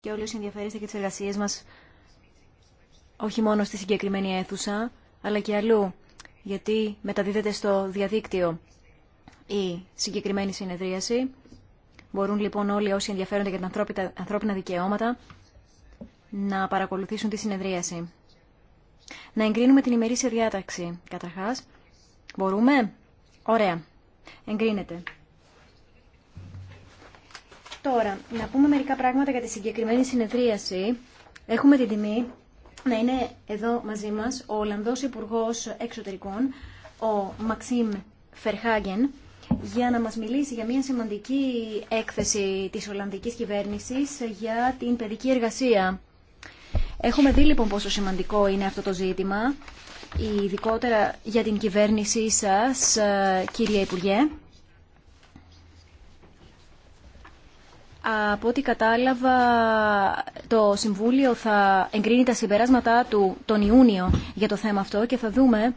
και όλοι όσοι ενδιαφέρεστε και τις εργασίες μας όχι μόνο στη συγκεκριμένη αίθουσα αλλά και αλλού γιατί μεταδίδεται στο διαδίκτυο η συγκεκριμένη συνεδρίαση. Μπορούν λοιπόν όλοι όσοι ενδιαφέρονται για τα ανθρώπινα δικαιώματα να παρακολουθήσουν τη συνεδρίαση. Να εγκρίνουμε την ημερήσια διάταξη, καταρχάς. Μπορούμε? Ωραία. Εγκρίνεται. Τώρα, να πούμε μερικά πράγματα για τη συγκεκριμένη συνεδρίαση. Έχουμε την τιμή να είναι εδώ μαζί μας ο Ολλανδός Υπουργό Εξωτερικών, ο Μαξίμ Φερχάγεν, για να μας μιλήσει για μια σημαντική έκθεση της Ολλανδικής Κυβέρνησης για την παιδική εργασία. Έχουμε δει λοιπόν πόσο σημαντικό είναι αυτό το ζήτημα, ειδικότερα για την κυβέρνησή σας, ε, κύριε Υπουργέ. Από ό,τι κατάλαβα, το Συμβούλιο θα εγκρίνει τα συμπεράσματά του τον Ιούνιο για το θέμα αυτό και θα δούμε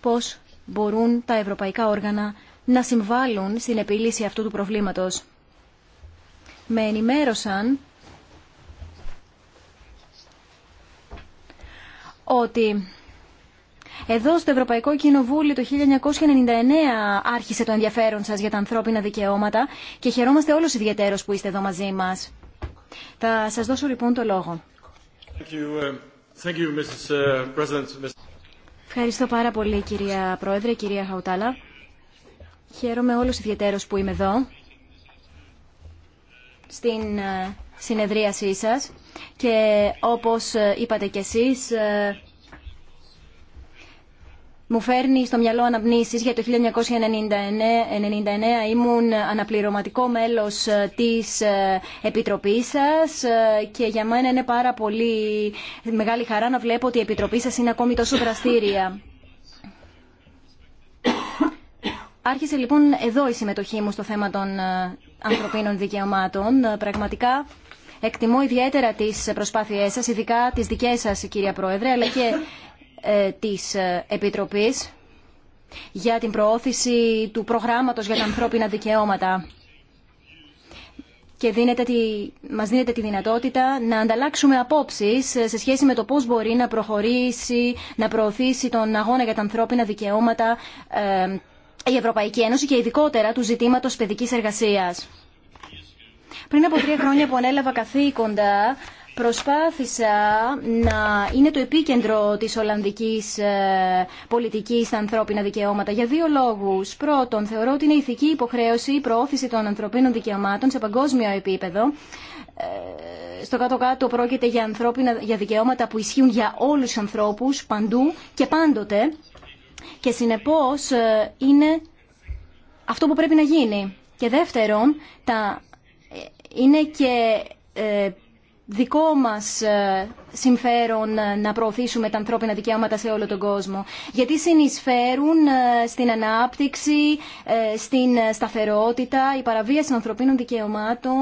πώς μπορούν τα ευρωπαϊκά όργανα να συμβάλλουν στην επίλυση αυτού του προβλήματος. Με ενημέρωσαν ότι εδώ στο Ευρωπαϊκό Κοινοβούλιο το 1999 άρχισε το ενδιαφέρον σας για τα ανθρώπινα δικαιώματα και χαιρόμαστε όλους ιδιαίτερος που είστε εδώ μαζί μας. Θα σας δώσω λοιπόν το λόγο. Thank you. Um, thank you, Mrs. Uh, President. Ευχαριστώ πάρα πολύ κυρία Πρόεδρε, κυρία Χαουτάλα. Χαίρομαι όλους ιδιαίτερος που είμαι εδώ στην ε, συνεδρίασή σας και όπως ε, είπατε κι εσείς ε, μου φέρνει στο μυαλό αναμνήσεις για το 1999 ήμουν αναπληρωματικό μέλος της ε, Επιτροπής σας ε, και για μένα είναι πάρα πολύ μεγάλη χαρά να βλέπω ότι η Επιτροπή σας είναι ακόμη τόσο δραστήρια. Άρχισε λοιπόν εδώ η συμμετοχή μου στο θέμα των ε, ανθρωπίνων δικαιωμάτων. Πραγματικά εκτιμώ ιδιαίτερα τις προσπάθειές σας, ειδικά τις δικές σας κυρία Πρόεδρε, αλλά και ε, της ε, Επιτροπής για την προώθηση του προγράμματος για τα ανθρώπινα δικαιώματα και δίνεται τη, μας δίνεται τη δυνατότητα να ανταλλάξουμε απόψεις σε σχέση με το πώς μπορεί να προχωρήσει, να προωθήσει τον αγώνα για τα ανθρώπινα δικαιώματα ε, η Ευρωπαϊκή Ένωση και ειδικότερα του ζητήματος παιδικής εργασίας. Πριν από τρία χρόνια που ανέλαβα καθήκοντα προσπάθησα να είναι το επίκεντρο της Ολλανδικής ε, πολιτικής στα ανθρώπινα δικαιώματα για δύο λόγους. Πρώτον, θεωρώ ότι είναι ηθική υποχρέωση η προώθηση των ανθρωπίνων δικαιωμάτων σε παγκόσμιο επίπεδο ε, στο κάτω-κάτω πρόκειται για, ανθρώπινα, για δικαιώματα που ισχύουν για όλους τους ανθρώπους παντού και πάντοτε και συνεπώς ε, είναι αυτό που πρέπει να γίνει. Και δεύτερον, τα, είναι και δικό μας ε, συμφέρον ε, να προωθήσουμε τα ανθρώπινα δικαιώματα σε όλο τον κόσμο. Γιατί συνεισφέρουν ε, στην ανάπτυξη, στην σταθερότητα, η παραβίαση των ανθρωπίνων δικαιωμάτων.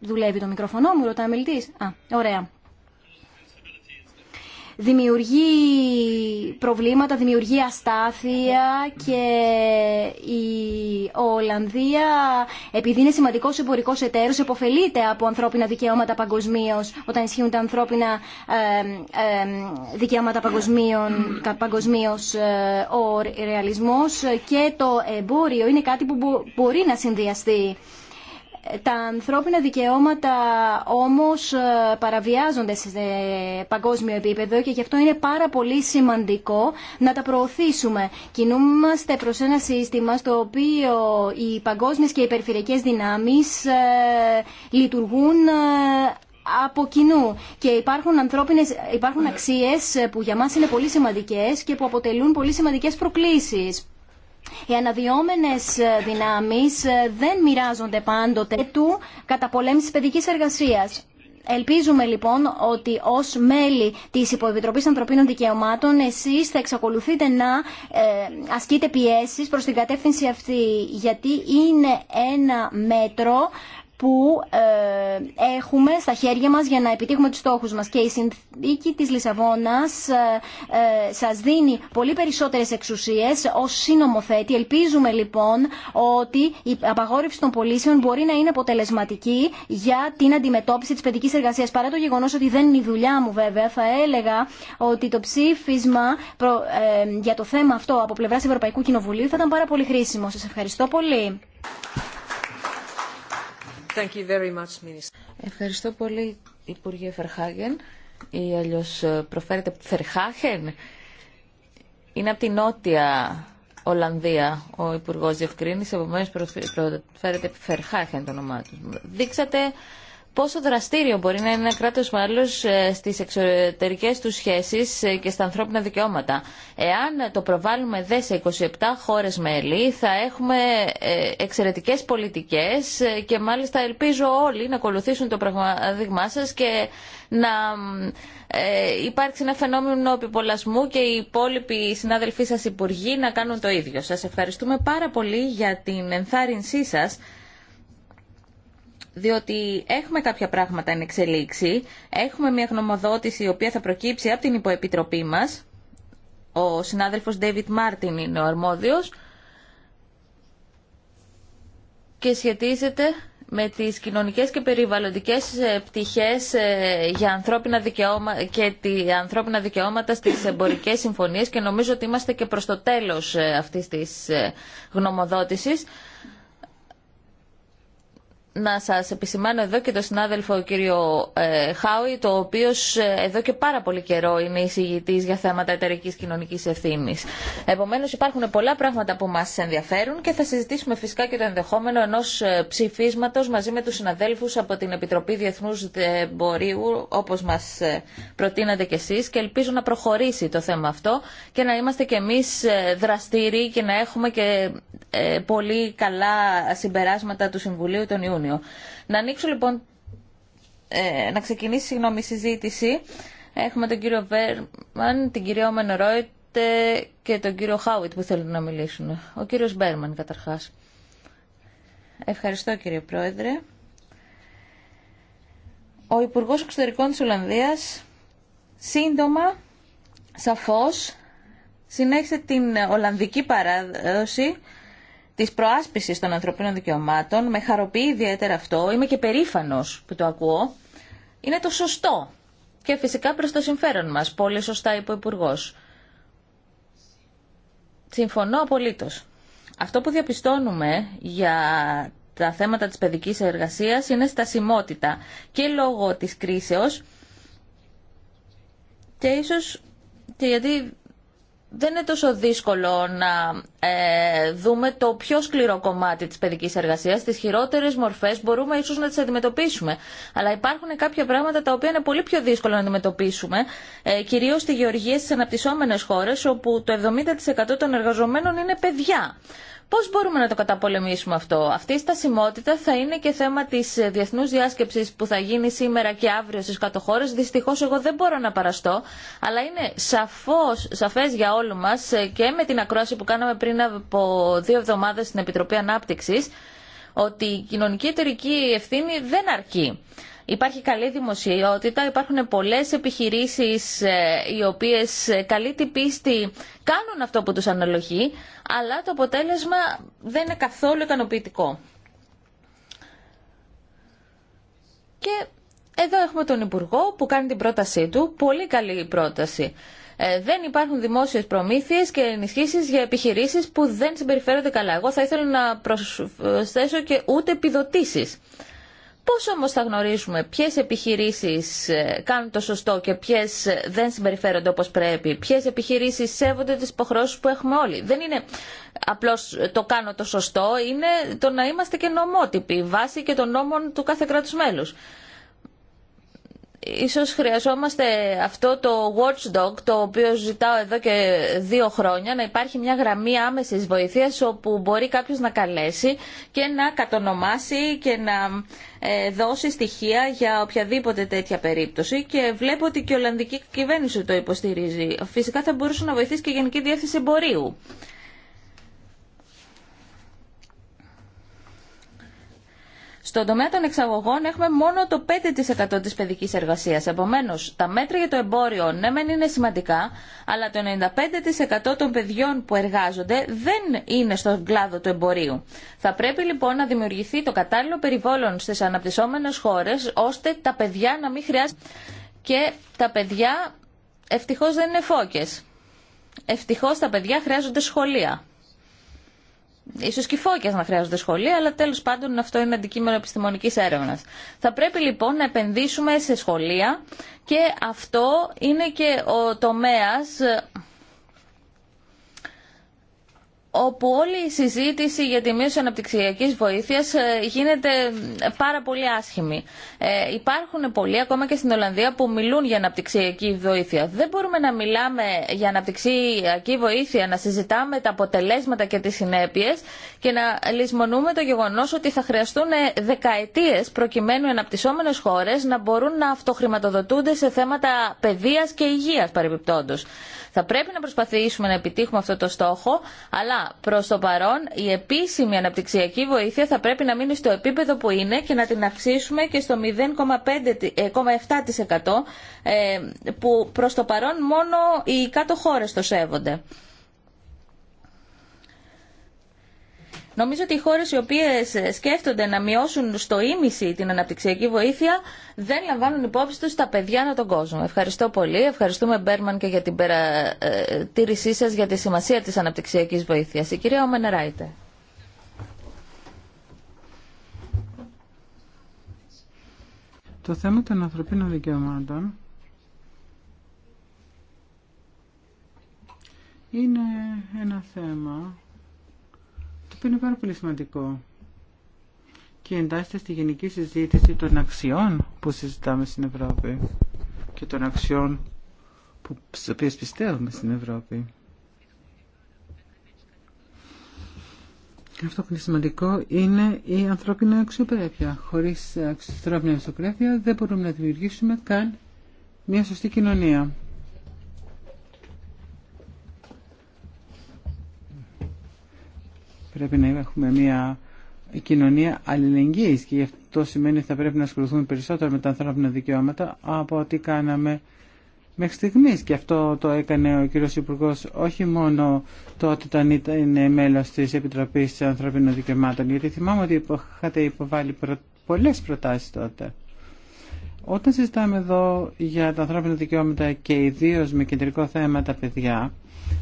Δουλεύει το μικροφωνό μου, ρωτάει μιλητής. Α, ωραία δημιουργεί προβλήματα, δημιουργεί αστάθεια και η Ολλανδία, επειδή είναι σημαντικό εμπορικό εταίρο, επωφελείται από ανθρώπινα δικαιώματα παγκοσμίω, όταν ισχύουν τα ανθρώπινα δικαιώματα παγκοσμίω. Ε, ο ρεαλισμό και το εμπόριο είναι κάτι που μπορεί να συνδυαστεί. Τα ανθρώπινα δικαιώματα όμως ε, παραβιάζονται σε παγκόσμιο επίπεδο και γι' αυτό είναι πάρα πολύ σημαντικό να τα προωθήσουμε. Κινούμαστε προς ένα σύστημα στο οποίο οι παγκόσμιες και οι περιφερειακές δυνάμεις ε, λειτουργούν ε, από κοινού και υπάρχουν, ανθρώπινες, υπάρχουν αξίες που για μας είναι πολύ σημαντικές και που αποτελούν πολύ σημαντικές προκλήσεις. Οι αναδυόμενε ε, δυνάμεις ε, δεν μοιράζονται πάντοτε του καταπολέμησης παιδικής εργασίας. Ελπίζουμε λοιπόν ότι ως μέλη της Υποεπιτροπής Ανθρωπίνων Δικαιωμάτων εσείς θα εξακολουθείτε να ε, ασκείτε πιέσεις προς την κατεύθυνση αυτή γιατί είναι ένα μέτρο που ε, έχουμε στα χέρια μας για να επιτύχουμε τους στόχους μας. Και η συνθήκη της Λισαβόνας ε, ε, σας δίνει πολύ περισσότερες εξουσίες ως συνομοθέτη. Ελπίζουμε λοιπόν ότι η απαγόρευση των πολίσεων μπορεί να είναι αποτελεσματική για την αντιμετώπιση της παιδικής εργασίας. Παρά το γεγονός ότι δεν είναι η δουλειά μου βέβαια, θα έλεγα ότι το ψήφισμα για το θέμα αυτό από πλευράς Ευρωπαϊκού Κοινοβουλίου θα ήταν πάρα πολύ χρήσιμο. Σας ευχαριστώ πολύ. Ευχαριστώ πολύ, Υπουργέ Φερχάγεν ή αλλιώ ε, προφέρεται Φερχάχεν. Είναι από τη νότια Ολλανδία ο Υπουργό Διευκρίνηση, επομένω προφέρεται Φερχάχεν το όνομά του. Δείξατε πόσο δραστήριο μπορεί να είναι ένα κράτος μάλλον ε, στις εξωτερικές του σχέσεις ε, και στα ανθρώπινα δικαιώματα. Εάν το προβάλλουμε δε σε 27 χώρες μέλη θα έχουμε ε, εξαιρετικές πολιτικές και μάλιστα ελπίζω όλοι να ακολουθήσουν το πραγμαδείγμά σα και να υπάρξει ένα φαινόμενο επιπολασμού και οι υπόλοιποι συνάδελφοί σας υπουργοί να κάνουν το ίδιο. Σας ευχαριστούμε πάρα πολύ για την ενθάρρυνσή σας διότι έχουμε κάποια πράγματα εν εξελίξη, έχουμε μια γνωμοδότηση η οποία θα προκύψει από την υποεπιτροπή μας, ο συνάδελφος David Μάρτιν είναι ο αρμόδιος και σχετίζεται με τις κοινωνικές και περιβαλλοντικές ε, πτυχές ε, για ανθρώπινα δικαιώματα και τη ανθρώπινα δικαιώματα στις εμπορικές συμφωνίες και νομίζω ότι είμαστε και προς το τέλος ε, αυτής της γνωμοδότησης να σας επισημάνω εδώ και τον συνάδελφο κύριο ε, Χάουι, το οποίος ε, εδώ και πάρα πολύ καιρό είναι εισηγητής για θέματα εταιρική κοινωνικής ευθύνης. Επομένως υπάρχουν πολλά πράγματα που μας ενδιαφέρουν και θα συζητήσουμε φυσικά και το ενδεχόμενο ενός ε, ψηφίσματος μαζί με τους συναδέλφους από την Επιτροπή Διεθνούς Εμπορίου, όπως μας προτείνατε κι εσείς και ελπίζω να προχωρήσει το θέμα αυτό και να είμαστε κι εμείς δραστήριοι και να έχουμε και πολύ καλά συμπεράσματα του Συμβουλίου τον Ιούνιο. Να ανοίξω λοιπόν, ε, να ξεκινήσει η συζήτηση. Έχουμε τον κύριο Βέρμαν, την κυρία Όμεν και τον κύριο Χάουιτ που θέλουν να μιλήσουν. Ο κύριος Μπέρμαν καταρχάς. Ευχαριστώ κύριε Πρόεδρε. Ο Υπουργός Εξωτερικών της Ολλανδίας σύντομα, σαφώς, συνέχισε την Ολλανδική παράδοση Τη πρόάσπιση των ανθρωπίνων δικαιωμάτων, με χαροποιεί ιδιαίτερα αυτό, είμαι και περήφανο που το ακούω, είναι το σωστό και φυσικά προ το συμφέρον μας, πολύ σωστά είπε ο υπουργό. Συμφωνώ απολύτω. Αυτό που διαπιστώνουμε για τα θέματα της παιδικής εργασίας είναι στασιμότητα και λόγω της κρίσεως και ίσως και γιατί δεν είναι τόσο δύσκολο να ε, δούμε το πιο σκληρό κομμάτι της παιδικής εργασίας, τις χειρότερες μορφές μπορούμε ίσως να τις αντιμετωπίσουμε. Αλλά υπάρχουν κάποια πράγματα τα οποία είναι πολύ πιο δύσκολο να αντιμετωπίσουμε, ε, κυρίως στη γεωργία στις αναπτυσσόμενες χώρες όπου το 70% των εργαζομένων είναι παιδιά. Πώς μπορούμε να το καταπολεμήσουμε αυτό. Αυτή η στασιμότητα θα είναι και θέμα της διεθνούς διάσκεψης που θα γίνει σήμερα και αύριο στις κατοχώρε. Δυστυχώ εγώ δεν μπορώ να παραστώ, αλλά είναι σαφώς, για όλου μας ε, και με την ακρόαση που κάναμε πριν από δύο εβδομάδες στην Επιτροπή ανάπτυξη, ότι η κοινωνική εταιρική ευθύνη δεν αρκεί. Υπάρχει καλή δημοσιότητα, υπάρχουν πολλές επιχειρήσεις ε, οι οποίες ε, καλή την πίστη κάνουν αυτό που τους αναλογεί, αλλά το αποτέλεσμα δεν είναι καθόλου ικανοποιητικό. Και εδώ έχουμε τον Υπουργό που κάνει την πρότασή του, πολύ καλή πρόταση. Ε, δεν υπάρχουν δημόσιε προμήθειε και ενισχύσει για επιχειρήσει που δεν συμπεριφέρονται καλά. Εγώ θα ήθελα να προσθέσω και ούτε επιδοτήσει. Πώς όμως θα γνωρίζουμε ποιες επιχειρήσεις ε, κάνουν το σωστό και ποιες δεν συμπεριφέρονται όπως πρέπει, ποιες επιχειρήσεις σέβονται τις υποχρεώσεις που έχουμε όλοι. Δεν είναι απλώς το κάνω το σωστό, είναι το να είμαστε και νομότυποι, βάσει και των νόμων του κάθε κράτους μέλους. Ίσως χρειαζόμαστε αυτό το watchdog, το οποίο ζητάω εδώ και δύο χρόνια, να υπάρχει μια γραμμή άμεσης βοηθείας όπου μπορεί κάποιος να καλέσει και να κατονομάσει και να ε, δώσει στοιχεία για οποιαδήποτε τέτοια περίπτωση και βλέπω ότι και η Ολλανδική κυβέρνηση το υποστηρίζει. Φυσικά θα μπορούσε να βοηθήσει και η Γενική Διεύθυνση Εμπορίου. Στον τομέα των εξαγωγών έχουμε μόνο το 5% της παιδικής εργασίας. Επομένως, τα μέτρα για το εμπόριο ναι μεν είναι σημαντικά, αλλά το 95% των παιδιών που εργάζονται δεν είναι στον κλάδο του εμπορίου. Θα πρέπει λοιπόν να δημιουργηθεί το κατάλληλο περιβόλων στις αναπτυσσόμενες χώρες, ώστε τα παιδιά να μην χρειάζονται και τα παιδιά ευτυχώς δεν είναι φώκες. Ευτυχώς τα παιδιά χρειάζονται σχολεία ίσως και φώκες να χρειάζονται σχολεία, αλλά τέλο πάντων αυτό είναι αντικείμενο επιστημονική έρευνα. Θα πρέπει λοιπόν να επενδύσουμε σε σχολεία και αυτό είναι και ο τομέας όπου όλη η συζήτηση για τη μείωση αναπτυξιακής βοήθειας ε, γίνεται πάρα πολύ άσχημη. Ε, υπάρχουν πολλοί, ακόμα και στην Ολλανδία, που μιλούν για αναπτυξιακή βοήθεια. Δεν μπορούμε να μιλάμε για αναπτυξιακή βοήθεια, να συζητάμε τα αποτελέσματα και τις συνέπειες και να λησμονούμε το γεγονός ότι θα χρειαστούν δεκαετίες προκειμένου οι αναπτυσσόμενες χώρες να μπορούν να αυτοχρηματοδοτούνται σε θέματα παιδείας και υγείας παρεμπιπτόντως. Θα πρέπει να προσπαθήσουμε να επιτύχουμε αυτό το στόχο, αλλά προ το παρόν η επίσημη αναπτυξιακή βοήθεια θα πρέπει να μείνει στο επίπεδο που είναι και να την αυξήσουμε και στο 0,7% ε, που προ το παρόν μόνο οι κάτω χώρε το σέβονται. Νομίζω ότι οι χώρες οι οποίες σκέφτονται να μειώσουν στο ίμιση την αναπτυξιακή βοήθεια δεν λαμβάνουν υπόψη του τα παιδιά ανά τον κόσμο. Ευχαριστώ πολύ. Ευχαριστούμε Μπέρμαν και για την παρατήρησή ε, σας για τη σημασία της αναπτυξιακής βοήθειας. Η κυρία Ομενεράιτε. Το θέμα των ανθρωπίνων δικαιωμάτων είναι ένα θέμα είναι πάρα πολύ σημαντικό και εντάσσεται στη γενική συζήτηση των αξιών που συζητάμε στην Ευρώπη και των αξιών που, στις οποίες πιστεύουμε στην Ευρώπη. Αυτό που είναι σημαντικό είναι η ανθρώπινη αξιοπρέπεια. Χωρίς ανθρώπινη αξιοπρέπεια δεν μπορούμε να δημιουργήσουμε καν μια σωστή κοινωνία. Πρέπει να έχουμε μια κοινωνία αλληλεγγύης και γι' αυτό σημαίνει ότι θα πρέπει να ασχοληθούμε περισσότερο με τα ανθρώπινα δικαιώματα από ό,τι κάναμε μέχρι στιγμή. Και αυτό το έκανε ο κύριος Υπουργό όχι μόνο τότε όταν ήταν μέλος της Επιτροπής Ανθρώπινων Δικαιωμάτων, γιατί θυμάμαι ότι είχατε υποβάλει προ... πολλές προτάσεις τότε. Όταν συζητάμε εδώ για τα ανθρώπινα δικαιώματα και ιδίω με κεντρικό θέμα τα παιδιά,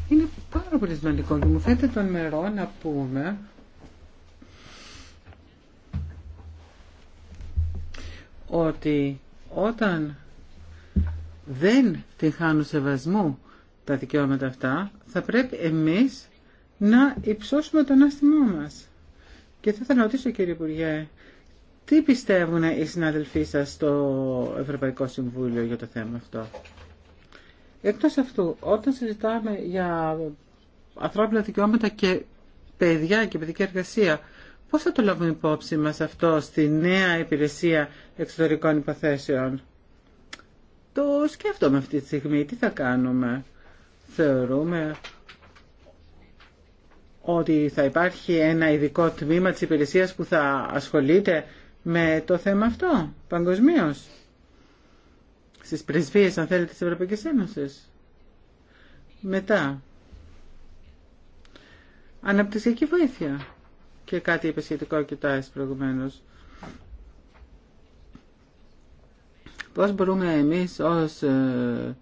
είναι πάρα πολύ σημαντικό και μου φαίνεται τον μερό να πούμε ότι όταν δεν την χάνουν σεβασμού τα δικαιώματα αυτά, θα πρέπει εμείς να υψώσουμε τον άστιμό μας. Και θα ήθελα να ρωτήσω κύριε Υπουργέ, τι πιστεύουν οι συνάδελφοί σας στο Ευρωπαϊκό Συμβούλιο για το θέμα αυτό. Εκτός αυτού, όταν συζητάμε για ανθρώπινα δικαιώματα και παιδιά και παιδική εργασία, πώς θα το λάβουμε υπόψη μας αυτό στη νέα υπηρεσία εξωτερικών υποθέσεων. Το σκέφτομαι αυτή τη στιγμή. Τι θα κάνουμε. Θεωρούμε ότι θα υπάρχει ένα ειδικό τμήμα της υπηρεσίας που θα ασχολείται με το θέμα αυτό παγκοσμίως στις πρεσβείες αν θέλετε της Ευρωπαϊκής Ένωσης. Μετά. Αναπτυσσιακή βοήθεια. Και κάτι είπε σχετικό και τάις προηγουμένως. Πώς μπορούμε εμείς ως... Ε,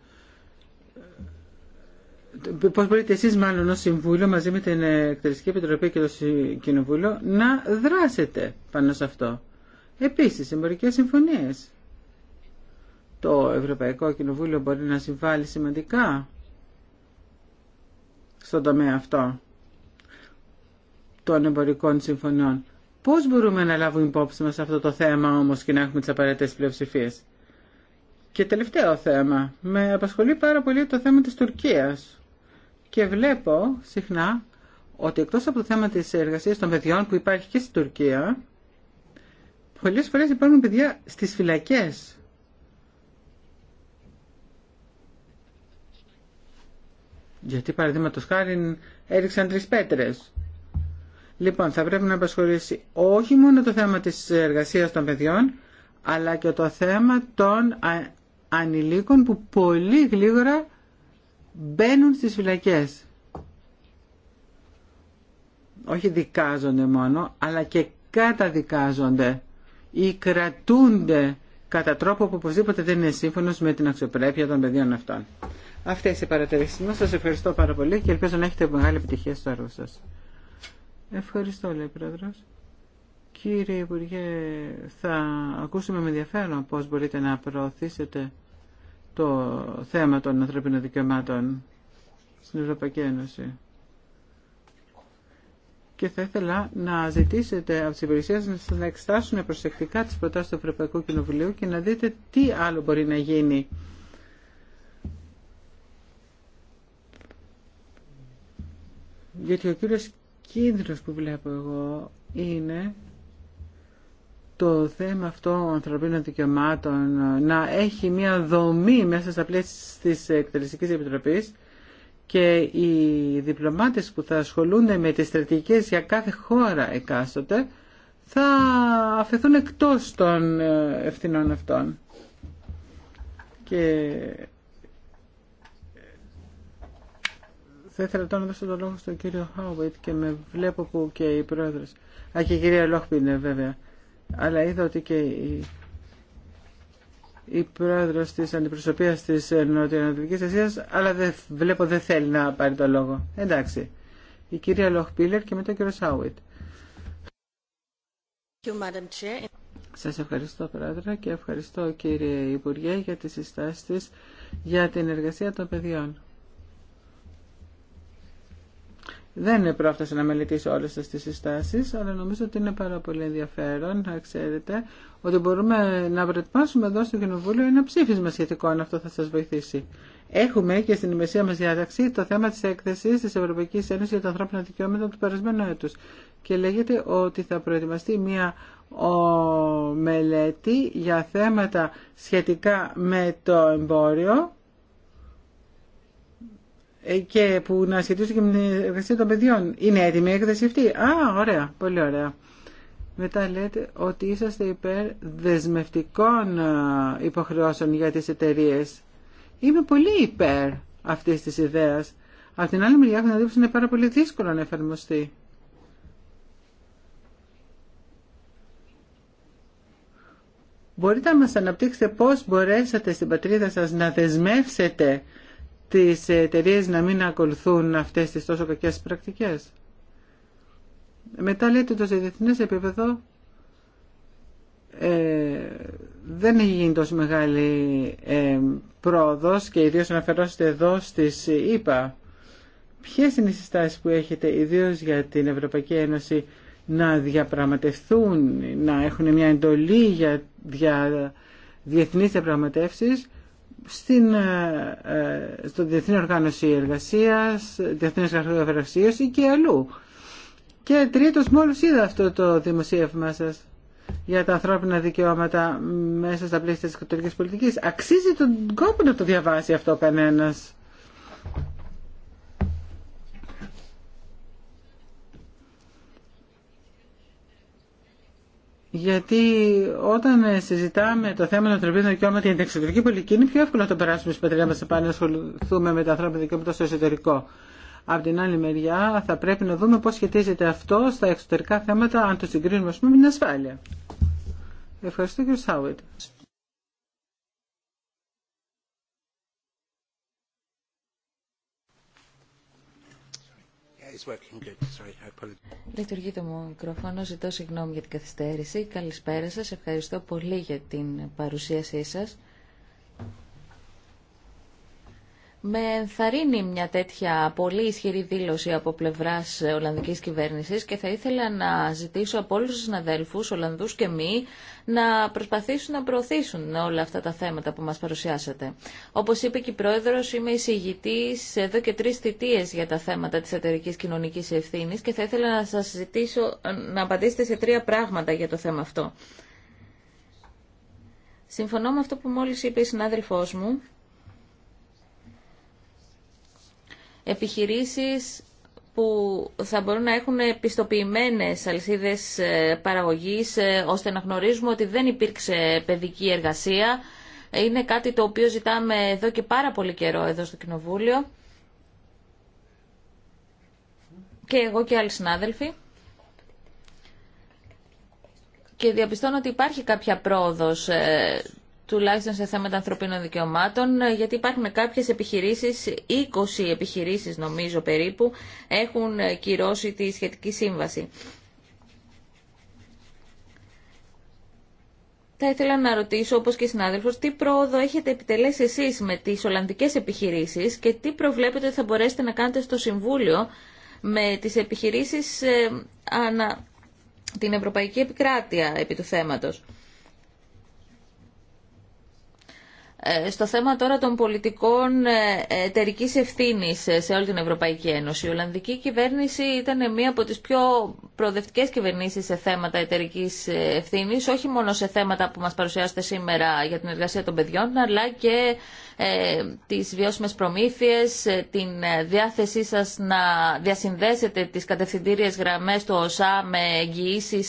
πώς μπορείτε εσείς μάλλον ως Συμβούλιο μαζί με την Εκτελεστική Επιτροπή και το Κοινοβούλιο να δράσετε πάνω σε αυτό. Επίσης, εμπορικές συμφωνίες το Ευρωπαϊκό Κοινοβούλιο μπορεί να συμβάλλει σημαντικά στον τομέα αυτό των εμπορικών συμφωνιών. Πώς μπορούμε να λάβουμε υπόψη μας αυτό το θέμα όμως και να έχουμε τις απαραίτητες πλειοψηφίες. Και τελευταίο θέμα. Με απασχολεί πάρα πολύ το θέμα της Τουρκίας. Και βλέπω συχνά ότι εκτός από το θέμα της εργασίας των παιδιών που υπάρχει και στην Τουρκία, πολλές φορές υπάρχουν παιδιά στις φυλακές Γιατί παραδείγματο χάρη έριξαν τρει πέτρε. Λοιπόν, θα πρέπει να απασχολήσει όχι μόνο το θέμα της εργασίας των παιδιών, αλλά και το θέμα των ανηλίκων που πολύ γλίγορα μπαίνουν στις φυλακές. Όχι δικάζονται μόνο, αλλά και καταδικάζονται ή κρατούνται κατά τρόπο που οπωσδήποτε δεν είναι σύμφωνος με την αξιοπρέπεια των παιδιών αυτών. Αυτέ οι παρατηρήσει μα. Σα ευχαριστώ πάρα πολύ και ελπίζω να έχετε μεγάλη επιτυχία στο έργο σα. Ευχαριστώ, λέει πρόεδρο. Κύριε Υπουργέ, θα ακούσουμε με ενδιαφέρον πώ μπορείτε να προωθήσετε το θέμα των ανθρωπίνων δικαιωμάτων στην Ευρωπαϊκή Ένωση. Και θα ήθελα να ζητήσετε από τι υπηρεσίε να, να εξετάσουν προσεκτικά τι προτάσει του Ευρωπαϊκού Κοινοβουλίου και να δείτε τι άλλο μπορεί να γίνει Γιατί ο κύριος κίνδυνος που βλέπω εγώ είναι το θέμα αυτό των ανθρωπίνων δικαιωμάτων να έχει μια δομή μέσα στα πλαίσια της Εκτελεστικής Επιτροπής και οι διπλωμάτες που θα ασχολούνται με τις στρατηγικές για κάθε χώρα εκάστοτε θα αφαιθούν εκτός των ε, ευθυνών αυτών. Και Θα ήθελα τώρα να δώσω το λόγο στον κύριο Χάουιτ και με βλέπω που και η πρόεδρος. Α, και η κυρία Λόχπιλερ βέβαια. Αλλά είδα ότι και η, η πρόεδρος της αντιπροσωπείας της Νοτιοανατολικής Ασίας, αλλά δεν, βλέπω δεν θέλει να πάρει το λόγο. Εντάξει. Η κυρία Λόχπίλερ και μετά ο κύριο Χάουιτ. Σα ευχαριστώ πρόεδρε και ευχαριστώ κύριε Υπουργέ για τι συστάσει για την εργασία των παιδιών. Δεν πρόφτασα να μελετήσω όλε αυτέ τι συστάσει, αλλά νομίζω ότι είναι πάρα πολύ ενδιαφέρον να ξέρετε ότι μπορούμε να προετοιμάσουμε εδώ στο Κοινοβούλιο ένα ψήφισμα σχετικό, αν αυτό θα σα βοηθήσει. Έχουμε και στην ημεσία μα διάταξη το θέμα τη έκθεση τη Ευρωπαϊκή Ένωση για τα ανθρώπινα δικαιώματα του περασμένου έτου. Και λέγεται ότι θα προετοιμαστεί μια μελέτη για θέματα σχετικά με το εμπόριο ε, και που να σχετίζονται και με την εργασία των παιδιών. Είναι έτοιμη η έκθεση αυτή. Α, ωραία, πολύ ωραία. Μετά λέτε ότι είσαστε υπέρ δεσμευτικών ε, υποχρεώσεων για τις εταιρείε. Είμαι πολύ υπέρ αυτής της ιδέας. Από την άλλη μεριά έχω είναι πάρα πολύ δύσκολο να εφαρμοστεί. Μπορείτε να μας αναπτύξετε πώς μπορέσατε στην πατρίδα σας να δεσμεύσετε τις εταιρείε να μην ακολουθούν αυτές τις τόσο κακές πρακτικές. Μετά λέτε ότι σε διεθνές επίπεδο ε, δεν έχει γίνει τόσο μεγάλη ε, πρόοδος και ιδίως αναφερόσετε εδώ στις ΗΠΑ. Ποιες είναι οι συστάσεις που έχετε ιδίως για την Ευρωπαϊκή Ένωση να διαπραγματευτούν, να έχουν μια εντολή για, για διεθνείς διαπραγματεύσεις στην, ε, ε, στο Διεθνή Οργάνωση Εργασίας, Διεθνής Εργασίας και αλλού. Και τρίτος, μόλις είδα αυτό το δημοσίευμά σας για τα ανθρώπινα δικαιώματα μέσα στα πλαίσια της κατορικής πολιτικής. Αξίζει τον κόπο να το διαβάσει αυτό κανένας. Γιατί όταν ε, συζητάμε το θέμα των ανθρωπίνων δικαιωμάτων για την εξωτερική πολιτική, είναι πιο εύκολο να το περάσουμε στην πατρίδα μα να να ασχοληθούμε με τα ανθρώπινα δικαιώματα στο εσωτερικό. Απ' την άλλη μεριά, θα πρέπει να δούμε πώ σχετίζεται αυτό στα εξωτερικά θέματα, αν το συγκρίνουμε, με την ασφάλεια. Ευχαριστώ, κύριε Σάουιτ. Λειτουργεί το μικρόφωνο. Ζητώ συγγνώμη για την καθυστέρηση. Καλησπέρα σα, Ευχαριστώ πολύ για την παρουσίασή σα. Με ενθαρρύνει μια τέτοια πολύ ισχυρή δήλωση από πλευρά Ολλανδική κυβέρνηση και θα ήθελα να ζητήσω από όλου του συναδέλφου, Ολλανδού και μη, να προσπαθήσουν να προωθήσουν όλα αυτά τα θέματα που μα παρουσιάσατε. Όπω είπε και η πρόεδρο, είμαι εισηγητή εδώ και τρει θητείες για τα θέματα της εταιρική κοινωνική Ευθύνη και θα ήθελα να σας ζητήσω να απαντήσετε σε τρία πράγματα για το θέμα αυτό. Συμφωνώ με αυτό που μόλις είπε η συνάδελφός μου επιχειρήσεις που θα μπορούν να έχουν πιστοποιημένες αλυσίδες ε, παραγωγής ε, ώστε να γνωρίζουμε ότι δεν υπήρξε παιδική εργασία. Είναι κάτι το οποίο ζητάμε εδώ και πάρα πολύ καιρό εδώ στο Κοινοβούλιο. Και εγώ και άλλοι συνάδελφοι. Και διαπιστώνω ότι υπάρχει κάποια πρόοδος ε, τουλάχιστον σε θέματα ανθρωπίνων δικαιωμάτων, ε, γιατί υπάρχουν κάποιες επιχειρήσεις, 20 επιχειρήσεις νομίζω περίπου, έχουν ε, κυρώσει τη σχετική σύμβαση. Θα ήθελα να ρωτήσω, όπως και συνάδελφος, τι πρόοδο έχετε επιτελέσει εσείς με τις Ολλανδικές επιχειρήσεις και τι προβλέπετε ότι θα μπορέσετε να κάνετε στο Συμβούλιο με τις επιχειρήσεις ε, ανα την Ευρωπαϊκή Επικράτεια επί του θέματος. Ε, στο θέμα τώρα των πολιτικών ε, εταιρική ευθύνη ε, σε όλη την Ευρωπαϊκή Ένωση. Η Ολλανδική κυβέρνηση ήταν μία από τι πιο προοδευτικέ κυβερνήσει σε θέματα εταιρική ευθύνη, όχι μόνο σε θέματα που μα παρουσιάσετε σήμερα για την εργασία των παιδιών, αλλά και ε, τις βιώσιμες προμήθειες, ε, την ε, διάθεσή σας να διασυνδέσετε τις κατευθυντήριες γραμμές του ΟΣΑ με εγγυήσει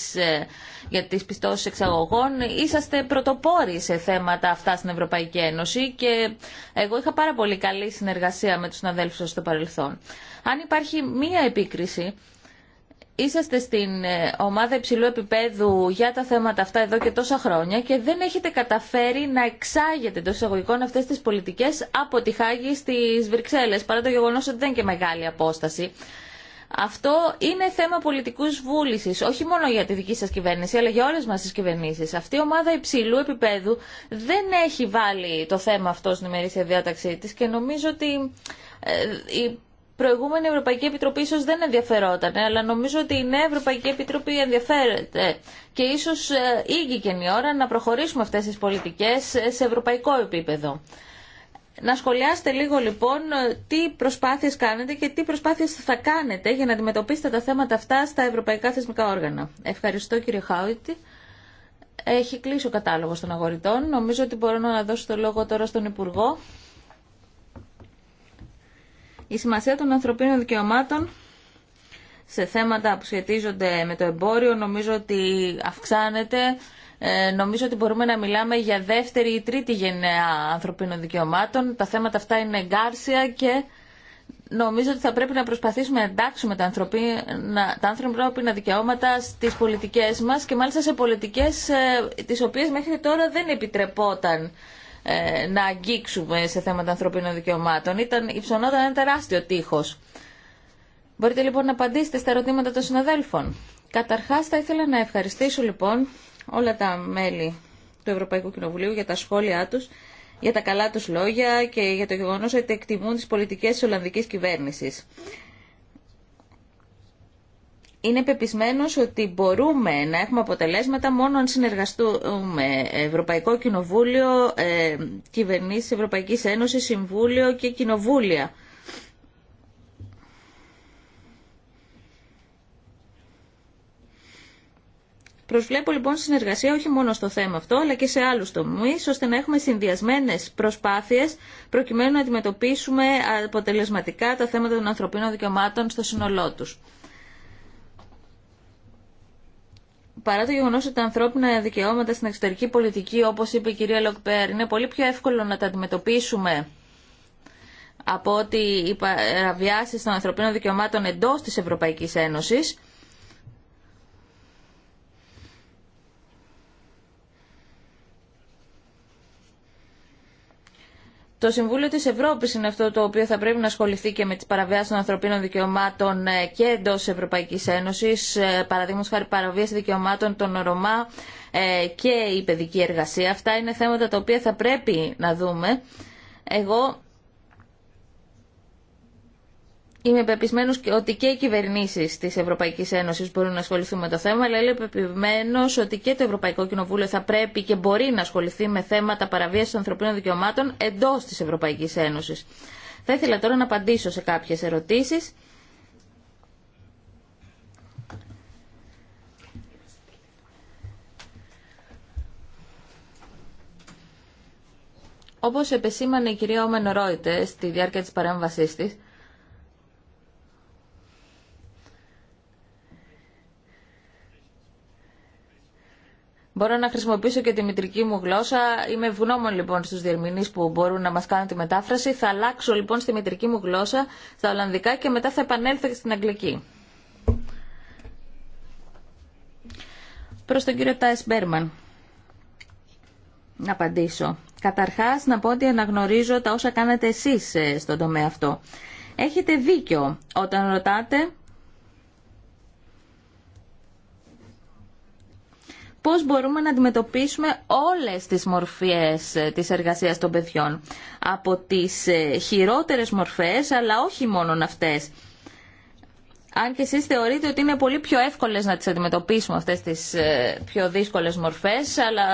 για τις πιστώσεις εξαγωγών. Είσαστε πρωτοπόροι σε θέματα αυτά στην Ευρωπαϊκή Ένωση και εγώ είχα πάρα πολύ καλή συνεργασία με τους συναδέλφους σας στο παρελθόν. Αν υπάρχει μία επίκριση είσαστε στην ε, ομάδα υψηλού επίπεδου για τα θέματα αυτά εδώ και τόσα χρόνια και δεν έχετε καταφέρει να εξάγετε εντό εισαγωγικών αυτέ τις πολιτικές από τη Χάγη στις Βρυξέλλες, παρά το γεγονός ότι δεν είναι και μεγάλη απόσταση. Αυτό είναι θέμα πολιτικού βούληση, όχι μόνο για τη δική σα κυβέρνηση, αλλά για όλε μα τι κυβερνήσει. Αυτή η ομάδα υψηλού επίπεδου δεν έχει βάλει το θέμα αυτό στην ημερήσια διάταξή τη και νομίζω ότι ε, η προηγούμενη Ευρωπαϊκή Επιτροπή ίσως δεν ενδιαφερόταν, αλλά νομίζω ότι η νέα Ευρωπαϊκή Επιτροπή ενδιαφέρεται και ίσως ε, ήγηκε η ώρα να προχωρήσουμε αυτές τις πολιτικές ε, σε ευρωπαϊκό επίπεδο. Να σχολιάσετε λίγο λοιπόν ε, τι προσπάθειες κάνετε και τι προσπάθειες θα κάνετε για να αντιμετωπίσετε τα θέματα αυτά στα ευρωπαϊκά θεσμικά όργανα. Ευχαριστώ κύριε Χάουιτ. Έχει κλείσει ο κατάλογος των αγορητών. Νομίζω ότι μπορώ να δώσω το λόγο τώρα στον Υπουργό η σημασία των ανθρωπίνων δικαιωμάτων σε θέματα που σχετίζονται με το εμπόριο νομίζω ότι αυξάνεται. Ε, νομίζω ότι μπορούμε να μιλάμε για δεύτερη ή τρίτη γενναία ανθρωπίνων δικαιωμάτων. Τα θέματα αυτά είναι εγκάρσια και νομίζω ότι θα πρέπει να προσπαθήσουμε να εντάξουμε τα ανθρωπίνα, τα ανθρωπίνα δικαιώματα στις πολιτικές μας και μάλιστα σε πολιτικές ε, τις οποίες μέχρι τώρα δεν επιτρεπόταν ε, να αγγίξουμε σε θέματα ανθρωπίνων δικαιωμάτων. Ήταν, υψωνόταν ένα τεράστιο τείχος. Μπορείτε λοιπόν να απαντήσετε στα ερωτήματα των συναδέλφων. Καταρχάς θα ήθελα να ευχαριστήσω λοιπόν όλα τα μέλη του Ευρωπαϊκού Κοινοβουλίου για τα σχόλιά τους, για τα καλά τους λόγια και για το γεγονός ότι εκτιμούν τις πολιτικές της Ολλανδικής κυβέρνησης είναι πεπισμένο ότι μπορούμε να έχουμε αποτελέσματα μόνο αν συνεργαστούμε Ευρωπαϊκό Κοινοβούλιο, ε, Κυβερνήσεις Ευρωπαϊκής Ένωσης, Συμβούλιο και Κοινοβούλια. Προσβλέπω λοιπόν συνεργασία όχι μόνο στο θέμα αυτό, αλλά και σε άλλους τομείς, ώστε να έχουμε συνδυασμένες προσπάθειες, προκειμένου να αντιμετωπίσουμε αποτελεσματικά τα θέματα των ανθρωπίνων δικαιωμάτων στο σύνολό τους. παρά το γεγονό ότι τα ανθρώπινα δικαιώματα στην εξωτερική πολιτική, όπω είπε η κυρία Λοκπέρ, είναι πολύ πιο εύκολο να τα αντιμετωπίσουμε από ότι οι παραβιάσει των ανθρωπίνων δικαιωμάτων εντό τη Ευρωπαϊκή Ένωση. Το Συμβούλιο της Ευρώπης είναι αυτό το οποίο θα πρέπει να ασχοληθεί και με τις παραβιάσεις των ανθρωπίνων δικαιωμάτων ε, και εντός Ευρωπαϊκής Ένωσης, ε, παραδείγματος χάρη παραβίαση δικαιωμάτων των Ρωμά ε, και η παιδική εργασία. Αυτά είναι θέματα τα οποία θα πρέπει να δούμε. Εγώ Είμαι πεπισμένο ότι και οι κυβερνήσει τη Ευρωπαϊκή Ένωση μπορούν να ασχοληθούν με το θέμα, αλλά είμαι πεπισμένο ότι και το Ευρωπαϊκό Κοινοβούλιο θα πρέπει και μπορεί να ασχοληθεί με θέματα παραβίαση των ανθρωπίνων δικαιωμάτων εντό τη Ευρωπαϊκή Ένωση. Θα ήθελα τώρα να απαντήσω σε κάποιε ερωτήσει. Όπως επεσήμανε η κυρία Όμεν Ρόιτε στη διάρκεια της παρέμβασής της, Μπορώ να χρησιμοποιήσω και τη μητρική μου γλώσσα. Είμαι ευγνώμων λοιπόν στους διερμηνείς που μπορούν να μας κάνουν τη μετάφραση. Θα αλλάξω λοιπόν στη μητρική μου γλώσσα, στα Ολλανδικά και μετά θα επανέλθω και στην Αγγλική. Προς τον κύριο Τάις Μπέρμαν. Να απαντήσω. Καταρχάς να πω ότι αναγνωρίζω τα όσα κάνετε εσείς ε, στον τομέα αυτό. Έχετε δίκιο όταν ρωτάτε πώς μπορούμε να αντιμετωπίσουμε όλες τις μορφές ε, της εργασίας των παιδιών. Από τις ε, χειρότερες μορφές, αλλά όχι μόνο αυτές. Αν και εσείς θεωρείτε ότι είναι πολύ πιο εύκολες να τις αντιμετωπίσουμε αυτές τις ε, πιο δύσκολες μορφές, αλλά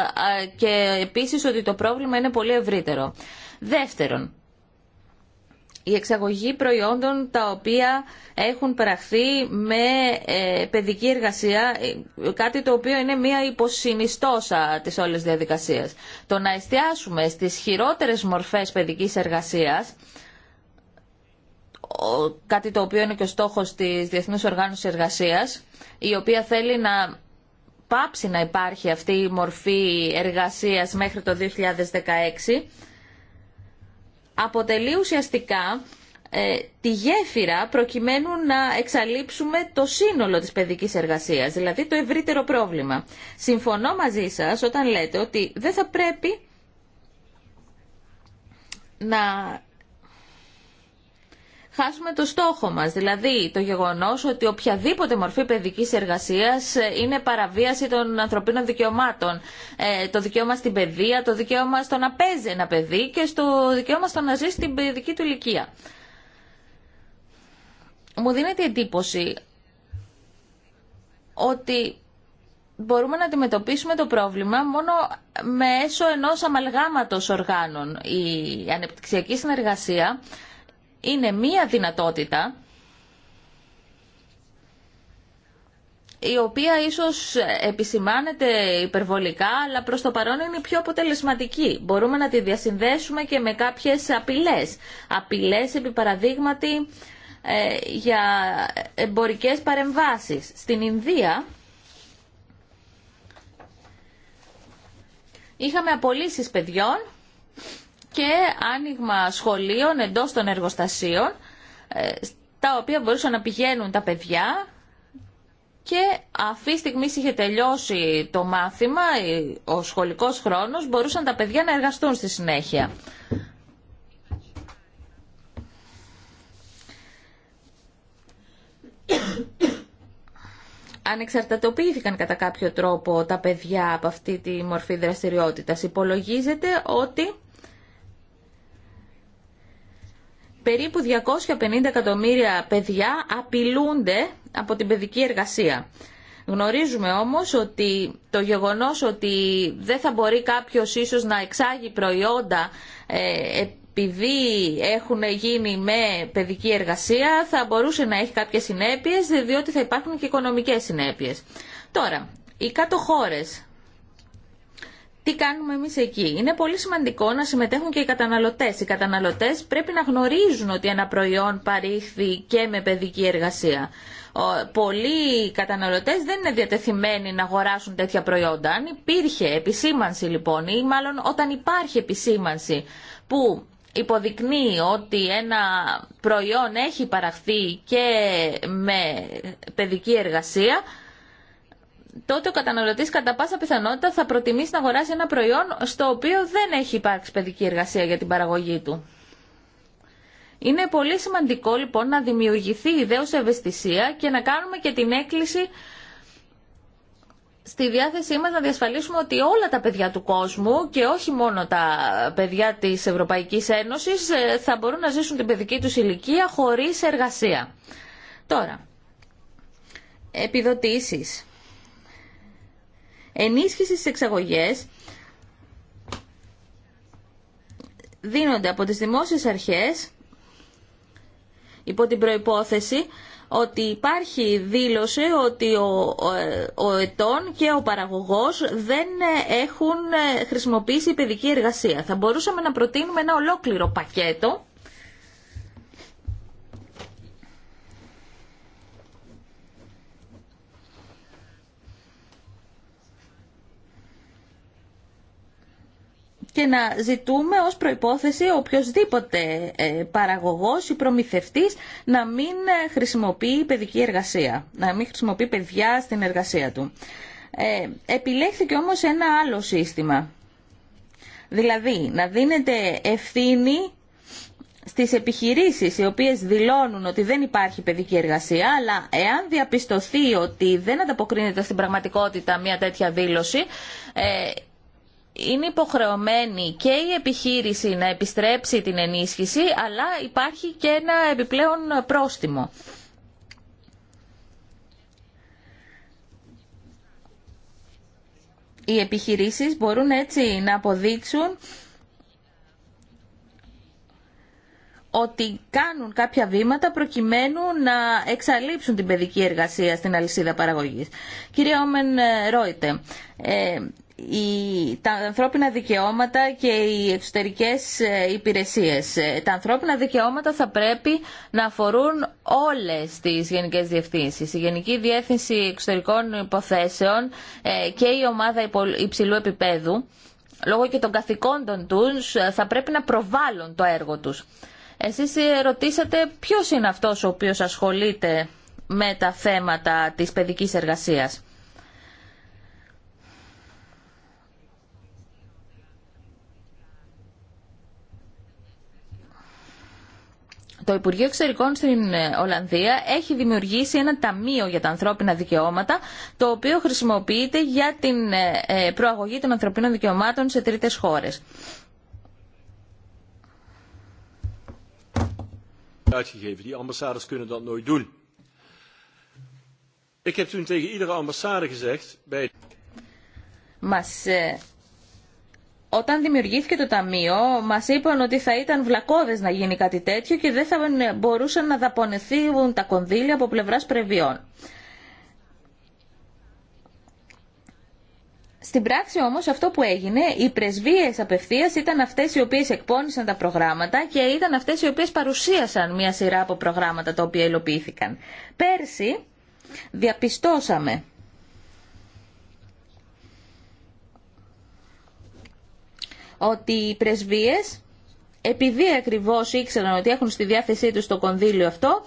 και επίσης ότι το πρόβλημα είναι πολύ ευρύτερο. Δεύτερον, η εξαγωγή προϊόντων τα οποία έχουν παραχθεί με ε, παιδική εργασία, ε, κάτι το οποίο είναι μία υποσυνιστόσα της όλης διαδικασίας. Το να εστιάσουμε στις χειρότερες μορφές παιδικής εργασίας, κάτι το οποίο είναι και ο στόχος της Διεθνούς Οργάνωσης Εργασίας, η οποία θέλει να πάψει να υπάρχει αυτή η μορφή εργασίας μέχρι το 2016, αποτελεί ουσιαστικά ε, τη γέφυρα προκειμένου να εξαλείψουμε το σύνολο της παιδικής εργασίας, δηλαδή το ευρύτερο πρόβλημα. Συμφωνώ μαζί σας όταν λέτε ότι δεν θα πρέπει να χάσουμε το στόχο μας, δηλαδή το γεγονός ότι οποιαδήποτε μορφή παιδικής εργασίας ε, είναι παραβίαση των ανθρωπίνων δικαιωμάτων. Ε, το δικαίωμα στην παιδεία, το δικαίωμα στο να παίζει ένα παιδί και στο δικαίωμα στο να ζει στην παιδική του ηλικία. Μου δίνεται εντύπωση ότι μπορούμε να αντιμετωπίσουμε το πρόβλημα μόνο μέσω ενός αμαλγάματος οργάνων. Η ανεπτυξιακή συνεργασία είναι μία δυνατότητα η οποία ίσως επισημάνεται υπερβολικά, αλλά προς το παρόν είναι πιο αποτελεσματική. Μπορούμε να τη διασυνδέσουμε και με κάποιες απειλές. Απειλές, επί παραδείγματι, ε, για εμπορικές παρεμβάσεις. Στην Ινδία είχαμε απολύσεις παιδιών και άνοιγμα σχολείων εντός των εργοστασίων ε, τα οποία μπορούσαν να πηγαίνουν τα παιδιά και αυτή τη στιγμή είχε τελειώσει το μάθημα, ο σχολικός χρόνος, μπορούσαν τα παιδιά να εργαστούν στη συνέχεια. Ανεξαρτατοποιήθηκαν κατά κάποιο τρόπο τα παιδιά από αυτή τη μορφή δραστηριότητας. Υπολογίζεται ότι περίπου 250 εκατομμύρια παιδιά απειλούνται από την παιδική εργασία. Γνωρίζουμε όμως ότι το γεγονός ότι δεν θα μπορεί κάποιος ίσως να εξάγει προϊόντα ε, επειδή έχουν γίνει με παιδική εργασία θα μπορούσε να έχει κάποιες συνέπειες διότι θα υπάρχουν και οικονομικές συνέπειες. Τώρα, οι κάτω χώρες τι κάνουμε εμείς εκεί. Είναι πολύ σημαντικό να συμμετέχουν και οι καταναλωτές. Οι καταναλωτές πρέπει να γνωρίζουν ότι ένα προϊόν παρήχθη και με παιδική εργασία. Πολλοί καταναλωτές δεν είναι διατεθειμένοι να αγοράσουν τέτοια προϊόντα. Αν υπήρχε επισήμανση λοιπόν ή μάλλον όταν υπάρχει επισήμανση που υποδεικνύει ότι ένα προϊόν έχει παραχθεί και με παιδική εργασία, τότε ο καταναλωτή κατά πάσα πιθανότητα θα προτιμήσει να αγοράσει ένα προϊόν στο οποίο δεν έχει υπάρξει παιδική εργασία για την παραγωγή του. Είναι πολύ σημαντικό λοιπόν να δημιουργηθεί ιδέως ευαισθησία και να κάνουμε και την έκκληση στη διάθεσή μας να διασφαλίσουμε ότι όλα τα παιδιά του κόσμου και όχι μόνο τα παιδιά της Ευρωπαϊκής Ένωσης ε, θα μπορούν να ζήσουν την παιδική τους ηλικία χωρίς εργασία. Τώρα, επιδοτήσεις ενίσχυση στις εξαγωγές δίνονται από τις δημόσιες αρχές υπό την προϋπόθεση ότι υπάρχει δήλωση ότι ο, ο, ετών και ο παραγωγός δεν έχουν χρησιμοποιήσει παιδική εργασία. Θα μπορούσαμε να προτείνουμε ένα ολόκληρο πακέτο και να ζητούμε ως προϋπόθεση οποιοδήποτε ε, παραγωγός ή προμηθευτής να μην ε, χρησιμοποιεί παιδική εργασία, να μην χρησιμοποιεί παιδιά στην εργασία του. Ε, επιλέχθηκε όμως ένα άλλο σύστημα. Δηλαδή, να δίνεται ευθύνη στις επιχειρήσεις οι οποίες δηλώνουν ότι δεν υπάρχει παιδική εργασία, αλλά εάν διαπιστωθεί ότι δεν ανταποκρίνεται στην πραγματικότητα μια τέτοια δήλωση, είναι υποχρεωμένη και η επιχείρηση να επιστρέψει την ενίσχυση, αλλά υπάρχει και ένα επιπλέον πρόστιμο. Οι επιχειρήσεις μπορούν έτσι να αποδείξουν ότι κάνουν κάποια βήματα προκειμένου να εξαλείψουν την παιδική εργασία στην αλυσίδα παραγωγής. Κύριε Όμεν ε, Ρόιτε, ε, η, τα ανθρώπινα δικαιώματα και οι εξωτερικές ε, υπηρεσίες. Ε, τα ανθρώπινα δικαιώματα θα πρέπει να αφορούν όλες τις γενικές διευθύνσεις. Η Γενική Διεύθυνση Εξωτερικών Υποθέσεων ε, και η ομάδα υψηλού επίπεδου, λόγω και των καθηκόντων τους, θα πρέπει να προβάλλουν το έργο τους. Εσείς ρωτήσατε ποιος είναι αυτός ο οποίος ασχολείται με τα θέματα της παιδικής εργασίας. το Υπουργείο Εξωτερικών στην ε, Ολλανδία έχει δημιουργήσει ένα ταμείο για τα ανθρώπινα δικαιώματα, το οποίο χρησιμοποιείται για την ε, ε, προαγωγή των ανθρωπίνων δικαιωμάτων σε τρίτε χώρε όταν δημιουργήθηκε το Ταμείο, μα είπαν ότι θα ήταν βλακώδε να γίνει κάτι τέτοιο και δεν θα μπορούσαν να δαπονεθούν τα κονδύλια από πλευρά πρεβιών. Στην πράξη όμως αυτό που έγινε, οι πρεσβείες απευθείας ήταν αυτές οι οποίες εκπώνησαν τα προγράμματα και ήταν αυτές οι οποίες παρουσίασαν μια σειρά από προγράμματα τα οποία υλοποιήθηκαν. Πέρσι διαπιστώσαμε ότι οι πρεσβείες επειδή ακριβώς ήξεραν ότι έχουν στη διάθεσή τους το κονδύλιο αυτό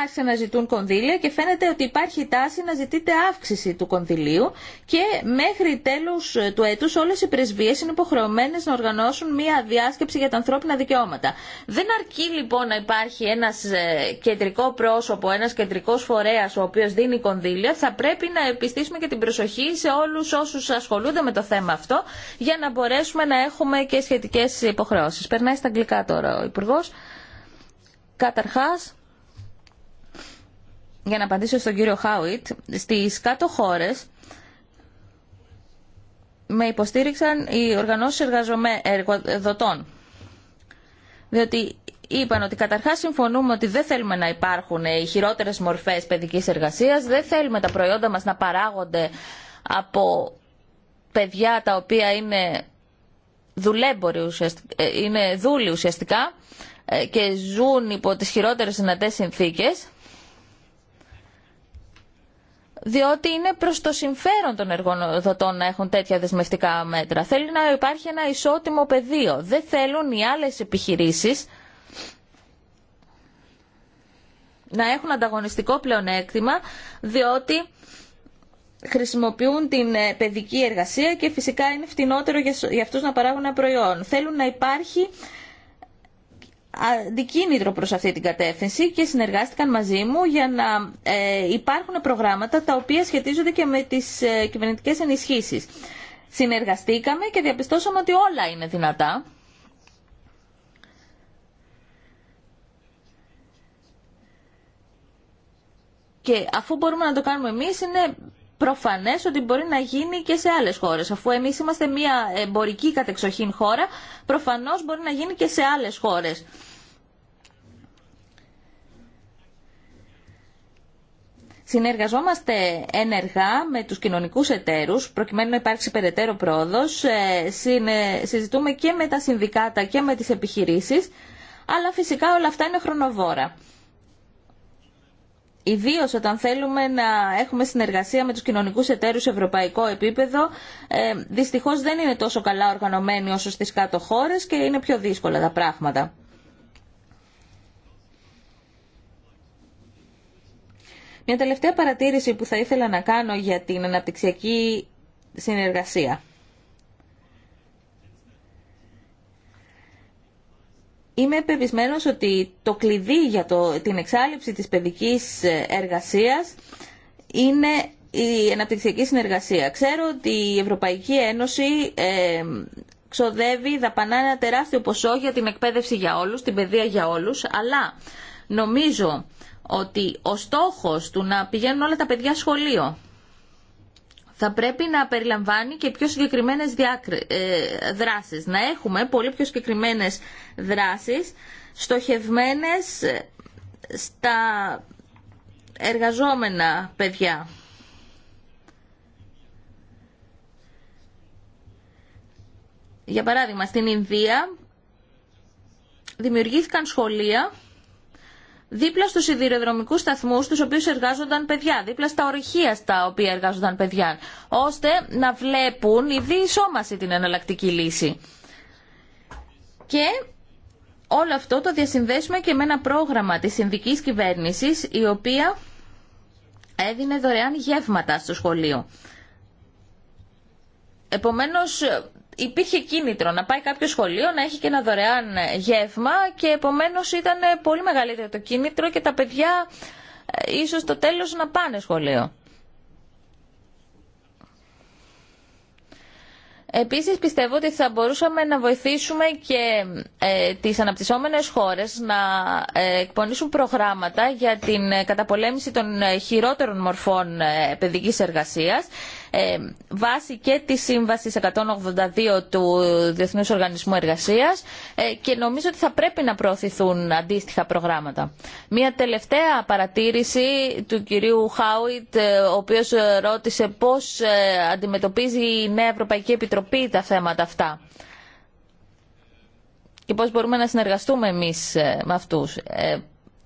άρχισαν να ζητούν κονδύλια και φαίνεται ότι υπάρχει τάση να ζητείται αύξηση του κονδυλίου και μέχρι τέλους του έτους όλες οι πρεσβείες είναι υποχρεωμένες να οργανώσουν μία διάσκεψη για τα ανθρώπινα δικαιώματα. Δεν αρκεί λοιπόν να υπάρχει ένα ε, κεντρικό πρόσωπο, ένας κεντρικός φορέας ο οποίος δίνει κονδύλια, θα πρέπει να επιστήσουμε και την προσοχή σε όλους όσους ασχολούνται με το θέμα αυτό για να μπορέσουμε να έχουμε και σχετικές υποχρεώσεις. Περνάει στα αγγλικά τώρα ο υπουργό. Καταρχάς, για να απαντήσω στον κύριο Χάουιτ, στις κάτω χώρες με υποστήριξαν οι οργανώσεις εργαζομένων εργοδοτών. Διότι είπαν ότι καταρχάς συμφωνούμε ότι δεν θέλουμε να υπάρχουν οι χειρότερες μορφές παιδικής εργασίας, δεν θέλουμε τα προϊόντα μας να παράγονται από παιδιά τα οποία είναι δουλέμποροι ουσιαστικά, ε, είναι δούλοι ουσιαστικά ε, και ζουν υπό τις χειρότερες δυνατές συνθήκες διότι είναι προ το συμφέρον των εργοδοτών να έχουν τέτοια δεσμευτικά μέτρα. Θέλει να υπάρχει ένα ισότιμο πεδίο. Δεν θέλουν οι άλλε επιχειρήσει να έχουν ανταγωνιστικό πλεονέκτημα, διότι χρησιμοποιούν την ε, παιδική εργασία και φυσικά είναι φτηνότερο για αυτούς να παράγουν ένα προϊόν. Θέλουν να υπάρχει αντικίνητρο προς αυτή την κατεύθυνση και συνεργάστηκαν μαζί μου για να ε, υπάρχουν προγράμματα τα οποία σχετίζονται και με τις ε, κυβερνητικές ενισχύσεις. Συνεργαστήκαμε και διαπιστώσαμε ότι όλα είναι δυνατά. Και αφού μπορούμε να το κάνουμε εμείς είναι Προφανέ ότι μπορεί να γίνει και σε άλλες χώρες. Αφού εμείς είμαστε μια εμπορική κατεξοχήν χώρα, Προφανώ μπορεί να γίνει και σε άλλες χώρες. Συνεργαζόμαστε ενεργά με τους κοινωνικούς εταίρους, προκειμένου να υπάρξει περαιτέρω πρόοδος. Ε, συζητούμε και με τα συνδικάτα και με τις επιχειρήσεις, αλλά φυσικά όλα αυτά είναι χρονοβόρα. Ιδίω όταν θέλουμε να έχουμε συνεργασία με τους κοινωνικούς εταίρους σε ευρωπαϊκό επίπεδο, ε, Δυστυχώ δεν είναι τόσο καλά οργανωμένοι όσο στις κάτω χώρες και είναι πιο δύσκολα τα πράγματα. Μια τελευταία παρατήρηση που θα ήθελα να κάνω για την αναπτυξιακή συνεργασία. Είμαι πεπισμένος ότι το κλειδί για την εξάλληψη της παιδικής εργασίας είναι η αναπτυξιακή συνεργασία. Ξέρω ότι η Ευρωπαϊκή Ένωση ε, ξοδεύει, δαπανά ένα τεράστιο ποσό για την εκπαίδευση για όλους, την παιδεία για όλους, αλλά νομίζω ότι ο στόχος του να πηγαίνουν όλα τα παιδιά σχολείο θα πρέπει να περιλαμβάνει και πιο συγκεκριμένες ε, δράσεις. Να έχουμε πολύ πιο συγκεκριμένες δράσεις στοχευμένες ε, στα εργαζόμενα παιδιά. Για παράδειγμα, στην Ινδία δημιουργήθηκαν σχολεία δίπλα στους σιδηροδρομικούς σταθμούς στους οποίους εργάζονταν παιδιά, δίπλα στα ορυχεία στα οποία εργάζονταν παιδιά, ώστε να βλέπουν η διεισόμαση την εναλλακτική λύση. Και όλο αυτό το διασυνδέσουμε και με ένα πρόγραμμα της συνδικής κυβέρνησης η οποία έδινε δωρεάν γεύματα στο σχολείο. Επομένως υπήρχε κίνητρο να πάει κάποιο σχολείο, να έχει και ένα δωρεάν γεύμα και επομένως ήταν πολύ μεγαλύτερο το κίνητρο και τα παιδιά ε, ίσως το τέλος να πάνε σχολείο. Επίσης πιστεύω ότι θα μπορούσαμε να βοηθήσουμε και ε, τις αναπτυσσόμενες χώρες να ε, εκπονήσουν προγράμματα για την καταπολέμηση των ε, χειρότερων μορφών παιδικής εργασίας ε, βάσει και τη Σύμβαση 182 του Διεθνούς Οργανισμού Εργασίας ε, και νομίζω ότι θα πρέπει να προωθηθούν αντίστοιχα προγράμματα. Μία τελευταία παρατήρηση του κυρίου Χάουιτ, ε, ο οποίος ρώτησε πώς αντιμετωπίζει η Νέα Ευρωπαϊκή Επιτροπή τα θέματα αυτά και πώς μπορούμε να συνεργαστούμε εμείς με αυτούς.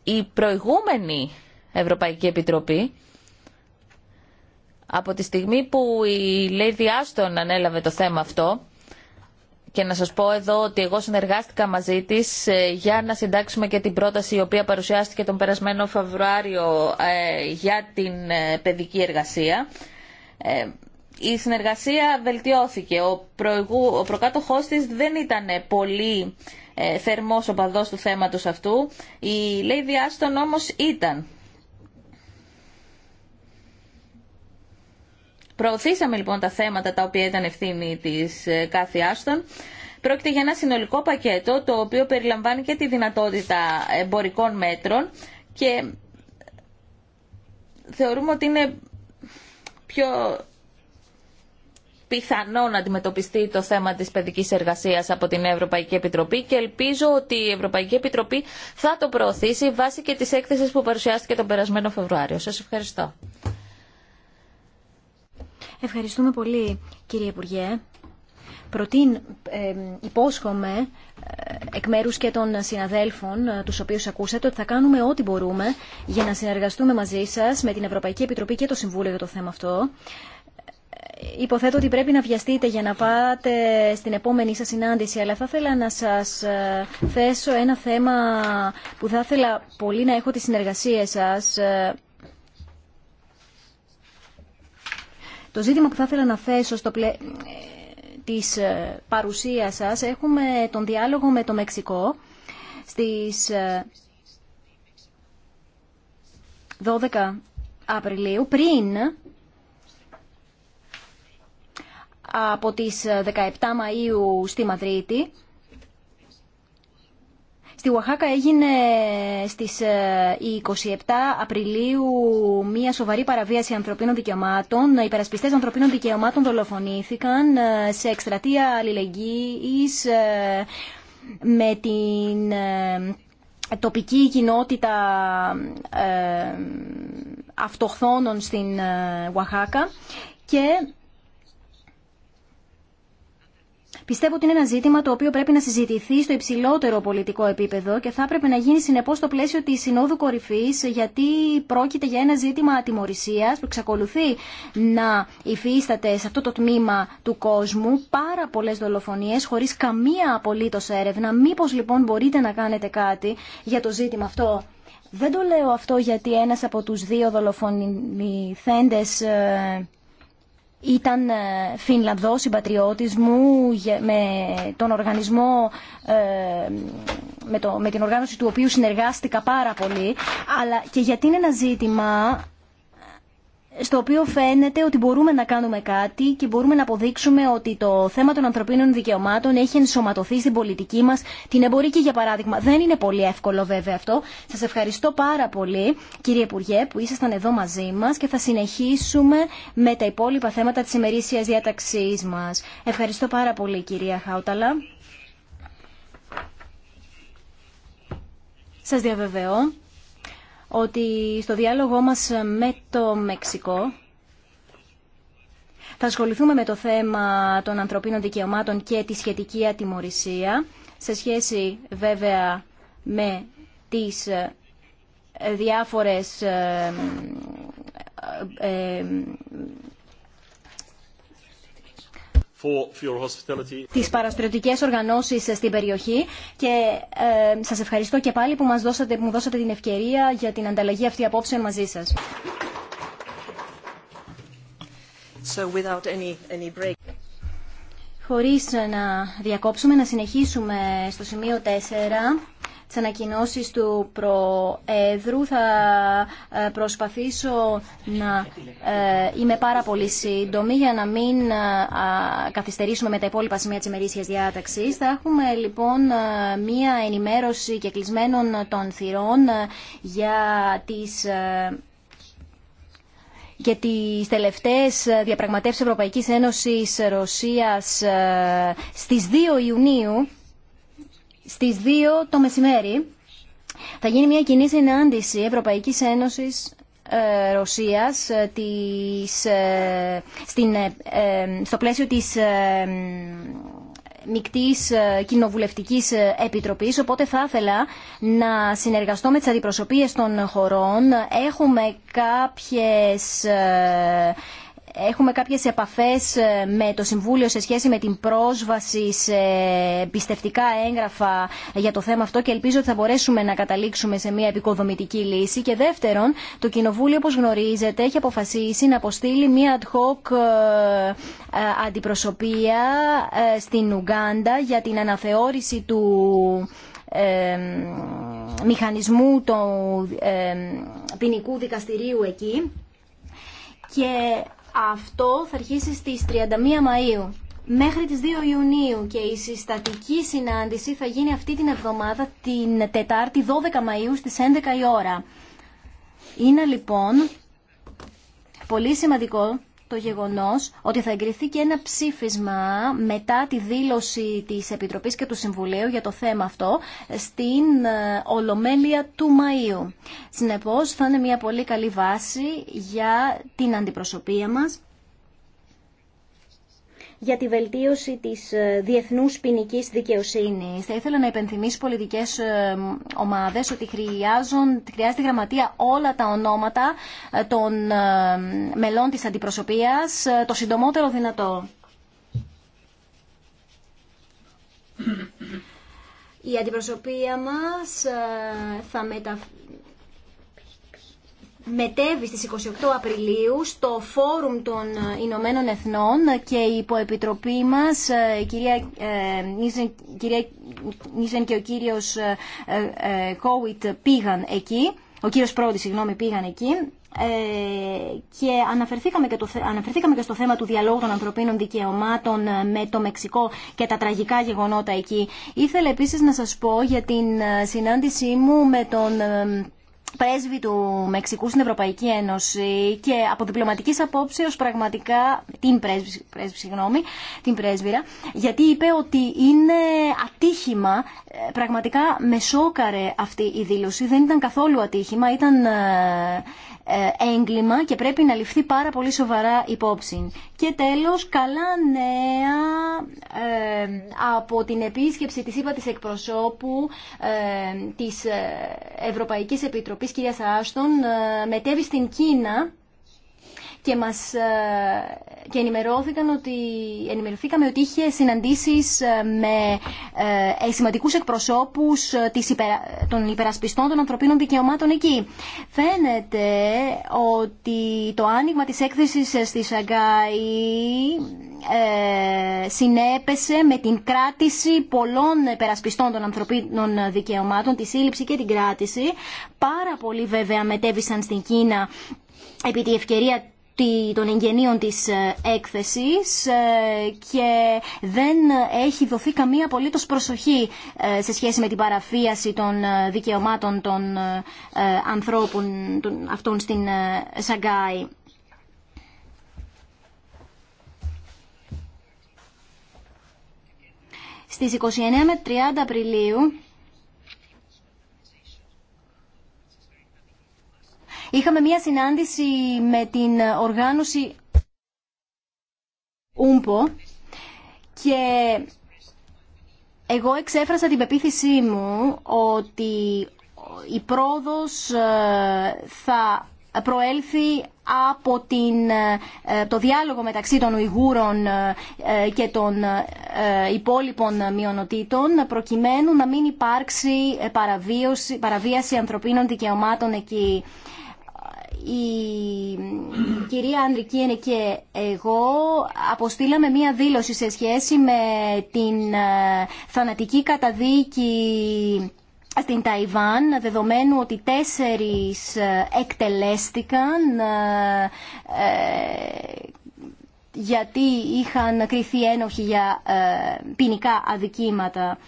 Η προηγούμενη Ευρωπαϊκή Επιτροπή από τη στιγμή που η Lady Άστον ανέλαβε το θέμα αυτό, και να σας πω εδώ ότι εγώ συνεργάστηκα μαζί της ε, για να συντάξουμε και την πρόταση η οποία παρουσιάστηκε τον περασμένο Φεβρουάριο ε, για την ε, παιδική εργασία. Η συνεργασία βελτιώθηκε. Ο, προηγού, ο προκάτοχός της δεν ήταν πολύ θερμός οπαδός του θέματος αυτού. Η Lady Άστον όμως ήταν. Προωθήσαμε λοιπόν τα θέματα τα οποία ήταν ευθύνη της ε, κάθε Άστον. Πρόκειται για ένα συνολικό πακέτο το οποίο περιλαμβάνει και τη δυνατότητα εμπορικών μέτρων και θεωρούμε ότι είναι πιο πιθανό να αντιμετωπιστεί το θέμα της παιδικής εργασίας από την Ευρωπαϊκή Επιτροπή και ελπίζω ότι η Ευρωπαϊκή Επιτροπή θα το προωθήσει βάσει και της έκθεσης που παρουσιάστηκε τον περασμένο Φεβρουάριο. Σας ευχαριστώ. Ευχαριστούμε πολύ κύριε Υπουργέ. Προτείν, υπόσχομαι ε, εκ μέρους και των συναδέλφων ε, τους οποίους ακούσατε ότι θα κάνουμε ό,τι μπορούμε για να συνεργαστούμε μαζί σας με την Ευρωπαϊκή Επιτροπή και το Συμβούλιο για το θέμα αυτό. Ε, υποθέτω ότι πρέπει να βιαστείτε για να πάτε στην επόμενη σας συνάντηση, αλλά θα ήθελα να σας θέσω ένα θέμα που θα ήθελα πολύ να έχω τη συνεργασία σας Το ζήτημα που θα ήθελα να θέσω στο πλε... της ε, παρουσίας σας έχουμε τον διάλογο με το Μεξικό στις 12 ε, Απριλίου πριν από τις 17 ε, Μαΐου στη Μαδρίτη Στη Οαχάκα έγινε στις 27 ε, Απριλίου μια σοβαρή παραβίαση ανθρωπίνων δικαιωμάτων. Οι υπερασπιστές ανθρωπίνων δικαιωμάτων δολοφονήθηκαν ε, σε εκστρατεία αλληλεγγύης ε, με την τοπική κοινότητα αυτοχθόνων στην Οαχάκα και Πιστεύω ότι είναι ένα ζήτημα το οποίο πρέπει να συζητηθεί στο υψηλότερο πολιτικό επίπεδο και θα έπρεπε να γίνει συνεπώ στο πλαίσιο τη Συνόδου Κορυφή, γιατί πρόκειται για ένα ζήτημα ατιμορρησία που εξακολουθεί να υφίσταται σε αυτό το τμήμα του κόσμου πάρα πολλέ δολοφονίε χωρί καμία απολύτω έρευνα. Μήπω λοιπόν μπορείτε να κάνετε κάτι για το ζήτημα αυτό. Δεν το λέω αυτό γιατί ένας από τους δύο δολοφονηθέντες ε, ήταν ε, Φινλανδός συμπατριώτης μου με τον οργανισμό, ε, με, το, με την οργάνωση του οποίου συνεργάστηκα πάρα πολύ, αλλά και γιατί είναι ένα ζήτημα στο οποίο φαίνεται ότι μπορούμε να κάνουμε κάτι και μπορούμε να αποδείξουμε ότι το θέμα των ανθρωπίνων δικαιωμάτων έχει ενσωματωθεί στην πολιτική μας, την εμπορική για παράδειγμα. Δεν είναι πολύ εύκολο βέβαια αυτό. Σα ευχαριστώ πάρα πολύ κύριε Υπουργέ που ήσασταν εδώ μαζί μας και θα συνεχίσουμε με τα υπόλοιπα θέματα τη ημερήσία διαταξή μα. Ευχαριστώ πάρα πολύ κυρία Χάουταλα. Σας διαβεβαιώ ότι στο διάλογό μας με το Μεξικό θα ασχοληθούμε με το θέμα των ανθρωπίνων δικαιωμάτων και τη σχετική ατιμορρησία σε σχέση βέβαια με τις ε, διάφορες ε, ε, τις παραστρατικές οργανώσεις στην περιοχή και ε, σας ευχαριστώ και πάλι που μας δώσατε, μου δώσατε την ευκαιρία για την ανταλλαγή αυτή απόψε μαζί σας. So any, any break. Χωρίς να διακόψουμε, να συνεχίσουμε στο σημείο 4 τις ανακοινώσεις του Προέδρου. Θα ε, προσπαθήσω να ε, είμαι πάρα πολύ σύντομη για να μην ε, καθυστερήσουμε με τα υπόλοιπα σημεία της ημερήσιας διάταξης. Θα έχουμε λοιπόν μία ενημέρωση και κλεισμένων των θυρών για τις και τις τελευταίες διαπραγματεύσεις Ευρωπαϊκής Ένωσης Ρωσίας στις 2 Ιουνίου στις 2 το μεσημέρι θα γίνει μια κοινή συνάντηση Ευρωπαϊκής Ένωσης ε, Ρωσίας ε, της, ε, στην, στο πλαίσιο της Μικτής Κοινοβουλευτικής Επιτροπής, οπότε θα ήθελα να συνεργαστώ με τις αντιπροσωπείες των χωρών. Έχουμε κάποιες Έχουμε κάποιες επαφές ε, με το Συμβούλιο σε σχέση με την πρόσβαση σε πιστευτικά έγγραφα για το θέμα αυτό και ελπίζω ότι θα μπορέσουμε να καταλήξουμε σε μια επικοδομητική λύση. Και δεύτερον, το Κοινοβούλιο, όπως γνωρίζετε, έχει αποφασίσει να αποστείλει μια ad hoc ε, ε, αντιπροσωπεία στην Ουγκάντα για την αναθεώρηση του μηχανισμού του ποινικού δικαστηρίου εκεί και αυτό θα αρχίσει στις 31 Μαΐου μέχρι τις 2 Ιουνίου και η συστατική συνάντηση θα γίνει αυτή την εβδομάδα την Τετάρτη 12 Μαΐου στις 11 η ώρα. Είναι λοιπόν πολύ σημαντικό το γεγονός ότι θα εγκριθεί και ένα ψήφισμα μετά τη δήλωση της Επιτροπής και του Συμβουλίου για το θέμα αυτό στην ε, Ολομέλεια του Μαΐου. Συνεπώς θα είναι μια πολύ καλή βάση για την αντιπροσωπεία μας για τη βελτίωση της ε, διεθνούς ποινική δικαιοσύνης. Θα ήθελα να υπενθυμίσω πολιτικές ε, ομάδες ότι χρειάζεται γραμματεία όλα τα ονόματα ε, των μελών της αντιπροσωπείας το συντομότερο δυνατό. Η αντιπροσωπεία μας θα μετα μετέβη στις 28 Απριλίου στο Φόρουμ των Ηνωμένων Εθνών και η υποεπιτροπή μας, ε, η ε, κυρία, Νίζεν, και ο κύριος ε, Κόουιτ πήγαν εκεί, ο κύριος Πρόντι, συγγνώμη, πήγαν εκεί και αναφερθήκαμε και, το, αναφερθήκαμε και στο θέμα του διαλόγου των ανθρωπίνων δικαιωμάτων με το Μεξικό και τα τραγικά γεγονότα εκεί. Ήθελα επίσης να σας πω για την συνάντησή μου με τον πρέσβη του Μεξικού στην Ευρωπαϊκή Ένωση και από διπλωματικής ως πραγματικά την πρέσβη, πρέσβη την πρέσβυρα, γιατί είπε ότι είναι ατύχημα, ε, πραγματικά με σόκαρε αυτή η δήλωση, δεν ήταν καθόλου ατύχημα, ήταν ε, ε, έγκλημα και πρέπει να ληφθεί πάρα πολύ σοβαρά υπόψη. Και τέλος, καλά νέα ε, από την επίσκεψη της είπα της εκπροσώπου ε, της Ευρωπαϊκής Επιτροπής κυρία Άστον μετέβη στην Κίνα και μας και ενημερώθηκαν ότι, ενημερωθήκαμε ότι είχε συναντήσεις ε, με ε, ε, σημαντικούς εκπροσώπους ε, της των υπερασπιστών των ανθρωπίνων δικαιωμάτων εκεί. Φαίνεται ότι το άνοιγμα της έκθεσης στη Σαγκάη ε, συνέπεσε με την κράτηση πολλών υπερασπιστών των ανθρωπίνων δικαιωμάτων, τη σύλληψη και την κράτηση. Πάρα πολλοί βέβαια μετέβησαν στην Κίνα επί τη ευκαιρία των εγγενείων της ε, έκθεσης ε, και δεν έχει δοθεί καμία απολύτως προσοχή ε, σε σχέση με την παραφίαση των δικαιωμάτων των ανθρώπων αυτών στην Σαγκάη. Στις 29 με 30 Απριλίου Είχαμε μία συνάντηση με την οργάνωση Ούμπο και εγώ εξέφρασα την πεποίθησή μου ότι η πρόοδος ε, θα προέλθει από την, ε, το διάλογο μεταξύ των Ουιγούρων ε, και των υπόλοιπων μειονοτήτων προκειμένου να μην υπάρξει παραβίαση ανθρωπίνων δικαιωμάτων εκεί η κυρία Ανδρική και εγώ αποστήλαμε μία δήλωση σε σχέση με την ε, θανατική καταδίκη στην Ταϊβάν, δεδομένου ότι τέσσερις ε, εκτελέστηκαν ε, γιατί είχαν κρυθεί ένοχοι για ποινικά αδικήματα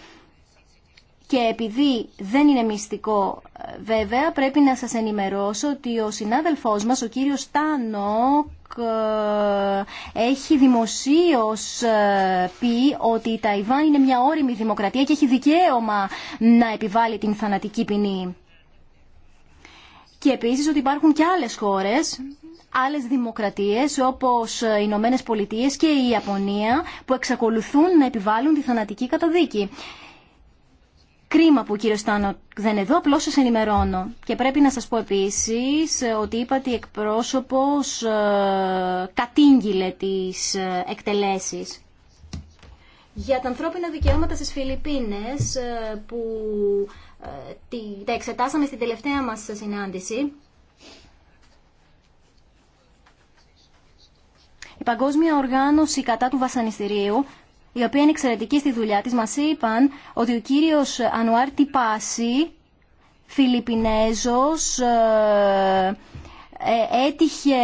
και επειδή δεν είναι μυστικό βέβαια πρέπει να σας ενημερώσω ότι ο συνάδελφός μας, ο κύριος Τάνοκ, ε, έχει δημοσίως ε, πει ότι η Ταϊβάν είναι μια όρημη δημοκρατία και έχει δικαίωμα να επιβάλλει την θανατική ποινή. Και επίσης ότι υπάρχουν και άλλες χώρες άλλες δημοκρατίες όπως ε, οι Ηνωμένε Πολιτείε και η Ιαπωνία που εξακολουθούν να επιβάλλουν τη θανατική καταδίκη. Κρίμα που ο κύριο Στάνο δεν εδώ, απλώ σα ενημερώνω. Και πρέπει να σας πω επίσης ότι είπα ότι εκπρόσωπος ε, κατήγγειλε τις ε, εκτελέσεις. Για τα ανθρώπινα δικαιώματα στις Φιλιππίνες ε, που τα εξετάσαμε στην τελευταία μας συνάντηση, η Παγκόσμια Οργάνωση κατά του βασανιστηρίου η οποία είναι εξαιρετική στη δουλειά της, μας είπαν ότι ο κύριος Ανουάρ Τιπάση, Φιλιππινέζος, ε, ε, έτυχε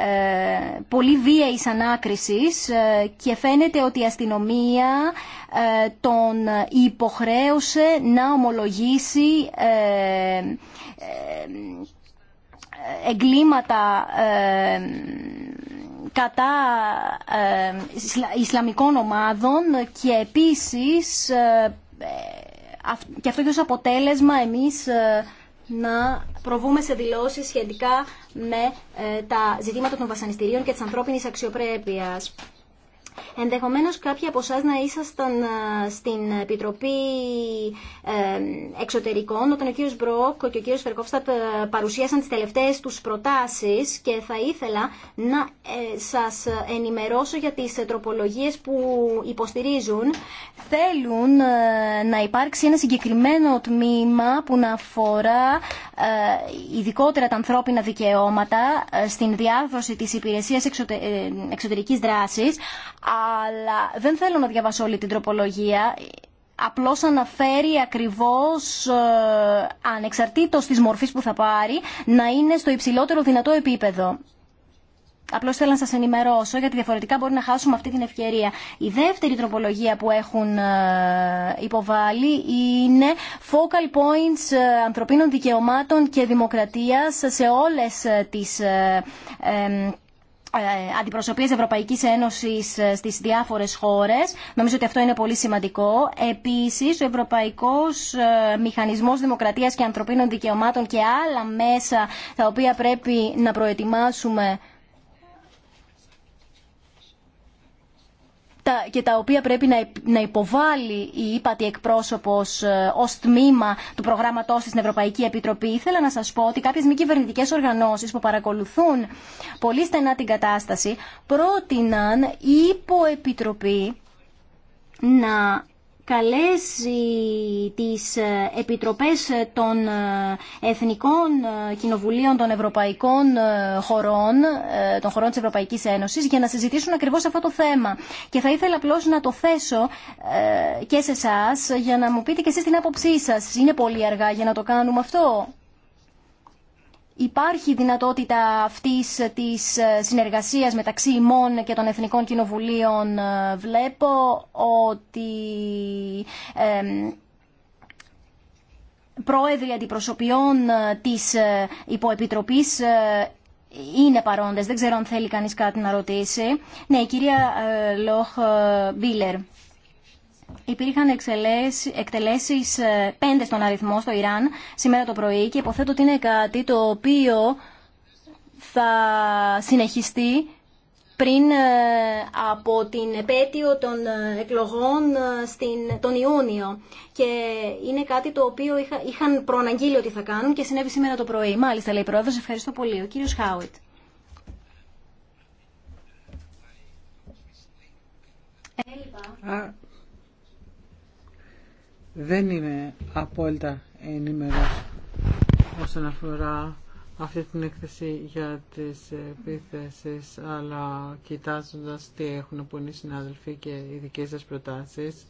ε, πολύ βίαιης ανάκρισης και φαίνεται ότι η αστυνομία τον υποχρέωσε να ομολογήσει εγκλήματα κατά ε, Ισλαμικών ομάδων και επίσης ε, ε, και αυτό και ως αποτέλεσμα εμείς να προβούμε σε δηλώσεις σχετικά με τα ζητήματα των βασανιστήριων και της ανθρώπινης αξιοπρέπειας. Ενδεχομένως κάποιοι από εσά να ήσασταν ε, στην Επιτροπή ε, Εξωτερικών όταν ο κύριος Μπρόκ και ο κύριος Φερκόφστατ ε, παρουσίασαν τις τελευταίες τους προτάσεις και θα ήθελα να σας ενημερώσω για τις τροπολογίες που υποστηρίζουν. Θέλουν να υπάρξει ένα συγκεκριμένο τμήμα που να αφορά ειδικότερα τα ανθρώπινα δικαιώματα στην διάδοση της υπηρεσίας εξωτερικής δράσης αλλά δεν θέλω να διαβάσω όλη την τροπολογία. Απλώς αναφέρει ακριβώς, ε, ανεξαρτήτως της μορφής που θα πάρει, να είναι στο υψηλότερο δυνατό επίπεδο. Απλώς θέλω να σας ενημερώσω, γιατί διαφορετικά μπορεί να χάσουμε αυτή την ευκαιρία. Η δεύτερη τροπολογία που έχουν ε, υποβάλει είναι focal points ε, ανθρωπίνων δικαιωμάτων και δημοκρατίας σε όλες ε, τις ε, αντιπροσωπείες Ευρωπαϊκής Ένωσης ε, στις διάφορες χώρες. Νομίζω ότι αυτό είναι πολύ σημαντικό. Επίσης, ο Ευρωπαϊκός ε, Μηχανισμός Δημοκρατίας και Ανθρωπίνων Δικαιωμάτων και άλλα μέσα τα οποία πρέπει να προετοιμάσουμε και τα οποία πρέπει να υποβάλει η ύπατη εκπρόσωπος ε, ως τμήμα του προγράμματός της στην Ευρωπαϊκή Επιτροπή. Ήθελα να σας πω ότι κάποιε μη κυβερνητικέ οργανώσεις που παρακολουθούν πολύ στενά την κατάσταση πρότειναν η υποεπιτροπή να καλέσει τις ε, επιτροπές ε, των ε, Εθνικών Κοινοβουλίων των Ευρωπαϊκών Χωρών, των χωρών της Ευρωπαϊκής Ένωσης, για να συζητήσουν ακριβώς αυτό το θέμα. Και θα ήθελα απλώ να το θέσω και σε εσά για να μου πείτε και εσείς την άποψή σας. Είναι πολύ αργά για να το κάνουμε αυτό υπάρχει δυνατότητα αυτής της ε, συνεργασίας μεταξύ ημών και των Εθνικών Κοινοβουλίων. Ε, βλέπω ότι πρόεδροι αντιπροσωπιών ε, της υποεπιτροπής είναι παρόντες. Δεν ξέρω αν θέλει κανείς κάτι να ρωτήσει. Ναι, η κυρία Λόχ Μπίλερ υπήρχαν εκτελέσεις ε, πέντε στον αριθμό στο Ιράν σήμερα το πρωί και υποθέτω ότι είναι κάτι το οποίο θα συνεχιστεί πριν ε, από την επέτειο των ε, εκλογών στην, τον Ιούνιο. Και είναι κάτι το οποίο είχα, είχαν προαναγγείλει ότι θα κάνουν και συνέβη σήμερα το πρωί. Μάλιστα, λέει η Πρόεδρος, ευχαριστώ πολύ. Ο κύριος Χάουιτ δεν είμαι απόλυτα ενήμερος όσον αφορά αυτή την έκθεση για τις επίθεσεις, αλλά κοιτάζοντας τι έχουν που οι συνάδελφοι και οι δικές σας προτάσεις,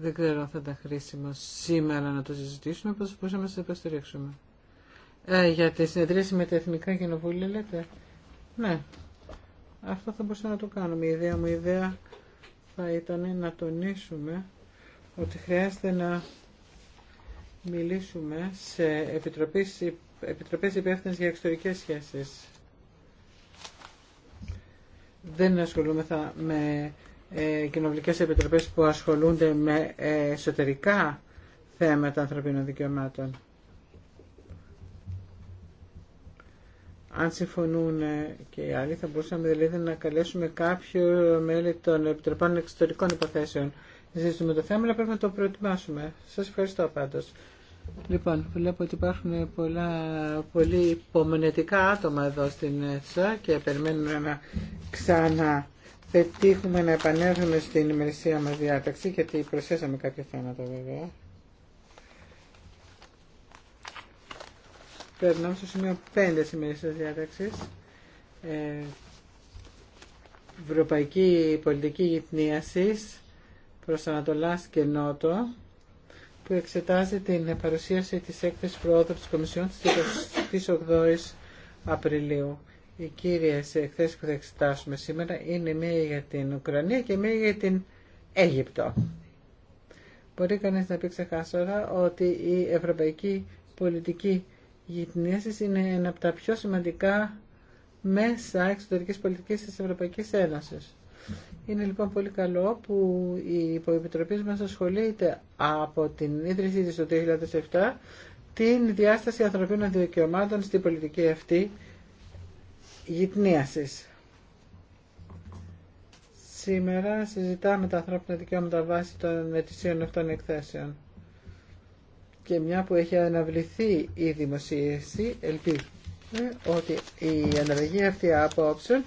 δεν ξέρω αν θα ήταν χρήσιμο σήμερα να το συζητήσουμε, πώς μπορούσαμε να σας υποστηρίξουμε. Ε, για τη συνεδρίαση με τα Εθνικά Κοινοβούλια λέτε. Ναι, αυτό θα μπορούσαμε να το κάνουμε. Η ιδέα μου η ιδέα θα ήταν να τονίσουμε ότι χρειάζεται να μιλήσουμε σε επιτροπές, επιτροπές υπεύθυνες για εξωτερικές σχέσεις. Δεν ασχολούμεθα με ε, κοινοβουλικές επιτροπές που ασχολούνται με ε, εσωτερικά θέματα ανθρωπίνων δικαιωμάτων. αν συμφωνούν ε, και οι άλλοι, θα μπορούσαμε δηλαδή να καλέσουμε κάποιο μέλη των Επιτροπών Εξωτερικών Υποθέσεων ζήσουμε το θέμα, αλλά πρέπει να το προετοιμάσουμε. Σα ευχαριστώ πάντω. Λοιπόν, βλέπω ότι υπάρχουν πολλά, πολύ υπομονετικά άτομα εδώ στην αίθουσα και περιμένουμε να ξαναπετύχουμε να επανέλθουμε στην ημερησία μας διάταξη γιατί προσθέσαμε κάποια θέματα βέβαια. Περνάμε στο σημείο 5 της ημερησίας διάταξης. Ε, Ευρωπαϊκή πολιτική γυπνίασης προς Ανατολάς και Νότο που εξετάζει την παρουσίαση της έκθεσης προόδου της Κομισιόν στις 28 Απριλίου. Οι κύριες εκθέσεις που θα εξετάσουμε σήμερα είναι μία για την Ουκρανία και μία για την Αίγυπτο. Μπορεί κανείς να πει ξεχάσωρα ότι η ευρωπαϊκή πολιτική γειτονίασης είναι ένα από τα πιο σημαντικά μέσα εξωτερικής πολιτικής της Ευρωπαϊκής Ένωσης. Είναι λοιπόν πολύ καλό που η υποεπιτροπή μας ασχολείται από την ίδρυσή της το 2007 την διάσταση ανθρωπίνων δικαιωμάτων στην πολιτική αυτή γυπνίασης. Σήμερα συζητάμε τα ανθρώπινα δικαιώματα βάσει των ετησίων αυτών εκθέσεων. Και μια που έχει αναβληθεί η δημοσίευση, ελπίζουμε ότι η αναλογία αυτή απόψεων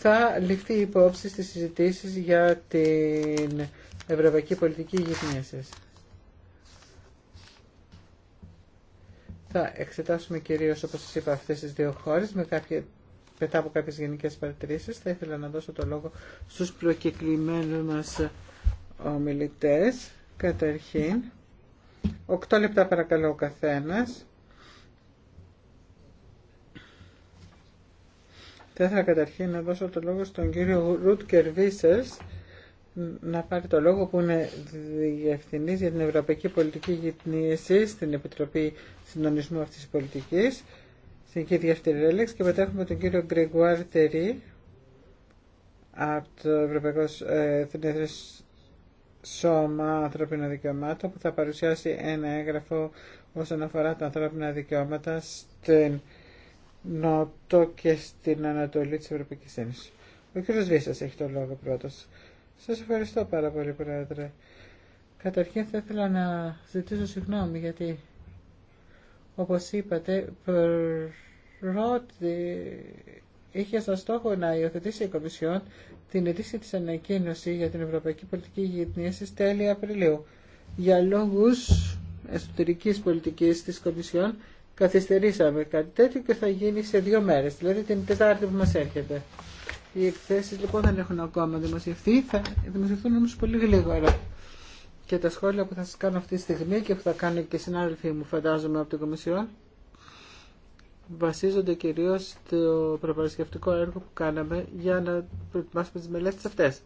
θα ληφθεί υπόψη στις συζητήσεις για την ευρωπαϊκή πολιτική σας. Θα εξετάσουμε κυρίως, όπως σας είπα, αυτές τις δύο χώρες με κάποια μετά από κάποιες γενικές παρατηρήσεις θα ήθελα να δώσω το λόγο στους προκεκλημένους μας ομιλητές. Καταρχήν, 8 λεπτά παρακαλώ ο καθένας Θα ήθελα καταρχήν να δώσω το λόγο στον κύριο Ρουτ Βίσερς να πάρει το λόγο που είναι διευθυντή για την Ευρωπαϊκή Πολιτική Γυπνίεση στην Επιτροπή Συντονισμού αυτής της πολιτικής στην κύρια Ρέλεξ και μετά έχουμε τον κύριο Γκρεγουάρ Τερή από το Ευρωπαϊκό Εθνικό Σώμα Ανθρωπίνων Δικαιωμάτων που θα παρουσιάσει ένα έγγραφο όσον αφορά τα ανθρώπινα δικαιώματα στην Νότο και στην Ανατολή της Ευρωπαϊκής Ένωσης. Ο κ. Βίσας έχει το λόγο πρώτος. Σας ευχαριστώ πάρα πολύ, Πρόεδρε. Καταρχήν θα ήθελα να ζητήσω συγγνώμη γιατί, όπως είπατε, πρώτη είχε σαν στόχο να υιοθετήσει η Κομισιόν την αιτήση της ανακοίνωση για την Ευρωπαϊκή Πολιτική Γειτνία στις τέλη Απριλίου. Για λόγους εσωτερικής πολιτικής της Κομισιόν καθυστερήσαμε κάτι τέτοιο και θα γίνει σε δύο μέρες, δηλαδή την Τετάρτη που μας έρχεται. Οι εκθέσει λοιπόν δεν έχουν ακόμα δημοσιευθεί, θα δημοσιευθούν όμως πολύ γλίγορα. Και τα σχόλια που θα σας κάνω αυτή τη στιγμή και που θα κάνουν και οι συνάδελφοί μου φαντάζομαι από την Κομισιόν βασίζονται κυρίως στο προπαρασκευτικό έργο που κάναμε για να προετοιμάσουμε τις μελέτες αυτές.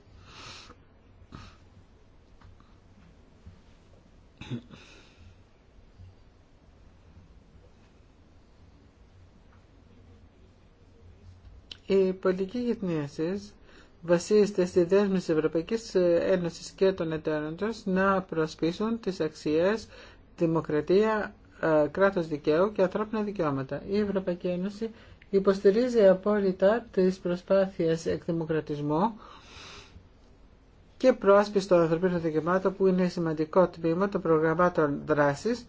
Η πολιτική γυπνίασης βασίζεται στη δέσμευση Ευρωπαϊκής Ένωσης και των εταίρων τους να προσπίσουν τις αξίες δημοκρατία, ε, κράτος δικαίου και ανθρώπινα δικαιώματα. Η Ευρωπαϊκή Ένωση υποστηρίζει απόλυτα τις προσπάθειες εκδημοκρατισμού και πρόσπιση των ανθρωπίνων δικαιωμάτων που είναι σημαντικό τμήμα των προγραμμάτων δράσης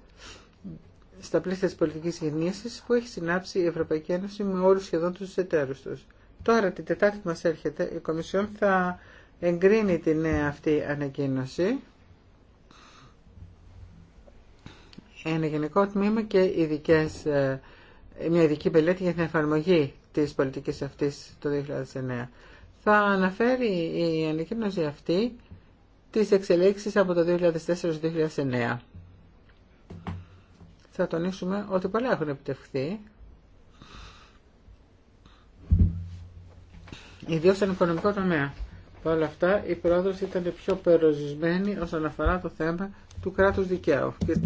στα πλαίσια της πολιτικής γεννήσης που έχει συνάψει η Ευρωπαϊκή Ένωση με όλους σχεδόν τους εταίρους τους. Τώρα την Τετάρτη που μας έρχεται η Κομισιόν θα εγκρίνει την νέα αυτή ανακοίνωση. Ένα γενικό τμήμα και ειδικές, ε, μια ειδική πελέτη για την εφαρμογή της πολιτικής αυτής το 2009. Θα αναφέρει η ανακοίνωση αυτή τις εξελίξεις από το 2004-2009. Θα τονίσουμε ότι πολλά έχουν επιτευχθεί Ιδίω στον οικονομικό τομέα. Παρ' όλα αυτά, η πρόοδος ήταν πιο περιορισμένη όσον αφορά το θέμα του κράτους δικαίου. Και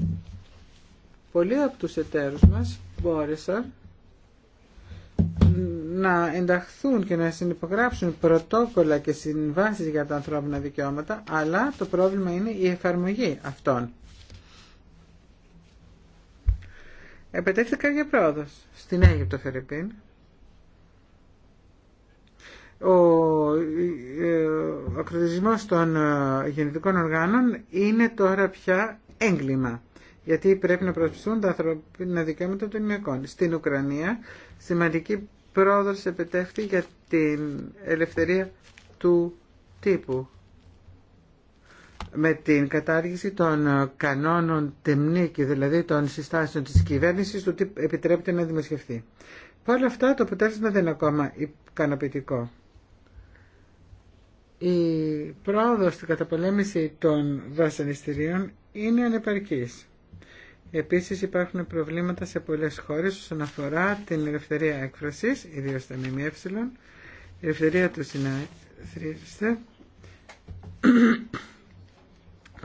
πολλοί από τους εταίρους μας μπόρεσαν να ενταχθούν και να συνυπογράψουν πρωτόκολλα και συμβάσεις για τα ανθρώπινα δικαιώματα, αλλά το πρόβλημα είναι η εφαρμογή αυτών. Επιτέθηκα για πρόοδος στην Αίγυπτο Φερρυπίν, ε, ο ακροτισμός των ε, γεννητικών οργάνων είναι τώρα πια έγκλημα γιατί πρέπει να προσπιστούν τα ανθρωπίνα δικαιώματα των γυναικών. Στην Ουκρανία σημαντική πρόοδος επιτεύχθη για την ελευθερία του τύπου με την κατάργηση των κανόνων τεμνίκη, δηλαδή των συστάσεων της κυβέρνησης, του τι επιτρέπεται να δημοσιευθεί. Παρ' όλα αυτά το αποτέλεσμα δεν είναι ακόμα ικανοποιητικό η πρόοδος στην καταπολέμηση των βασανιστήριων είναι ανεπαρκής. Επίσης υπάρχουν προβλήματα σε πολλές χώρες όσον αφορά την ελευθερία έκφρασης, ιδίως τα ΜΜΕ, η ελευθερία του συναθρίζεται,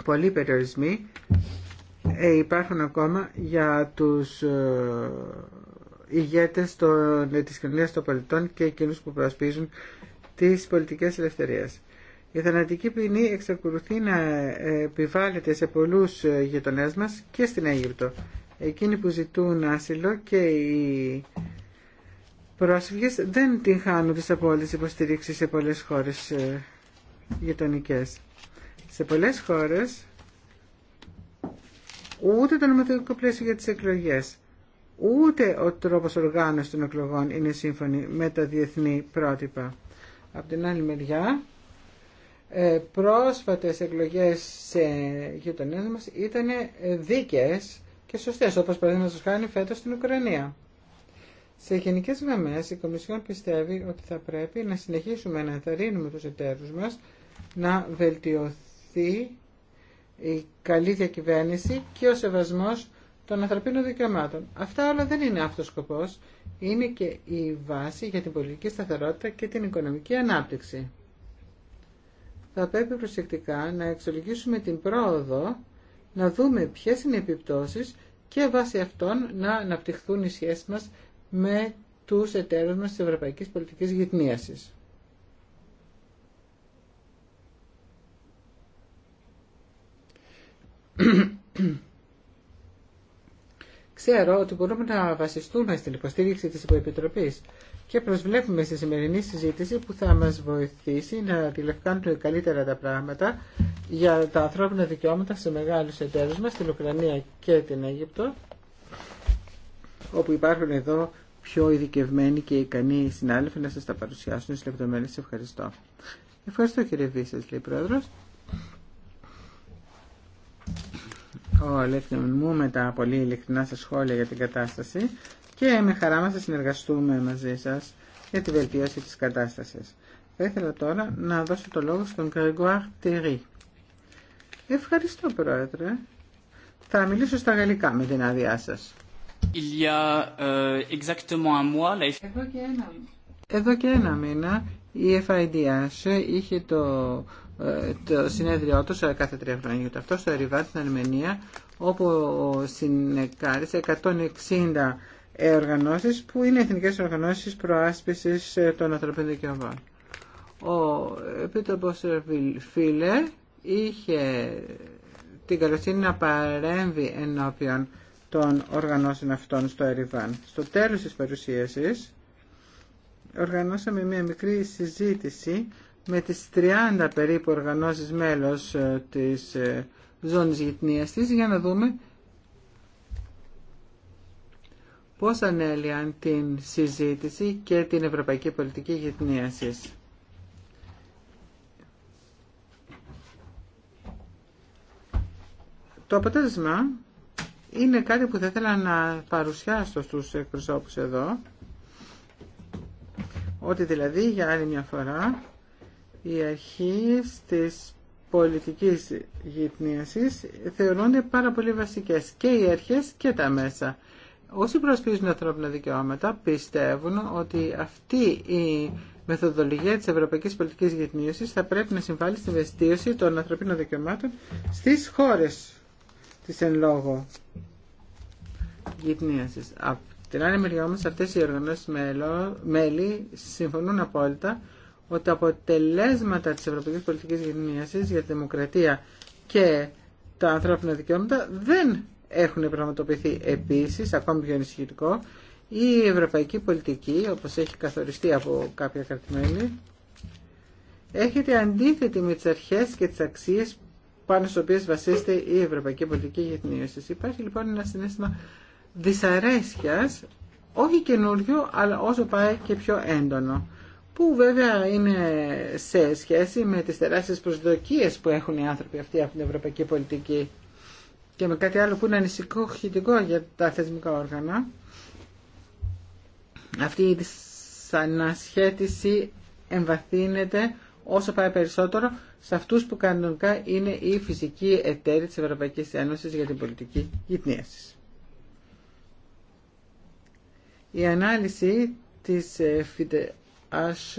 πολλοί περιορισμοί ε, υπάρχουν ακόμα για τους ε, ηγέτες των, της κοινωνίας των πολιτών και εκείνους που προσπίζουν της πολιτικής ελευθερίας. Η θανατική ποινή εξακολουθεί να ε, επιβάλλεται σε πολλούς ε, γειτονές μας και στην Αίγυπτο. Εκείνοι που ζητούν άσυλο και οι πρόσφυγες δεν την χάνουν τις απόλυτες υποστηρίξεις σε πολλές χώρες ε, γειτονικές. Σε πολλές χώρες ούτε το νομοθετικό πλαίσιο για τις εκλογές, ούτε ο τρόπος οργάνωσης των εκλογών είναι σύμφωνοι με τα διεθνή πρότυπα. Από την άλλη μεριά, ε, πρόσφατες εκλογές σε γειτονίες μας ήταν δίκαιες και σωστές, όπως παραδείγματος χάνει φέτος στην Ουκρανία. Σε γενικές γραμμές, η Κομισιόν πιστεύει ότι θα πρέπει να συνεχίσουμε να ενθαρρύνουμε τους εταίρους μας να βελτιωθεί η καλή διακυβέρνηση και ο σεβασμός των ανθρωπίνων δικαιωμάτων. Αυτά όλα δεν είναι αυτός ο σκοπός. Είναι και η βάση για την πολιτική σταθερότητα και την οικονομική ανάπτυξη. Θα πρέπει προσεκτικά να εξολογήσουμε την πρόοδο, να δούμε ποιες είναι οι επιπτώσεις και βάσει αυτών να αναπτυχθούν οι σχέσεις μας με τους εταίρους μας της Ευρωπαϊκής Πολιτικής Γυτνίασης. Ξέρω ότι μπορούμε να βασιστούμε στην υποστήριξη της Υποεπιτροπής και προσβλέπουμε στη σημερινή συζήτηση που θα μας βοηθήσει να τηλευκάνουμε καλύτερα τα πράγματα για τα ανθρώπινα δικαιώματα σε μεγάλους εταίρους μας, στην Ουκρανία και την Αίγυπτο, όπου υπάρχουν εδώ πιο ειδικευμένοι και ικανοί συνάδελφοι να σας τα παρουσιάσουν στις λεπτομέρειες. Ευχαριστώ. Ευχαριστώ κύριε Βίσσας, λέει πρόεδρος μου με τα πολύ ειλικρινά σας σχόλια για την κατάσταση και με χαρά μας θα συνεργαστούμε μαζί σας για τη βελτίωση της κατάστασης. Θα ήθελα τώρα να δώσω το λόγο στον Γκρεγκουάρ Τερί. Ευχαριστώ, Πρόεδρε. Θα μιλήσω στα γαλλικά με την άδειά σας. Εδώ και ένα μήνα η FIDH είχε το ε, το συνέδριό του κάθε τρία χρόνια. γιατί αυτό στο Εριβάν στην Αρμενία, όπου συνεκάρισε 160 οργανώσεις που είναι εθνικές οργανώσεις προάσπισης ε, των ανθρωπίνων δικαιωμάτων. Ο Επίτροπος Φίλε είχε την καλοσύνη να παρέμβει ενώπιον των οργανώσεων αυτών στο Ερυβάν. Στο τέλος της παρουσίασης οργανώσαμε μια μικρή συζήτηση με τις 30 περίπου οργανώσεις μέλος ε, της ε, ζώνης γειτνίας της για να δούμε πώς ανέλυαν την συζήτηση και την ευρωπαϊκή πολιτική γειτνίασης. Το αποτέλεσμα είναι κάτι που θα ήθελα να παρουσιάσω στους εκπροσώπους εδώ, ότι δηλαδή για άλλη μια φορά οι αρχές της πολιτικής γυπνίασης θεωρούνται πάρα πολύ βασικές και οι αρχές και τα μέσα. Όσοι προσπίζουν ανθρώπινα δικαιώματα πιστεύουν ότι αυτή η μεθοδολογία της ευρωπαϊκής πολιτικής γυπνίωσης θα πρέπει να συμβάλλει στη βεστίωση των ανθρωπίνων δικαιωμάτων στις χώρες της εν λόγω γυπνίασης. Από την άλλη μεριά όμως αυτές οι οργανώσεις μέλη συμφωνούν απόλυτα ότι τα αποτελέσματα της Ευρωπαϊκής Πολιτικής Γενίασης για τη Δημοκρατία και τα ανθρώπινα δικαιώματα δεν έχουν πραγματοποιηθεί επίσης, ακόμη πιο ενισχυτικό, η ευρωπαϊκή πολιτική, όπως έχει καθοριστεί από κάποια κρατημένη, έχετε αντίθετη με τις αρχές και τις αξίες πάνω στις οποίες βασίζεται η ευρωπαϊκή πολιτική για Υπάρχει λοιπόν ένα συνέστημα δυσαρέσκειας, όχι καινούριο, αλλά όσο πάει και πιο έντονο που βέβαια είναι σε σχέση με τις τεράστιες προσδοκίες που έχουν οι άνθρωποι αυτοί από την ευρωπαϊκή πολιτική και με κάτι άλλο που είναι ανησυχητικό για τα θεσμικά όργανα. Αυτή η ανασχέτιση εμβαθύνεται όσο πάει περισσότερο σε αυτούς που κανονικά είναι οι φυσικοί εταίροι της Ευρωπαϊκής Ένωσης για την πολιτική γυπνίαση. Η ανάλυση της ε, ας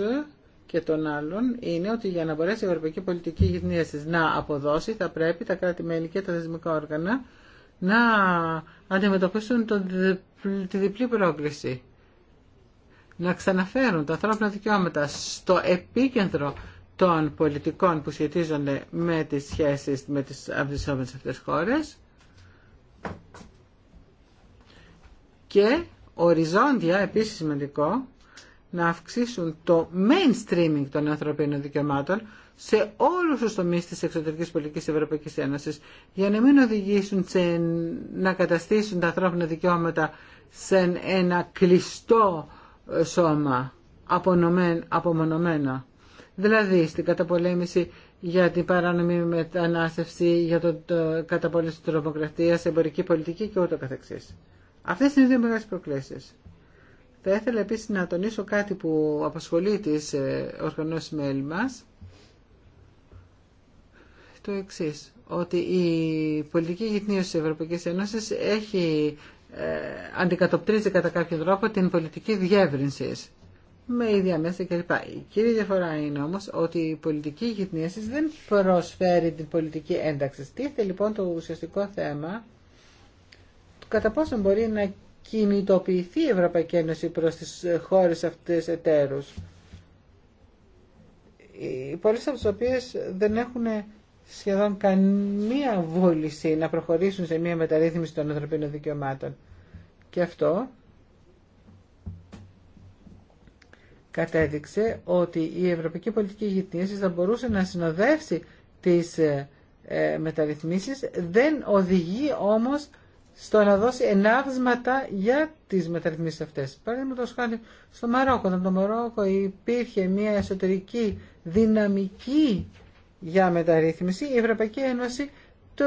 και των άλλων είναι ότι για να μπορέσει η Ευρωπαϊκή Πολιτική τη να αποδώσει θα πρέπει τα κράτη-μέλη και τα θεσμικά όργανα να αντιμετωπίσουν το, τη διπλή πρόκληση. Να ξαναφέρουν τα ανθρώπινα δικαιώματα στο επίκεντρο των πολιτικών που σχετίζονται με τις σχέσεις με τις αμφισόμενες αυτές χώρες και οριζόντια, επίσης σημαντικό, να αυξήσουν το mainstreaming των ανθρωπίνων δικαιωμάτων σε όλους τους τομείς της εξωτερικής πολιτικής Ευρωπαϊκής Ένωσης για να μην οδηγήσουν σε, να καταστήσουν τα ανθρώπινα δικαιώματα σε ένα κλειστό ε, σώμα απομονωμένα. Δηλαδή στην καταπολέμηση για την παράνομη μετανάστευση, για το, καταπολέμηση της τρομοκρατίας, εμπορική πολιτική και ούτω καθεξής. Αυτές είναι οι δύο μεγάλες προκλήσεις. Θα ήθελα επίσης να τονίσω κάτι που απασχολεί τις ε, οργανώσεις μέλη μας. Το εξής, ότι η πολιτική γυθνίωση της Ευρωπαϊκής Ένωσης έχει ε, αντικατοπτρίζει κατά κάποιο τρόπο την πολιτική διεύρυνση με ίδια μέσα κλπ. Η κύρια διαφορά είναι όμως ότι η πολιτική γυθνίωση δεν προσφέρει την πολιτική ένταξη. Τι λοιπόν το ουσιαστικό θέμα του κατά πόσο μπορεί να κινητοποιηθεί η Ευρωπαϊκή Ένωση προς τις χώρες αυτές εταίρους. Οι πολλές από τις οποίες δεν έχουν σχεδόν καμία βούληση να προχωρήσουν σε μια μεταρρύθμιση των ανθρωπίνων δικαιωμάτων. Και αυτό κατέδειξε ότι η ευρωπαϊκή πολιτική γειτνίαση θα μπορούσε να συνοδεύσει τις ε, μεταρρυθμίσεις, δεν οδηγεί όμως στο να δώσει ενάβσματα για τις μεταρρυθμίσεις αυτές. Παραδείγματος χάρη στο Μαρόκο, Όταν το Μαρόκο υπήρχε μια εσωτερική δυναμική για μεταρρύθμιση, η Ευρωπαϊκή Ένωση το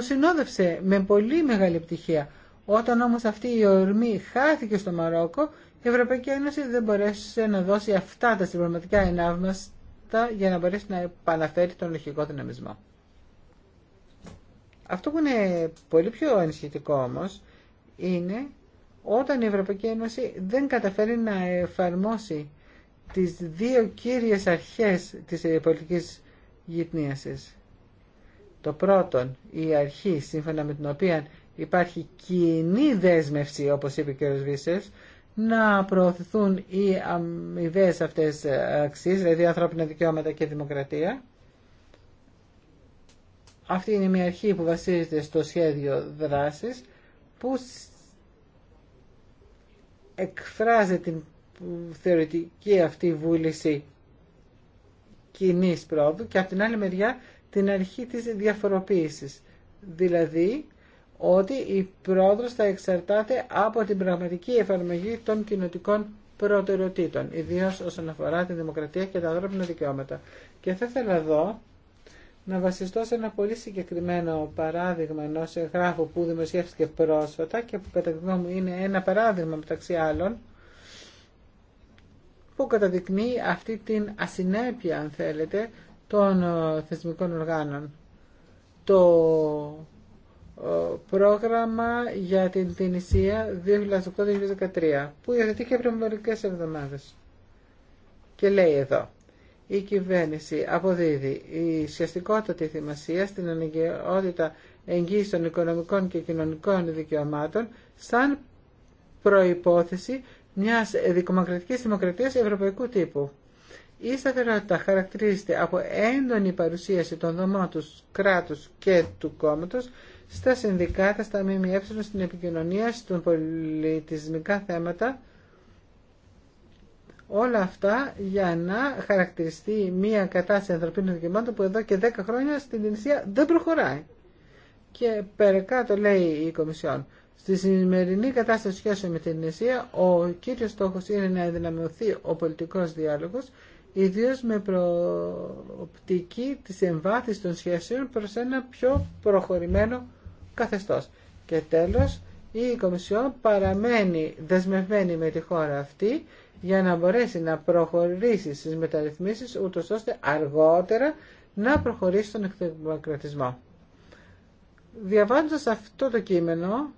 συνόδευσε με πολύ μεγάλη πτυχία. Όταν όμως αυτή η ορμή χάθηκε στο Μαρόκο, η Ευρωπαϊκή Ένωση δεν μπορέσε να δώσει αυτά τα συμπληρωματικά ενάβματα για να μπορέσει να επαναφέρει τον λογικό δυναμισμό. Αυτό που είναι πολύ πιο ενισχυτικό όμως είναι όταν η Ευρωπαϊκή Ένωση δεν καταφέρει να εφαρμόσει τις δύο κύριες αρχές της πολιτικής γυτνίασης. Το πρώτον, η αρχή σύμφωνα με την οποία υπάρχει κοινή δέσμευση, όπως είπε ο κ. να προωθηθούν οι αμοιβέ αυτές αξίες, δηλαδή ανθρώπινα δικαιώματα και δημοκρατία, αυτή είναι μια αρχή που βασίζεται στο σχέδιο δράσης που εκφράζει την θεωρητική αυτή βούληση κοινή πρόοδου και από την άλλη μεριά την αρχή της διαφοροποίησης. Δηλαδή ότι η πρόοδος θα εξαρτάται από την πραγματική εφαρμογή των κοινοτικών προτεραιοτήτων, ιδίως όσον αφορά τη δημοκρατία και τα ανθρώπινα δικαιώματα. Και θα ήθελα εδώ να βασιστώ σε ένα πολύ συγκεκριμένο παράδειγμα ενό εγγράφου που δημοσιεύτηκε πρόσφατα και που κατά τη γνώμη μου είναι ένα παράδειγμα μεταξύ άλλων που καταδεικνύει αυτή την ασυνέπεια, αν θέλετε, των ε, θεσμικών οργάνων. Το ε, πρόγραμμα για την Τινησία 2008-2013 που υιοθετήκε πριν μερικές εβδομάδες και λέει εδώ η κυβέρνηση αποδίδει η τη θυμασία στην αναγκαιότητα εγγύηση των οικονομικών και κοινωνικών δικαιωμάτων σαν προϋπόθεση μιας δικομακρατικής δημοκρατίας ευρωπαϊκού τύπου. Η σταθερότητα χαρακτηρίζεται από έντονη παρουσίαση των δομών του κράτους και του κόμματος στα συνδικάτα, στα ΜΜΕ, στην επικοινωνία, στον πολιτισμικά θέματα, Όλα αυτά για να χαρακτηριστεί μια κατάσταση ανθρωπίνων δικαιωμάτων που εδώ και 10 χρόνια στην Τινησία δεν προχωράει. Και περικά το λέει η Κομισιόν. Στη σημερινή κατάσταση σχέση με την Τινησία, ο κύριος στόχος είναι να ενδυναμωθεί ο πολιτικός διάλογος, ιδίως με προοπτική της εμβάθυνσης των σχέσεων προς ένα πιο προχωρημένο καθεστώς. Και τέλος, η Κομισιόν παραμένει δεσμευμένη με τη χώρα αυτή για να μπορέσει να προχωρήσει στις μεταρρυθμίσεις ούτως ώστε αργότερα να προχωρήσει στον εκδημοκρατισμό. Διαβάζοντας αυτό το κείμενο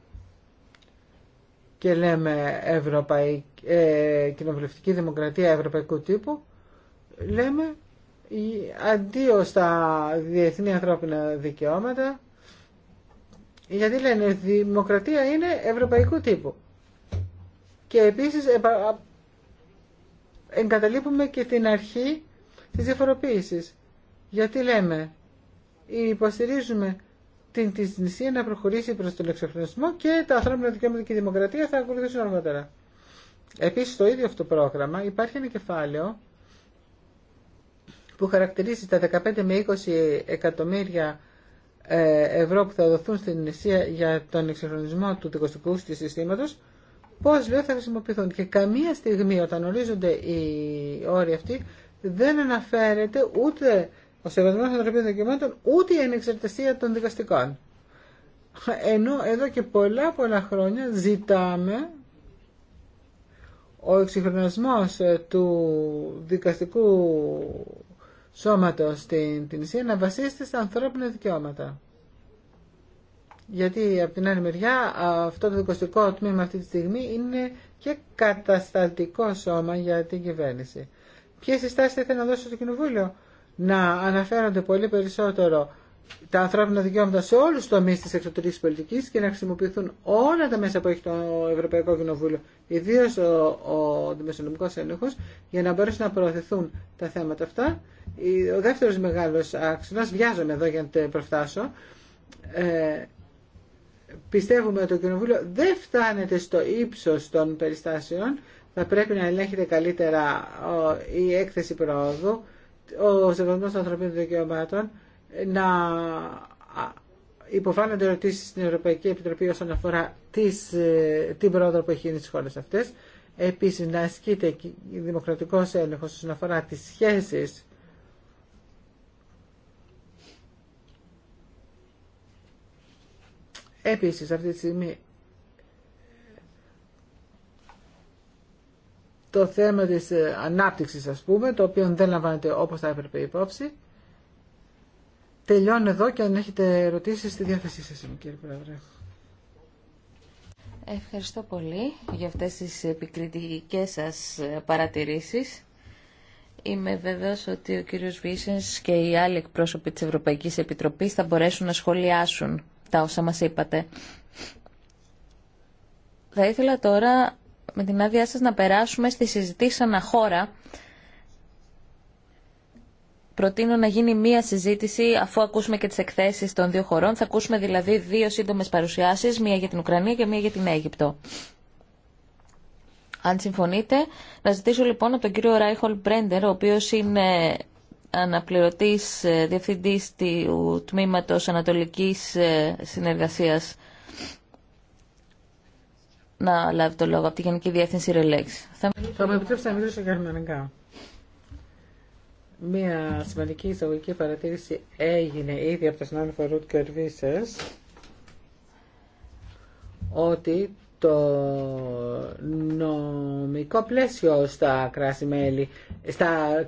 και λέμε Ευρωπαϊ... Ε, κοινοβουλευτική δημοκρατία ευρωπαϊκού τύπου, λέμε αντίο στα διεθνή ανθρώπινα δικαιώματα, γιατί λένε δημοκρατία είναι ευρωπαϊκού τύπου. Και επίσης εγκαταλείπουμε και την αρχή της διαφοροποίησης. Γιατί λέμε, υποστηρίζουμε την νησία να προχωρήσει προς τον εξεχρονισμό και τα ανθρώπινα δικαιώματα και η δημοκρατία θα ακολουθήσουν αργότερα. Επίσης, στο ίδιο αυτό πρόγραμμα υπάρχει ένα κεφάλαιο που χαρακτηρίζει τα 15 με 20 εκατομμύρια ε, ευρώ που θα δοθούν στην νησία για τον εξυγχρονισμό του δικοστικού συστήματος πώς λέω θα χρησιμοποιηθούν. Και καμία στιγμή όταν ορίζονται οι όροι αυτοί δεν αναφέρεται ούτε ο σεβασμός των ανθρωπίνων δικαιωμάτων ούτε η ανεξαρτησία των δικαστικών. Ενώ εδώ και πολλά πολλά χρόνια ζητάμε ο εξυγχρονισμός του δικαστικού σώματος στην Ισία να βασίζεται στα ανθρώπινα δικαιώματα. Γιατί από την άλλη μεριά αυτό το δικοστικό τμήμα αυτή τη στιγμή είναι και κατασταλτικό σώμα για την κυβέρνηση. Ποιε συστάσει θα ήθελα να δώσω στο Κοινοβούλιο, να αναφέρονται πολύ περισσότερο τα ανθρώπινα δικαιώματα σε όλου του τομεί τη εξωτερική πολιτική και να χρησιμοποιηθούν όλα τα μέσα που έχει το Ευρωπαϊκό Κοινοβούλιο, ιδίω ο, ο δημοσιονομικό έλεγχο, για να μπορέσουν να προωθηθούν τα θέματα αυτά. Ο δεύτερο μεγάλο άξονα, βιάζομαι εδώ για να το προφτάσω, ε, πιστεύουμε ότι το Κοινοβούλιο δεν φτάνεται στο ύψος των περιστάσεων, θα πρέπει να ελέγχεται καλύτερα η έκθεση προόδου, ο σεβασμός των ανθρωπίνων δικαιωμάτων, να υποφάνονται ερωτήσει στην Ευρωπαϊκή Επιτροπή όσον αφορά τις, ε, την πρόοδο που έχει γίνει στις χώρες αυτές. Επίσης, να ασκείται δημοκρατικός έλεγχος όσον αφορά τις σχέσεις Επίσης αυτή τη στιγμή το θέμα της ε, ανάπτυξης ας πούμε, το οποίο δεν λαμβάνεται όπως θα έπρεπε υπόψη. Τελειώνω εδώ και αν έχετε ερωτήσεις στη διάθεσή σας κύριε Πρόεδρε. Ευχαριστώ πολύ για αυτές τις επικριτικές σας παρατηρήσεις. Είμαι βέβαιος ότι ο κύριος Βίσενς και οι άλλοι εκπρόσωποι της Ευρωπαϊκής Επιτροπής θα μπορέσουν να σχολιάσουν τα όσα μας είπατε. Θα ήθελα τώρα με την άδειά σας να περάσουμε στη συζητήση αναχώρα. Προτείνω να γίνει μία συζήτηση αφού ακούσουμε και τις εκθέσεις των δύο χωρών. Θα ακούσουμε δηλαδή δύο σύντομες παρουσιάσεις, μία για την Ουκρανία και μία για την Αίγυπτο. Αν συμφωνείτε, να ζητήσω λοιπόν από τον κύριο Ράιχολ Μπρέντερ, ο οποίος είναι αναπληρωτής ε, διευθυντής του Τμήματος Ανατολικής ε, Συνεργασίας να λάβει το λόγο από τη Γενική Διεύθυνση Ρελέξ. Θα, θα με επιτρέψετε να μιλήσω γερμανικά. Μία σημαντική εισαγωγική παρατήρηση έγινε ήδη από το συνάδελφο Ρουτ Κερβίσες ότι το νομικό πλαίσιο στα κράτη-μέλη, στα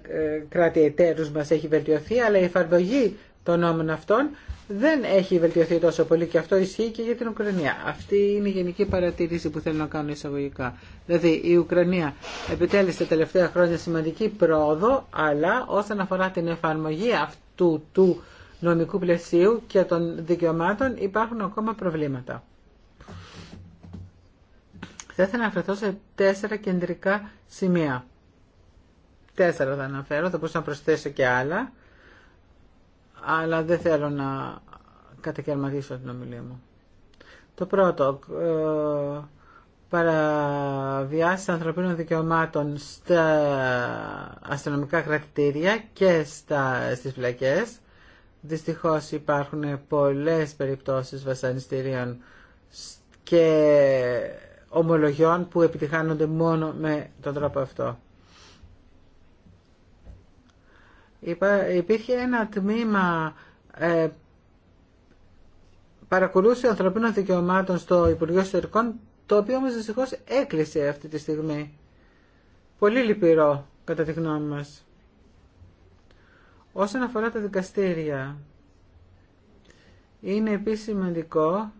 ε, κράτη εταίρους μας έχει βελτιωθεί, αλλά η εφαρμογή των νόμων αυτών δεν έχει βελτιωθεί τόσο πολύ και αυτό ισχύει και για την Ουκρανία. Αυτή είναι η γενική παρατήρηση που θέλω να κάνω εισαγωγικά. Δηλαδή η Ουκρανία επιτέλεσε τα τελευταία χρόνια σημαντική πρόοδο, αλλά όσον αφορά την εφαρμογή αυτού του νομικού πλαισίου και των δικαιωμάτων υπάρχουν ακόμα προβλήματα. Θα ήθελα να αναφερθώ σε τέσσερα κεντρικά σημεία. Τέσσερα θα αναφέρω, θα μπορούσα να προσθέσω και άλλα, αλλά δεν θέλω να κατακαιρματίσω την ομιλία μου. Το πρώτο, ε, παραβιάσεις ανθρωπίνων δικαιωμάτων στα αστυνομικά κρατητήρια και στα, στις φυλακές. Δυστυχώς υπάρχουν πολλές περιπτώσεις βασανιστήριων και ομολογιών που επιτυχάνονται μόνο με τον τρόπο αυτό. Υπήρχε ένα τμήμα ε, παρακολούθηση ανθρωπίνων δικαιωμάτων στο Υπουργείο Ιστορικών, το οποίο όμως δυστυχώ έκλεισε αυτή τη στιγμή. Πολύ λυπηρό, κατά τη γνώμη μας. Όσον αφορά τα δικαστήρια, είναι επίσης σημαντικό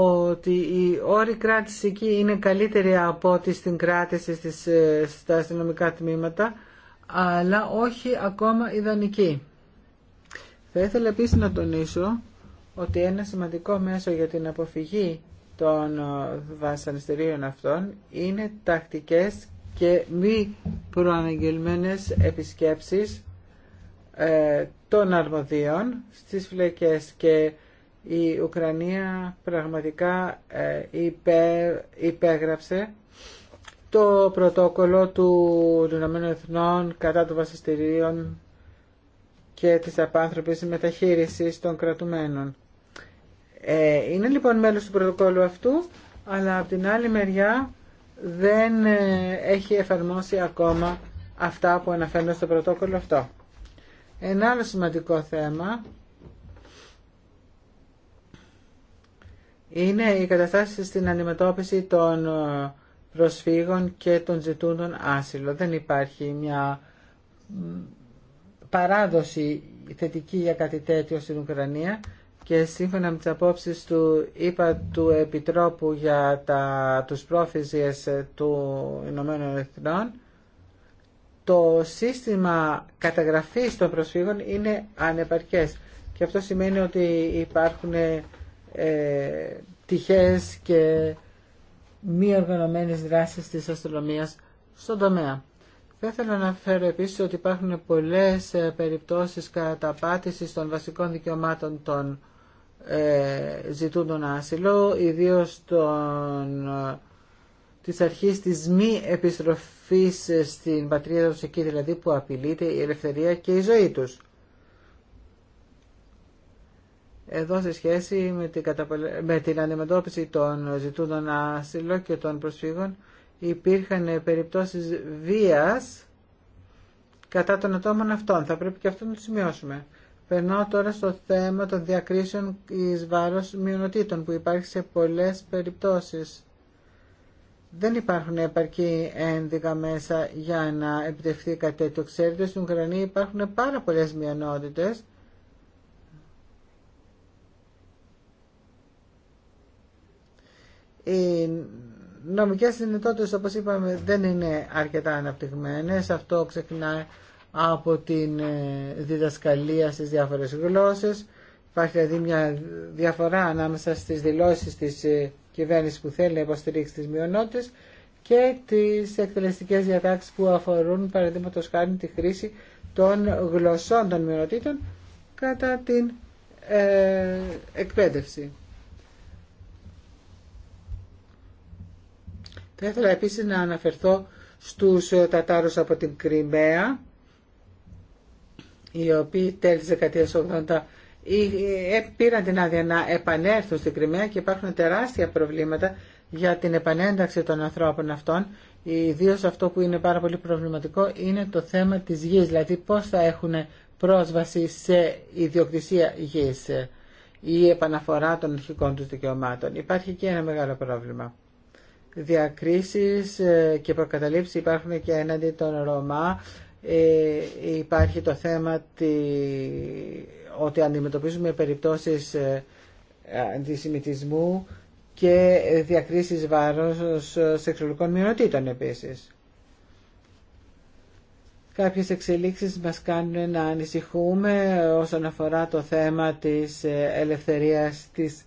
ότι η όρη κράτηση εκεί είναι καλύτερη από ό,τι στην κράτηση στις, ε, στα αστυνομικά τμήματα, αλλά όχι ακόμα ιδανική. Θα ήθελα επίσης να τονίσω ότι ένα σημαντικό μέσο για την αποφυγή των ε, βασανιστήριων αυτών είναι τακτικές και μη προαναγγελμένες επισκέψεις ε, των αρμοδίων στις φυλακές και η Ουκρανία πραγματικά ε, υπέγραψε το πρωτόκολλο του Ηνωμένου Εθνών κατά των βασιστηρίων και της απάνθρωπης μεταχείρισης των κρατουμένων. Ε, είναι λοιπόν μέλος του πρωτοκόλλου αυτού, αλλά από την άλλη μεριά δεν ε, έχει εφαρμόσει ακόμα αυτά που αναφέρονται στο πρωτόκολλο αυτό. Ένα άλλο σημαντικό θέμα είναι η κατάσταση στην αντιμετώπιση των ε, προσφύγων και των ζητούντων άσυλο. Δεν υπάρχει μια παράδοση θετική για κάτι τέτοιο στην Ουκρανία και σύμφωνα με τις απόψεις του είπα του Επιτρόπου για τα, τους πρόφυζιες του Ηνωμένων Εθνών το σύστημα καταγραφής των προσφύγων είναι ανεπαρκές και αυτό σημαίνει ότι υπάρχουν ε, τυχές και μη οργανωμένες δράσεις της αστρονομίας στον τομέα. Θα ήθελα να αναφέρω επίσης ότι υπάρχουν πολλές ε, περιπτώσεις καταπάτησης των βασικών δικαιωμάτων των ε, ζητούντων άσυλο, ιδίως των, ε, της αρχής της μη επιστροφής στην πατρίδα τους εκεί δηλαδή που απειλείται η ελευθερία και η ζωή τους εδώ σε σχέση με την, με την αντιμετώπιση των ζητούντων άσυλο και των προσφύγων υπήρχαν περιπτώσεις βίας κατά των ατόμων αυτών. Θα πρέπει και αυτό να το σημειώσουμε. Περνώ τώρα στο θέμα των διακρίσεων εις βάρος μειονοτήτων που υπάρχει σε πολλές περιπτώσεις. Δεν υπάρχουν επαρκή ένδυγα μέσα για να επιτευχθεί κάτι τέτοιο. Ξέρετε, στην Ουκρανία υπάρχουν πάρα πολλές μειονότητες Οι νομικές δυνατότητες όπως είπαμε δεν είναι αρκετά αναπτυγμένες. Αυτό ξεκινάει από την ε, διδασκαλία στις διάφορες γλώσσες. Υπάρχει δηλαδή μια διαφορά ανάμεσα στις δηλώσεις της ε, κυβέρνηση που θέλει να υποστηρίξει τις μειονότητες και τις εκτελεστικές διατάξεις που αφορούν παραδείγματο χάρη τη χρήση των γλωσσών των μειονοτήτων κατά την ε, εκπαίδευση. Θα ήθελα επίσης να αναφερθώ στους ε, Τατάρους από την Κρυμαία, οι οποίοι τέλη της δεκαετίας 80 ε, ε, πήραν την άδεια να επανέλθουν στην Κρυμαία και υπάρχουν τεράστια προβλήματα για την επανένταξη των ανθρώπων αυτών. Ιδίω αυτό που είναι πάρα πολύ προβληματικό είναι το θέμα της γης, δηλαδή πώς θα έχουν πρόσβαση σε ιδιοκτησία γης ή επαναφορά των αρχικών τους δικαιωμάτων. Υπάρχει και ένα μεγάλο πρόβλημα διακρίσεις ε, και προκαταλήψεις υπάρχουν και έναντι των Ρωμά. Ε, υπάρχει το θέμα ότι αντιμετωπίζουμε περιπτώσεις ε, αντισημιτισμού και διακρίσεις βάρος σεξουαλικών μειονοτήτων επίσης. Κάποιες εξελίξεις μας κάνουν να ανησυχούμε όσον αφορά το θέμα της ελευθερίας της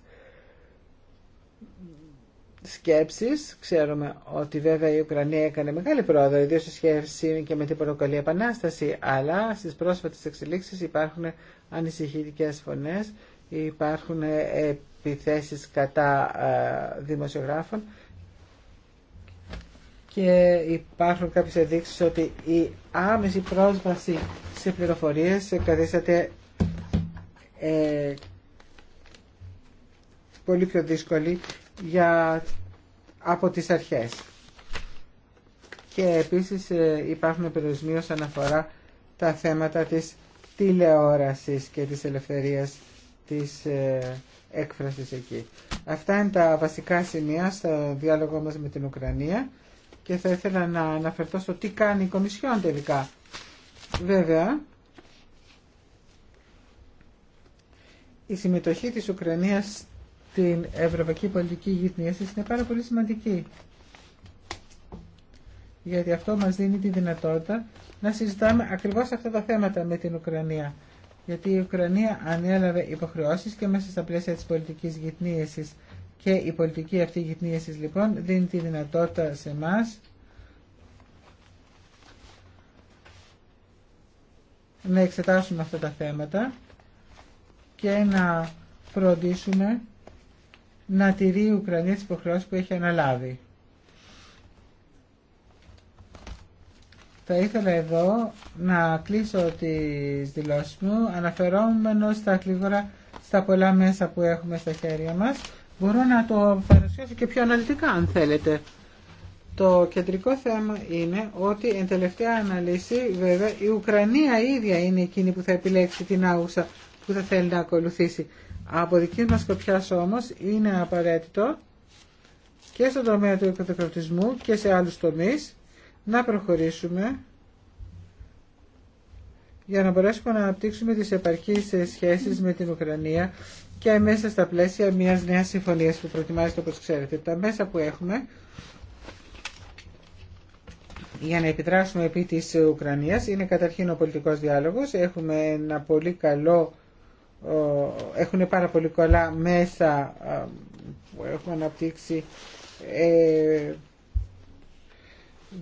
σκέψεις. Ξέρουμε ότι βέβαια η Ουκρανία έκανε μεγάλη πρόοδο, ιδίω σε σχέση και με την προκαλή Επανάσταση, αλλά στις πρόσφατες εξελίξεις υπάρχουν ανησυχητικές φωνές, υπάρχουν επιθέσεις κατά ε, δημοσιογράφων και υπάρχουν κάποιες ενδείξεις ότι η άμεση πρόσβαση σε πληροφορίες καθίσταται ε, πολύ πιο δύσκολη για, από τις αρχές. Και επίσης ε, υπάρχουν περιορισμοί όσον αφορά τα θέματα της τηλεόρασης και της ελευθερίας της ε, έκφρασης εκεί. Αυτά είναι τα βασικά σημεία στο διάλογο μας με την Ουκρανία και θα ήθελα να αναφερθώ στο τι κάνει η Κομισιόν τελικά. Βέβαια, η συμμετοχή της Ουκρανίας την ευρωπαϊκή πολιτική σα είναι πάρα πολύ σημαντική. Γιατί αυτό μας δίνει τη δυνατότητα να συζητάμε ακριβώς αυτά τα θέματα με την Ουκρανία. Γιατί η Ουκρανία ανέλαβε υποχρεώσεις και μέσα στα πλαίσια της πολιτικής γειτονίασης. Και η πολιτική αυτή γειτονίασης λοιπόν δίνει τη δυνατότητα σε εμά να εξετάσουμε αυτά τα θέματα και να φροντίσουμε να τηρεί η Ουκρανία τις υποχρεώσεις που έχει αναλάβει. Θα ήθελα εδώ να κλείσω τις δηλώσεις μου αναφερόμενο στα κλίγορα στα πολλά μέσα που έχουμε στα χέρια μας. Μπορώ να το παρουσιάσω και πιο αναλυτικά αν θέλετε. Το κεντρικό θέμα είναι ότι εν τελευταία αναλύση βέβαια η Ουκρανία ίδια είναι εκείνη που θα επιλέξει την άγουσα που θα θέλει να ακολουθήσει. Από δική μας σκοπιά όμως είναι απαραίτητο και στον τομέα του εκδοκρατισμού και σε άλλους τομείς να προχωρήσουμε για να μπορέσουμε να αναπτύξουμε τις επαρκείς σχέσεις με την Ουκρανία και μέσα στα πλαίσια μιας νέας συμφωνίας που προετοιμάζεται όπως ξέρετε. Τα μέσα που έχουμε για να επιδράσουμε επί της Ουκρανίας είναι καταρχήν ο πολιτικός διάλογος. Έχουμε ένα πολύ καλό έχουν πάρα πολύ καλά μέσα που έχουμε αναπτύξει ε,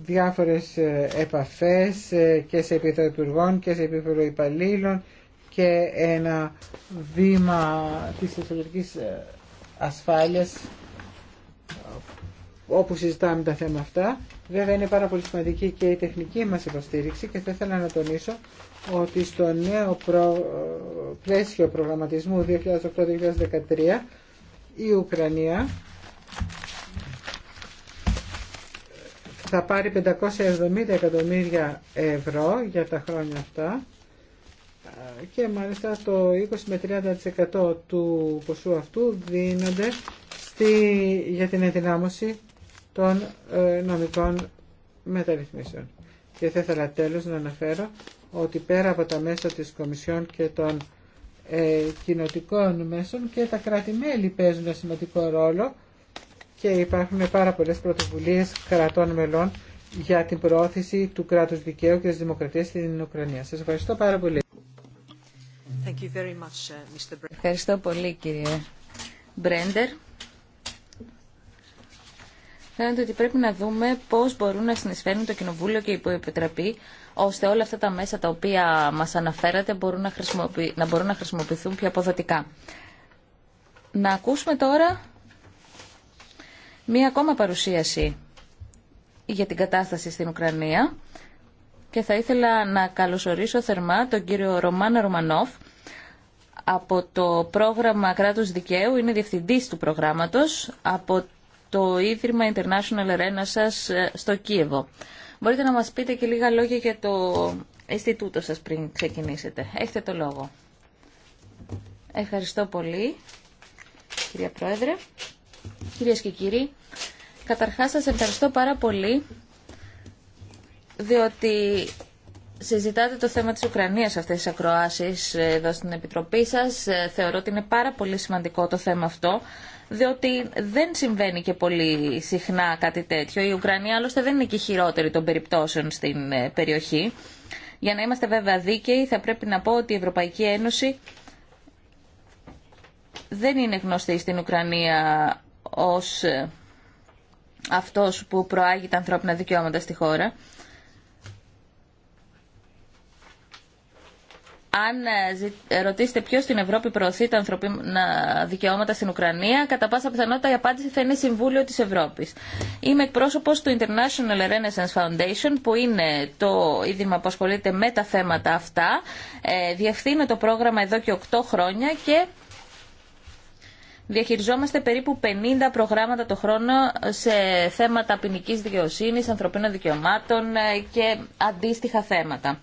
διάφορες ε, επαφές ε, και σε επίπεδο υπουργών και σε επίπεδο υπαλλήλων και ένα βήμα της εσωτερικής ε, ασφάλειας όπου συζητάμε τα θέματα αυτά. Βέβαια είναι πάρα πολύ σημαντική και η τεχνική μας υποστήριξη και θα ήθελα να τονίσω ότι στο νέο πλαίσιο προγραμματισμού 2008-2013 η Ουκρανία θα πάρει 570 εκατομμύρια ευρώ για τα χρόνια αυτά και μάλιστα το 20 με 30% του ποσού αυτού δίνονται στη, για την ενδυνάμωση των ε, νομικών μεταρρυθμίσεων. Και θα ήθελα τέλος να αναφέρω ότι πέρα από τα μέσα της Κομισιόν και των ε, κοινοτικών μέσων και τα κράτη-μέλη παίζουν ένα σημαντικό ρόλο και υπάρχουν πάρα πολλές πρωτοβουλίες κρατών μελών για την προώθηση του κράτους δικαίου και της δημοκρατίας στην Ουκρανία. Σας ευχαριστώ πάρα πολύ. Thank you very much, uh, Mr. Ευχαριστώ πολύ κύριε Μπρέντερ φαίνεται ότι πρέπει να δούμε πώς μπορούν να συνεισφέρουν το Κοινοβούλιο και η Υποεπιτροπή, ώστε όλα αυτά τα μέσα τα οποία μας αναφέρατε μπορούν να, να μπορούν να χρησιμοποιηθούν πιο αποδοτικά. Να ακούσουμε τώρα μία ακόμα παρουσίαση για την κατάσταση στην Ουκρανία και θα ήθελα να καλωσορίσω θερμά τον κύριο Ρωμάνα Ρωμανόφ από το πρόγραμμα κράτους δικαίου, είναι διευθυντής του προγράμματος από το Ίδρυμα International Arena σας ε, στο Κίεβο. Μπορείτε να μας πείτε και λίγα λόγια για το Ινστιτούτο σας πριν ξεκινήσετε. Έχετε το λόγο. Ευχαριστώ πολύ, κυρία Πρόεδρε. Κυρίες και κύριοι, καταρχάς σας ευχαριστώ πάρα πολύ, διότι συζητάτε το θέμα της Ουκρανίας αυτές τις ακροάσεις ε, εδώ στην Επιτροπή σας. Ε, θεωρώ ότι είναι πάρα πολύ σημαντικό το θέμα αυτό, διότι δεν συμβαίνει και πολύ συχνά κάτι τέτοιο. Η Ουκρανία άλλωστε δεν είναι και χειρότερη των περιπτώσεων στην ε, περιοχή. Για να είμαστε βέβαια δίκαιοι θα πρέπει να πω ότι η Ευρωπαϊκή Ένωση δεν είναι γνωστή στην Ουκρανία ως αυτός που προάγει τα ανθρώπινα δικαιώματα στη χώρα. αν ε, ε, ρωτήσετε ποιο στην Ευρώπη προωθεί τα ανθρωπίνα δικαιώματα στην Ουκρανία, κατά πάσα πιθανότητα η απάντηση θα είναι Συμβούλιο τη Ευρώπη. Είμαι εκπρόσωπο του International Renaissance Foundation, που είναι το ίδρυμα που ασχολείται με τα θέματα αυτά. Ε, διευθύνω το πρόγραμμα εδώ και 8 χρόνια και Διαχειριζόμαστε περίπου 50 προγράμματα το χρόνο σε θέματα ποινική δικαιοσύνη, ανθρωπίνων δικαιωμάτων και αντίστοιχα θέματα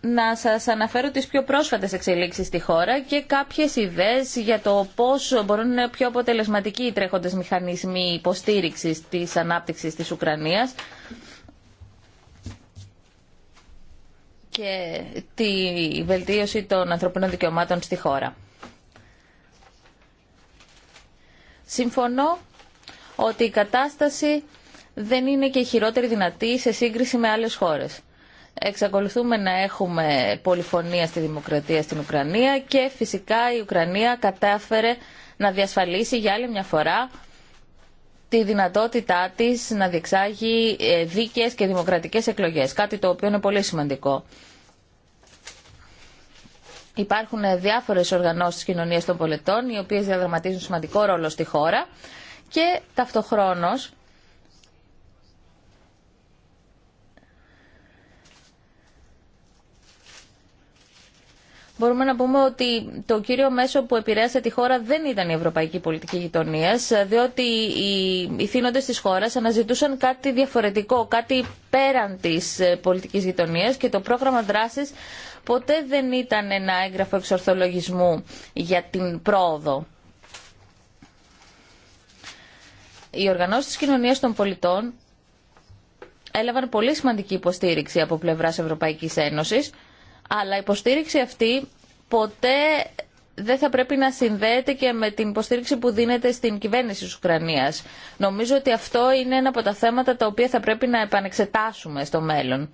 να σας αναφέρω τις πιο πρόσφατες εξελίξεις στη χώρα και κάποιες ιδέες για το πώς μπορούν να είναι πιο αποτελεσματικοί οι τρέχοντες μηχανισμοί υποστήριξης της ανάπτυξης της Ουκρανίας και τη βελτίωση των ανθρωπίνων δικαιωμάτων στη χώρα. Συμφωνώ ότι η κατάσταση δεν είναι και χειρότερη δυνατή σε σύγκριση με άλλες χώρες εξακολουθούμε να έχουμε πολυφωνία στη δημοκρατία στην Ουκρανία και φυσικά η Ουκρανία κατάφερε να διασφαλίσει για άλλη μια φορά τη δυνατότητά της να διεξάγει ε, δίκαιες και δημοκρατικές εκλογές, κάτι το οποίο είναι πολύ σημαντικό. Υπάρχουν ε, διάφορες οργανώσεις κοινωνίας των πολιτών, οι οποίες διαδραματίζουν σημαντικό ρόλο στη χώρα και ταυτοχρόνως μπορούμε να πούμε ότι το κύριο μέσο που επηρέασε τη χώρα δεν ήταν η ευρωπαϊκή πολιτική γειτονία, διότι οι θύνοντε τη χώρα αναζητούσαν κάτι διαφορετικό, κάτι πέραν τη ε, πολιτική γειτονία και το πρόγραμμα δράση ποτέ δεν ήταν ένα έγγραφο εξορθολογισμού για την πρόοδο. Οι οργανώσει τη κοινωνία των πολιτών έλαβαν πολύ σημαντική υποστήριξη από πλευράς Ευρωπαϊκή Ένωση. Αλλά η υποστήριξη αυτή ποτέ δεν θα πρέπει να συνδέεται και με την υποστήριξη που δίνεται στην κυβέρνηση της Ουκρανίας. Νομίζω ότι αυτό είναι ένα από τα θέματα τα οποία θα πρέπει να επανεξετάσουμε στο μέλλον.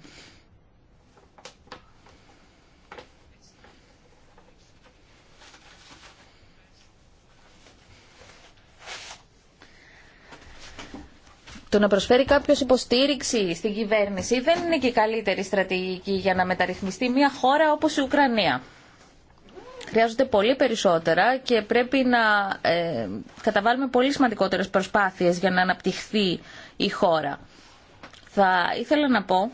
Το να προσφέρει κάποιο υποστήριξη στην κυβέρνηση δεν είναι και η καλύτερη στρατηγική για να μεταρρυθμιστεί μια χώρα όπως η Ουκρανία. Χρειάζονται πολύ περισσότερα και πρέπει να ε, καταβάλουμε πολύ σημαντικότερες προσπάθειες για να αναπτυχθεί η χώρα. Θα ήθελα να πω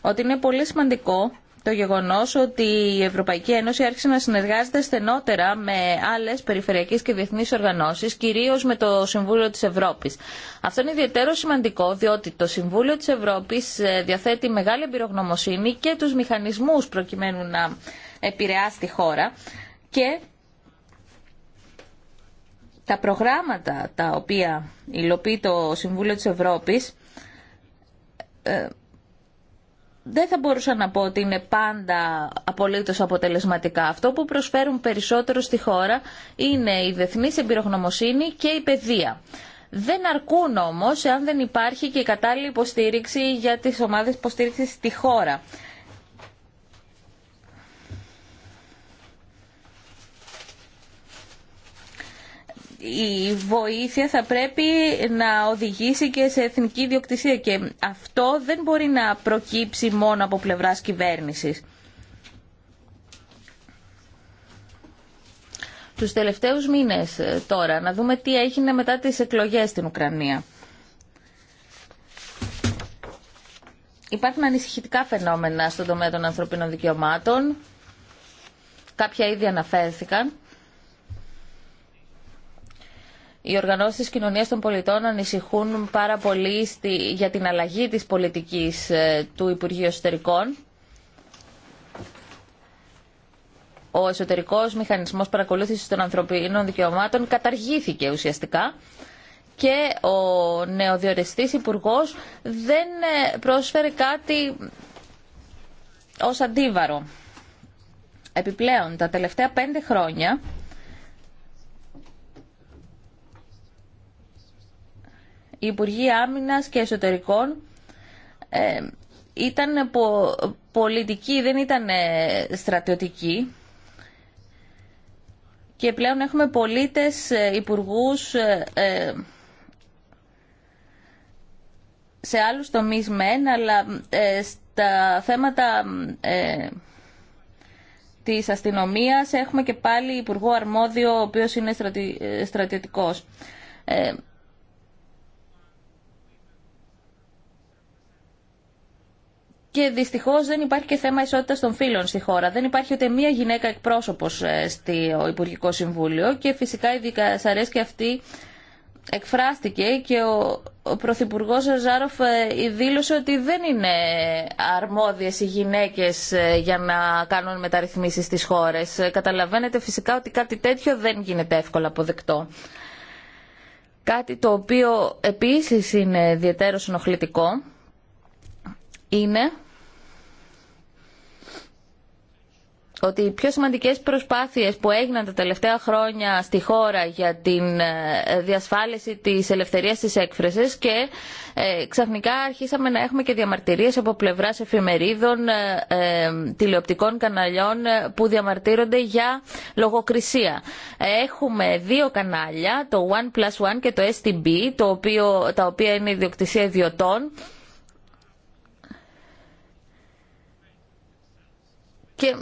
ότι είναι πολύ σημαντικό το γεγονός ότι η Ευρωπαϊκή Ένωση άρχισε να συνεργάζεται στενότερα με άλλες περιφερειακές και διεθνείς οργανώσεις, κυρίως με το Συμβούλιο της Ευρώπης. Αυτό είναι ιδιαίτερο σημαντικό, διότι το Συμβούλιο της Ευρώπης ε, διαθέτει μεγάλη εμπειρογνωμοσύνη και τους μηχανισμούς προκειμένου να επηρεάσει τη χώρα και τα προγράμματα τα οποία υλοποιεί το Συμβούλιο της Ευρώπης ε, δεν θα μπορούσα να πω ότι είναι πάντα απολύτως αποτελεσματικά. Αυτό που προσφέρουν περισσότερο στη χώρα είναι η διεθνής εμπειρογνωμοσύνη και η παιδεία. Δεν αρκούν όμως εάν δεν υπάρχει και η κατάλληλη υποστήριξη για τις ομάδες υποστήριξης στη χώρα. η βοήθεια θα πρέπει να οδηγήσει και σε εθνική ιδιοκτησία και αυτό δεν μπορεί να προκύψει μόνο από πλευράς κυβέρνησης. Τους τελευταίους μήνες ε, τώρα, να δούμε τι έγινε μετά τις εκλογές στην Ουκρανία. Υπάρχουν ανησυχητικά φαινόμενα στον τομέα των ανθρωπίνων δικαιωμάτων. Κάποια ήδη αναφέρθηκαν οι οργανώσεις της κοινωνίας των πολιτών ανησυχούν πάρα πολύ για την αλλαγή της πολιτικής ε, του Υπουργείου Εσωτερικών. Ο εσωτερικός μηχανισμός παρακολούθησης των ανθρωπίνων δικαιωμάτων καταργήθηκε ουσιαστικά και ο νεοδιοριστής υπουργός δεν ε, πρόσφερε κάτι ως αντίβαρο. Επιπλέον, τα τελευταία πέντε χρόνια οι Υπουργοί Άμυνας και Εσωτερικών ε, ήταν πολιτικοί, δεν ήταν ε, στρατιωτικοί. Και πλέον έχουμε πολίτες, ε, υπουργούς ε, σε άλλους τομείς μεν, αλλά στα θέματα της αστυνομίας έχουμε και πάλι υπουργό αρμόδιο, ο οποίος είναι στρατι, στρατιωτικός. Και δυστυχώ δεν υπάρχει και θέμα ισότητα των φύλων στη χώρα. Δεν υπάρχει ούτε μία γυναίκα εκπρόσωπο ε, στο Υπουργικό Συμβούλιο και φυσικά η και αυτή εκφράστηκε και ο, ο Πρωθυπουργό Ζάροφ ε, δήλωσε ότι δεν είναι αρμόδιες οι γυναίκες ε, για να κάνουν μεταρρυθμίσεις στις χώρες. Καταλαβαίνετε φυσικά ότι κάτι τέτοιο δεν γίνεται εύκολα αποδεκτό. Κάτι το οποίο επίσης είναι ιδιαίτερο συνοχλητικό είναι ότι οι πιο σημαντικές προσπάθειες που έγιναν τα τελευταία χρόνια στη χώρα για την ε, διασφάλιση της ελευθερίας της έκφρασης και ε, ξαφνικά αρχίσαμε να έχουμε και διαμαρτυρίες από πλευράς εφημερίδων, ε, τηλεοπτικών καναλιών που διαμαρτύρονται για λογοκρισία. Έχουμε δύο κανάλια, το One Plus One και το STB, το οποίο, τα οποία είναι ιδιοκτησία ιδιωτών, Και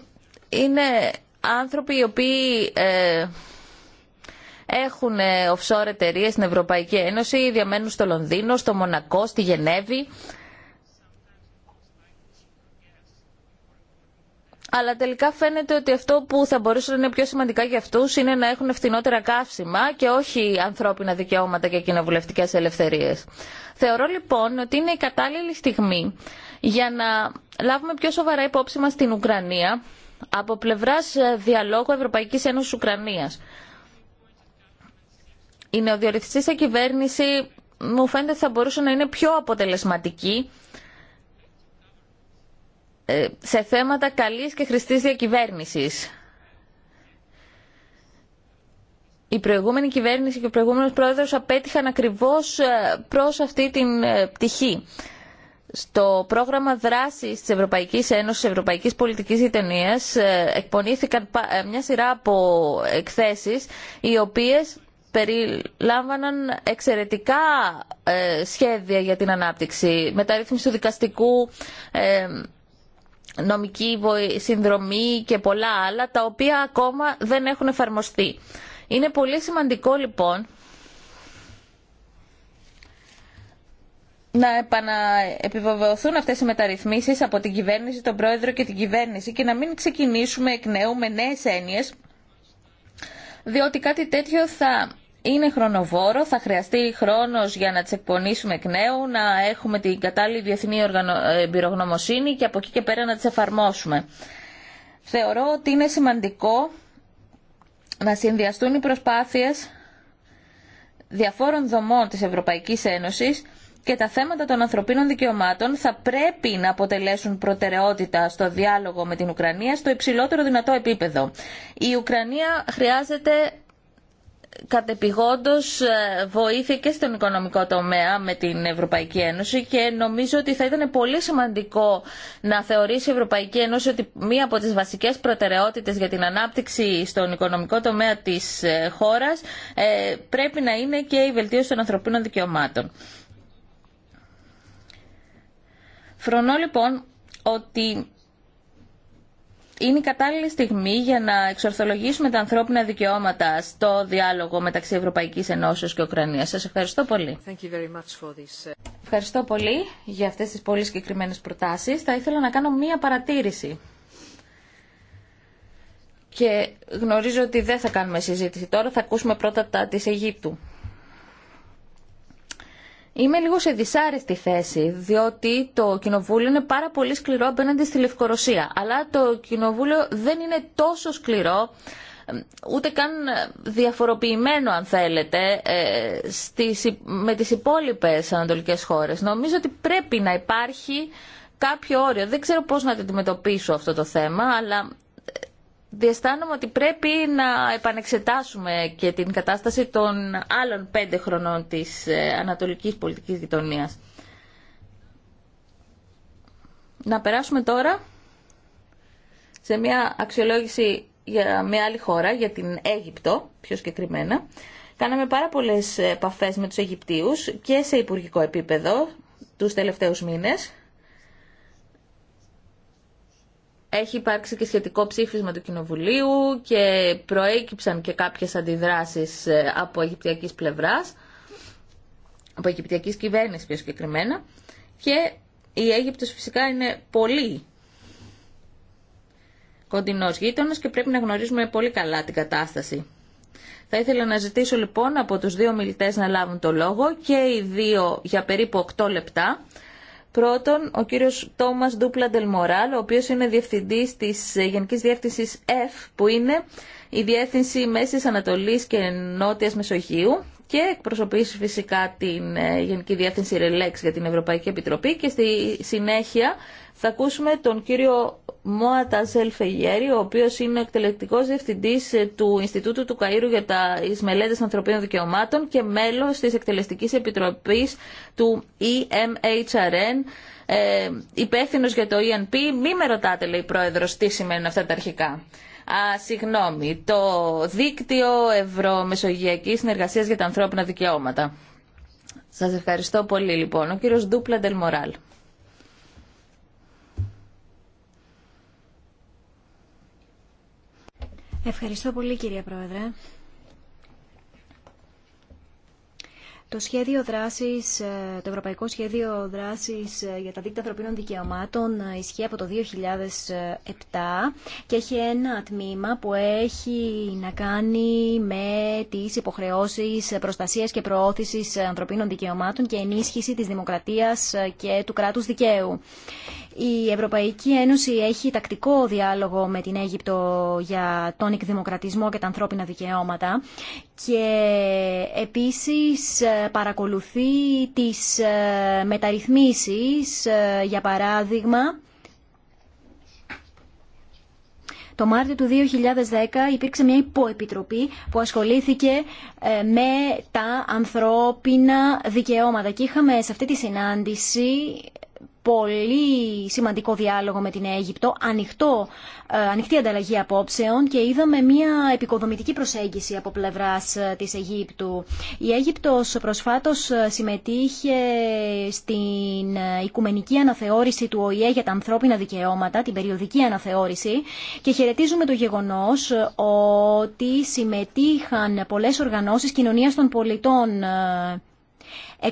είναι άνθρωποι οι οποίοι ε, έχουν ε, offshore εταιρείε στην Ευρωπαϊκή Ένωση, διαμένουν στο Λονδίνο, στο Μονακό, στη Γενέβη. Αλλά τελικά φαίνεται ότι αυτό που θα μπορούσε να είναι πιο σημαντικά για αυτούς είναι να έχουν φθηνότερα καύσιμα και όχι ανθρώπινα δικαιώματα και κοινοβουλευτικέ ελευθερίες. Θεωρώ λοιπόν ότι είναι η κατάλληλη στιγμή για να λάβουμε πιο σοβαρά υπόψη μας την Ουκρανία από πλευράς ε, διαλόγου Ευρωπαϊκής Ένωσης Ουκρανίας. Η σε κυβέρνηση μου φαίνεται ότι θα μπορούσε να είναι πιο αποτελεσματική ε, σε θέματα καλής και χρηστής διακυβέρνησης. Η προηγούμενη κυβέρνηση και ο προηγούμενος πρόεδρος απέτυχαν ακριβώς ε, προς αυτή την πτυχή στο πρόγραμμα δράσης της Ευρωπαϊκής Ένωσης Ευρωπαϊκής Πολιτικής Γειτονίας ε, εκπονήθηκαν ε, μια σειρά από εκθέσεις οι οποίες περιλάμβαναν εξαιρετικά ε, σχέδια για την ανάπτυξη, μεταρρύθμιση του δικαστικού, νομική συνδρομή και πολλά άλλα, τα οποία ακόμα δεν έχουν εφαρμοστεί. Είναι πολύ σημαντικό λοιπόν να επαναεπιβεβαιωθούν αυτές οι μεταρρυθμίσεις από την κυβέρνηση, τον πρόεδρο και την κυβέρνηση και να μην ξεκινήσουμε εκ νέου με νέες έννοιε. διότι κάτι τέτοιο θα είναι χρονοβόρο, θα χρειαστεί χρόνος για να τι εκπονήσουμε εκ νέου, να έχουμε την κατάλληλη διεθνή εμπειρογνωμοσύνη και από εκεί και πέρα να τι εφαρμόσουμε. Θεωρώ ότι είναι σημαντικό να συνδυαστούν οι προσπάθειες διαφόρων δομών της Ευρωπαϊκής Ένωσης και τα θέματα των ανθρωπίνων δικαιωμάτων θα πρέπει να αποτελέσουν προτεραιότητα στο διάλογο με την Ουκρανία στο υψηλότερο δυνατό επίπεδο. Η Ουκρανία χρειάζεται κατεπηγόντως ε, βοήθεια και στον οικονομικό τομέα με την Ευρωπαϊκή Ένωση και νομίζω ότι θα ήταν πολύ σημαντικό να θεωρήσει η Ευρωπαϊκή Ένωση ότι μία από τις βασικές προτεραιότητες για την ανάπτυξη στον οικονομικό τομέα της ε, χώρας ε, πρέπει να είναι και η βελτίωση των ανθρωπίνων δικαιωμάτων. Φρονώ λοιπόν ότι είναι η κατάλληλη στιγμή για να εξορθολογήσουμε τα ανθρώπινα δικαιώματα στο διάλογο μεταξύ Ευρωπαϊκής Ενώσεως και Ουκρανίας. Σας ευχαριστώ πολύ. Ε, ευχαριστώ πολύ για αυτές τις πολύ συγκεκριμένε προτάσεις. Θα ήθελα να κάνω μία παρατήρηση. Και γνωρίζω ότι δεν θα κάνουμε συζήτηση τώρα, θα ακούσουμε πρώτα τα της Αιγύπτου. Είμαι λίγο σε δυσάρεστη θέση, διότι το Κοινοβούλιο είναι πάρα πολύ σκληρό απέναντι στη Λευκορωσία. Αλλά το Κοινοβούλιο δεν είναι τόσο σκληρό, ε, ούτε καν ε, διαφοροποιημένο αν θέλετε, ε, με τις υπόλοιπες ανατολικές χώρες. Νομίζω ότι πρέπει να υπάρχει κάποιο όριο. Δεν ξέρω πώς να το αντιμετωπίσω αυτό το θέμα, αλλά διαισθάνομαι ότι πρέπει να επανεξετάσουμε και την κατάσταση των άλλων πέντε χρονών της ε, ανατολικής πολιτικής γειτονίας. Να περάσουμε τώρα σε μια αξιολόγηση για μια άλλη χώρα, για την Αίγυπτο πιο συγκεκριμένα. Κάναμε πάρα πολλές επαφές με τους Αιγυπτίους και σε υπουργικό επίπεδο τους τελευταίους μήνες έχει υπάρξει και σχετικό ψήφισμα του Κοινοβουλίου και προέκυψαν και κάποιες αντιδράσεις ε, από αιγυπτιακής πλευράς, από αιγυπτιακής κυβέρνηση πιο συγκεκριμένα και η Αίγυπτος φυσικά είναι πολύ κοντινός γείτονας και πρέπει να γνωρίζουμε πολύ καλά την κατάσταση. Θα ήθελα να ζητήσω λοιπόν από τους δύο μιλητές να λάβουν το λόγο και οι δύο για περίπου 8 λεπτά Πρώτον, ο κύριος Τόμας Ντούπλα Ντελμοράλ, ο οποίος είναι διευθυντής της ε, Γενικής Διεύθυνσης F, που είναι η Διεύθυνση Μέσης Ανατολής και Νότιας Μεσογείου και εκπροσωπήσει φυσικά την ε, Γενική Διεύθυνση Ρελέξ για την Ευρωπαϊκή Επιτροπή και στη συνέχεια θα ακούσουμε τον κύριο Μόατα Ελφεγέρη ο οποίος είναι ο εκτελεκτικός διευθυντής ε, του Ινστιτούτου του Καΐρου για τις Μελέτες Ανθρωπίνων Δικαιωμάτων και μέλος της Εκτελεστικής Επιτροπής του EMHRN, ε, υπεύθυνος για το ENP. Μη με ρωτάτε, λέει η Πρόεδρος, τι σημαίνουν αυτά τα αρχικά. Α, συγγνώμη, το Δίκτυο Ευρωμεσογειακής συνεργασία για τα Ανθρώπινα Δικαιώματα. Σας ευχαριστώ πολύ λοιπόν. Ο κύριο Ντούπλα Ντελμοράλ. Ευχαριστώ πολύ κυρία Πρόεδρε. Το, σχέδιο δράσης, ε, το Ευρωπαϊκό Σχέδιο Δράσης ε, για τα Δίκτυα Ανθρωπίνων Δικαιωμάτων ε, ισχύει από το 2007 και έχει ένα τμήμα που έχει να κάνει με τις υποχρεώσεις προστασίας και προώθησης ανθρωπίνων δικαιωμάτων και ενίσχυση της δημοκρατίας και του κράτους δικαίου. Η Ευρωπαϊκή Ένωση έχει τακτικό διάλογο με την Αίγυπτο για τον εκδημοκρατισμό και τα ανθρώπινα δικαιώματα και επίσης ε, παρακολουθεί τις ε, μεταρρυθμίσεις, ε, για παράδειγμα... Το Μάρτιο του 2010 υπήρξε μια υποεπιτροπή που ασχολήθηκε με τα ανθρώπινα δικαιώματα και είχαμε σε αυτή τη συνάντηση πολύ σημαντικό διάλογο με την Αίγυπτο, ανοιχτό, ε, ανοιχτή ανταλλαγή απόψεων και είδαμε μια επικοδομητική προσέγγιση από πλευρά ε, τη Αιγύπτου. Η Αίγυπτο προσφάτω ε, συμμετείχε στην οικουμενική αναθεώρηση του ΟΗΕ για τα ανθρώπινα δικαιώματα, την περιοδική αναθεώρηση και χαιρετίζουμε το γεγονό ότι συμμετείχαν πολλέ οργανώσει κοινωνία των πολιτών 198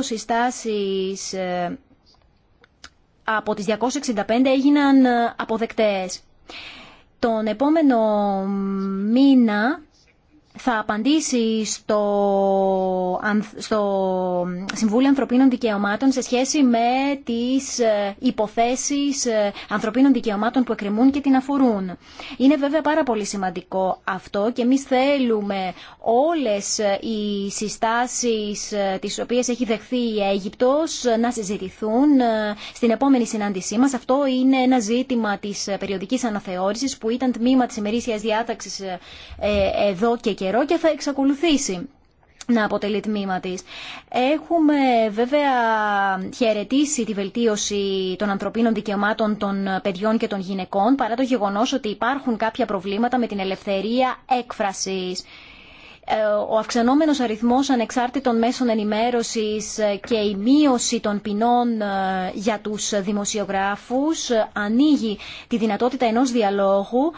συστάσεις από τις 265 έγιναν ε, αποδεκτές. Τον επόμενο μήνα θα απαντήσει στο, στο Συμβούλιο Ανθρωπίνων Δικαιωμάτων σε σχέση με τις ε, υποθέσεις ε, ανθρωπίνων δικαιωμάτων που εκκρεμούν και την αφορούν. Είναι βέβαια πάρα πολύ σημαντικό αυτό και εμεί θέλουμε όλες ε, οι συστάσεις τις οποίες έχει δεχθεί η Αίγυπτος να συζητηθούν στην επόμενη συνάντησή μας. Αυτό είναι ένα ζήτημα της περιοδικής αναθεώρησης που ήταν τμήμα της ημερήσιας διάταξης εδώ και και θα εξακολουθήσει να αποτελεί τμήμα τη. Έχουμε βέβαια χαιρετήσει τη βελτίωση των ανθρωπίνων δικαιωμάτων των παιδιών και των γυναικών παρά το γεγονός ότι υπάρχουν κάποια προβλήματα με την ελευθερία έκφρασης. Ε, ο αυξανόμενος αριθμός ανεξάρτητων μέσων ενημέρωσης ε, και η μείωση των ποινών ε, για τους δημοσιογράφους ανοίγει τη δυνατότητα ενός διαλόγου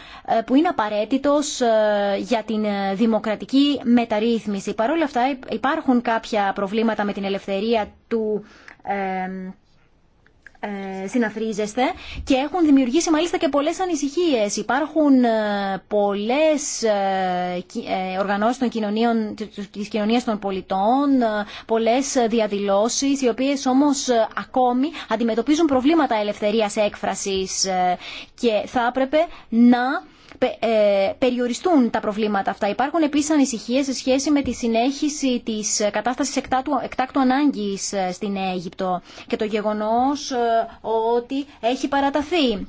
που είναι απαραίτητος για την δημοκρατική μεταρρύθμιση. Παρ' όλα αυτά υπάρχουν κάποια προβλήματα με την ελευθερία του ε, συναθρίζεστε και έχουν δημιουργήσει μάλιστα και πολλές ανησυχίες. Υπάρχουν ε, πολλές ε, οργανώσεις των κοινωνίων, της κοινωνίας των πολιτών, πολλές διαδηλώσεις, οι οποίες όμως ακόμη αντιμετωπίζουν προβλήματα ελευθερίας έκφρασης και θα έπρεπε να ε, περιοριστούν τα προβλήματα αυτά. Υπάρχουν επίσης ανησυχίες σε σχέση με τη συνέχιση της κατάστασης εκτάκτου ανάγκης ε, στην Αίγυπτο και το γεγονός ε, ότι έχει παραταθεί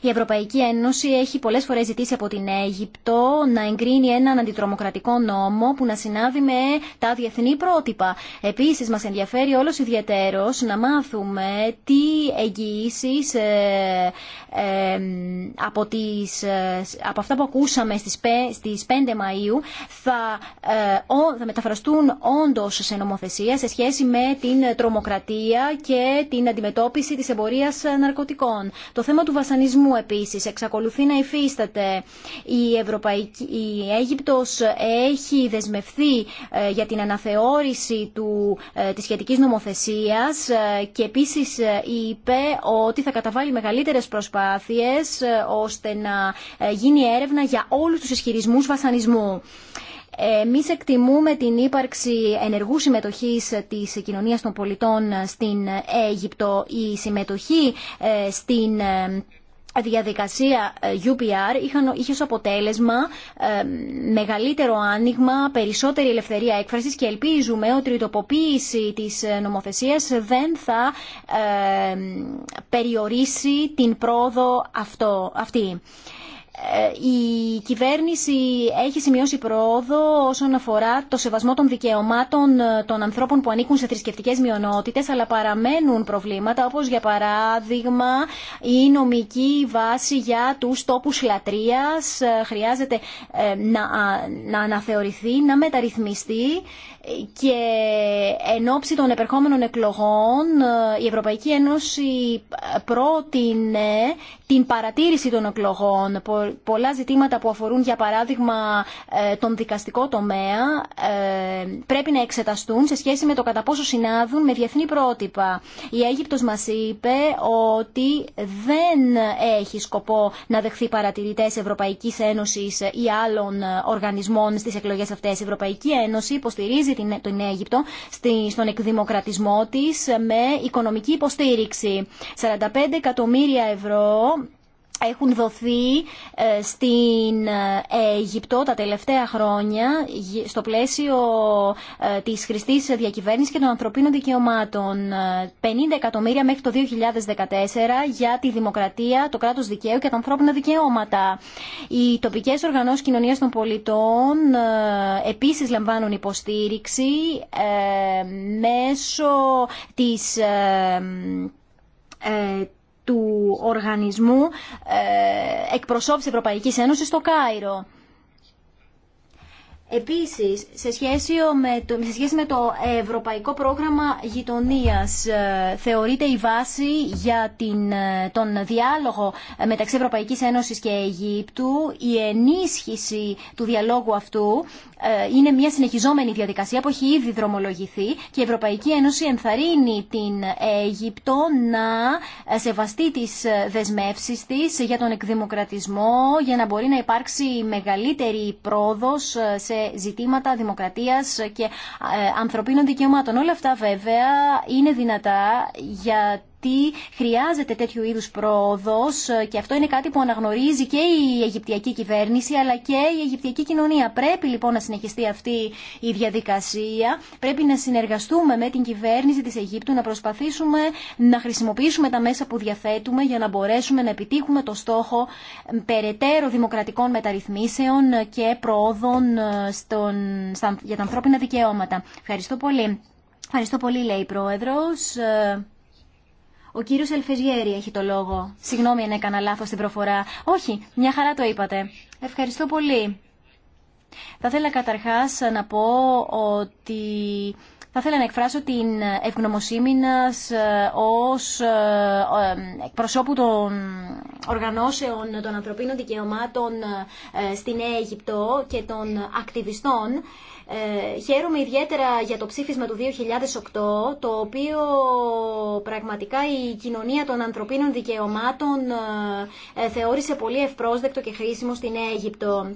η Ευρωπαϊκή Ένωση έχει πολλέ φορέ ζητήσει από την Αίγυπτο να εγκρίνει έναν αντιτρομοκρατικό νόμο που να συνάδει με τα διεθνή πρότυπα. Επίση, μα ενδιαφέρει όλο ιδιαίτερο να μάθουμε τι εγγυήσει ε, ε, από, ε, από αυτά που ακούσαμε στις, 5 Μαΐου θα, θα μεταφραστούν όντω σε νομοθεσία σε σχέση με την τρομοκρατία και την αντιμετώπιση τη εμπορία ναρκωτικών. Το θέμα του βασανισμού επίσης εξακολουθεί να υφίσταται. Η, Ευρωπαϊκή, η Αίγυπτος έχει δεσμευθεί ε, για την αναθεώρηση του, ε, της σχετικής νομοθεσίας ε, και επίσης είπε ότι θα καταβάλει μεγαλύτερες προσπάθειες ώστε να γίνει έρευνα για όλους τους ισχυρισμού βασανισμού. Εμεί εκτιμούμε την ύπαρξη ενεργού συμμετοχή τη κοινωνία των πολιτών στην Αίγυπτο. Η συμμετοχή στην διαδικασία ε, UPR είχαν, είχε ως αποτέλεσμα ε, μεγαλύτερο άνοιγμα, περισσότερη ελευθερία έκφρασης και ελπίζουμε ότι η τοποποίηση της ε, νομοθεσίας δεν θα περιορίσει την πρόοδο αυτό, αυτή. Ε, η κυβέρνηση έχει σημειώσει πρόοδο όσον αφορά το σεβασμό των δικαιωμάτων ε, των ανθρώπων που ανήκουν σε θρησκευτικέ μειονότητε, αλλά παραμένουν προβλήματα, όπω για παράδειγμα η νομική βάση για του τόπου λατρεία. Ε, χρειάζεται να, να αναθεωρηθεί, να μεταρρυθμιστεί και εν ώψη των επερχόμενων εκλογών ε, η Ευρωπαϊκή Ένωση πρότεινε την παρατήρηση των εκλογών. Πολλά ζητήματα που αφορούν για παράδειγμα ε, τον δικαστικό τομέα ε, πρέπει να εξεταστούν σε σχέση με το κατά πόσο συνάδουν με διεθνή πρότυπα. Η Αίγυπτος μας είπε ότι δεν έχει σκοπό να δεχθεί παρατηρητές Ευρωπαϊκής Ένωσης ή άλλων οργανισμών στις εκλογές αυτές. Η Ευρωπαϊκή Ένωση υποστηρίζει στηρίζει την Αίγυπτο στον εκδημοκρατισμό της με οικονομική υποστήριξη. 45 εκατομμύρια ευρώ έχουν δοθεί ε, στην ε, Αίγυπτο τα τελευταία χρόνια στο πλαίσιο ε, της χρηστής διακυβέρνησης και των ανθρωπίνων δικαιωμάτων. 50 εκατομμύρια μέχρι το 2014 για τη δημοκρατία, το κράτος δικαίου και τα ανθρώπινα δικαιώματα. Οι τοπικές οργανώσεις κοινωνίας των πολιτών επίσης λαμβάνουν υποστήριξη μέσω της του οργανισμού ε, εκπροσώπηση Ευρωπαϊκής Ένωσης στο Κάιρο. Επίσης, σε σχέση, με το, σε σχέση με το Ευρωπαϊκό Πρόγραμμα Γειτονίας, ε, θεωρείται η βάση για την, ε, τον διάλογο μεταξύ Ευρωπαϊκής Ένωσης και Αιγύπτου, η ενίσχυση του διαλόγου αυτού ε, είναι μια συνεχιζόμενη διαδικασία που έχει ήδη δρομολογηθεί και η Ευρωπαϊκή Ένωση ενθαρρύνει την Αίγυπτο να σεβαστεί τις δεσμεύσεις της για τον εκδημοκρατισμό για να μπορεί να υπάρξει μεγαλύτερη πρόοδος σε ζητήματα δημοκρατίας και ε, ανθρωπίνων δικαιωμάτων. Όλα αυτά βέβαια είναι δυνατά για γιατί χρειάζεται τέτοιου είδους πρόοδος ε, και αυτό είναι κάτι που αναγνωρίζει και η Αιγυπτιακή κυβέρνηση αλλά και η Αιγυπτιακή κοινωνία. Πρέπει λοιπόν να συνεχιστεί αυτή η διαδικασία, πρέπει να συνεργαστούμε με την κυβέρνηση της Αιγύπτου, να προσπαθήσουμε να χρησιμοποιήσουμε τα μέσα που διαθέτουμε για να μπορέσουμε να επιτύχουμε το στόχο περαιτέρω δημοκρατικών μεταρρυθμίσεων και προόδων ε, στον, στα, για τα ανθρώπινα δικαιώματα. Ευχαριστώ πολύ. Ευχαριστώ πολύ, λέει η Πρόεδρος. Ε, ο κύριος Ελφεζιέρη έχει το λόγο. Συγγνώμη αν έκανα λάθος την προφορά. Όχι, μια χαρά το είπατε. Ευχαριστώ πολύ. Θα ήθελα καταρχάς να πω ότι... Θα ήθελα να εκφράσω την ευγνωμοσύνη μα ε, ως ε, ε, προσώπου των οργανώσεων των ανθρωπίνων δικαιωμάτων στην Αίγυπτο και των ακτιβιστών ε, χαίρομαι ιδιαίτερα για το ψήφισμα του 2008, το οποίο πραγματικά η κοινωνία των ανθρωπίνων δικαιωμάτων ε, ε, θεώρησε πολύ ευπρόσδεκτο και χρήσιμο στην Αίγυπτο.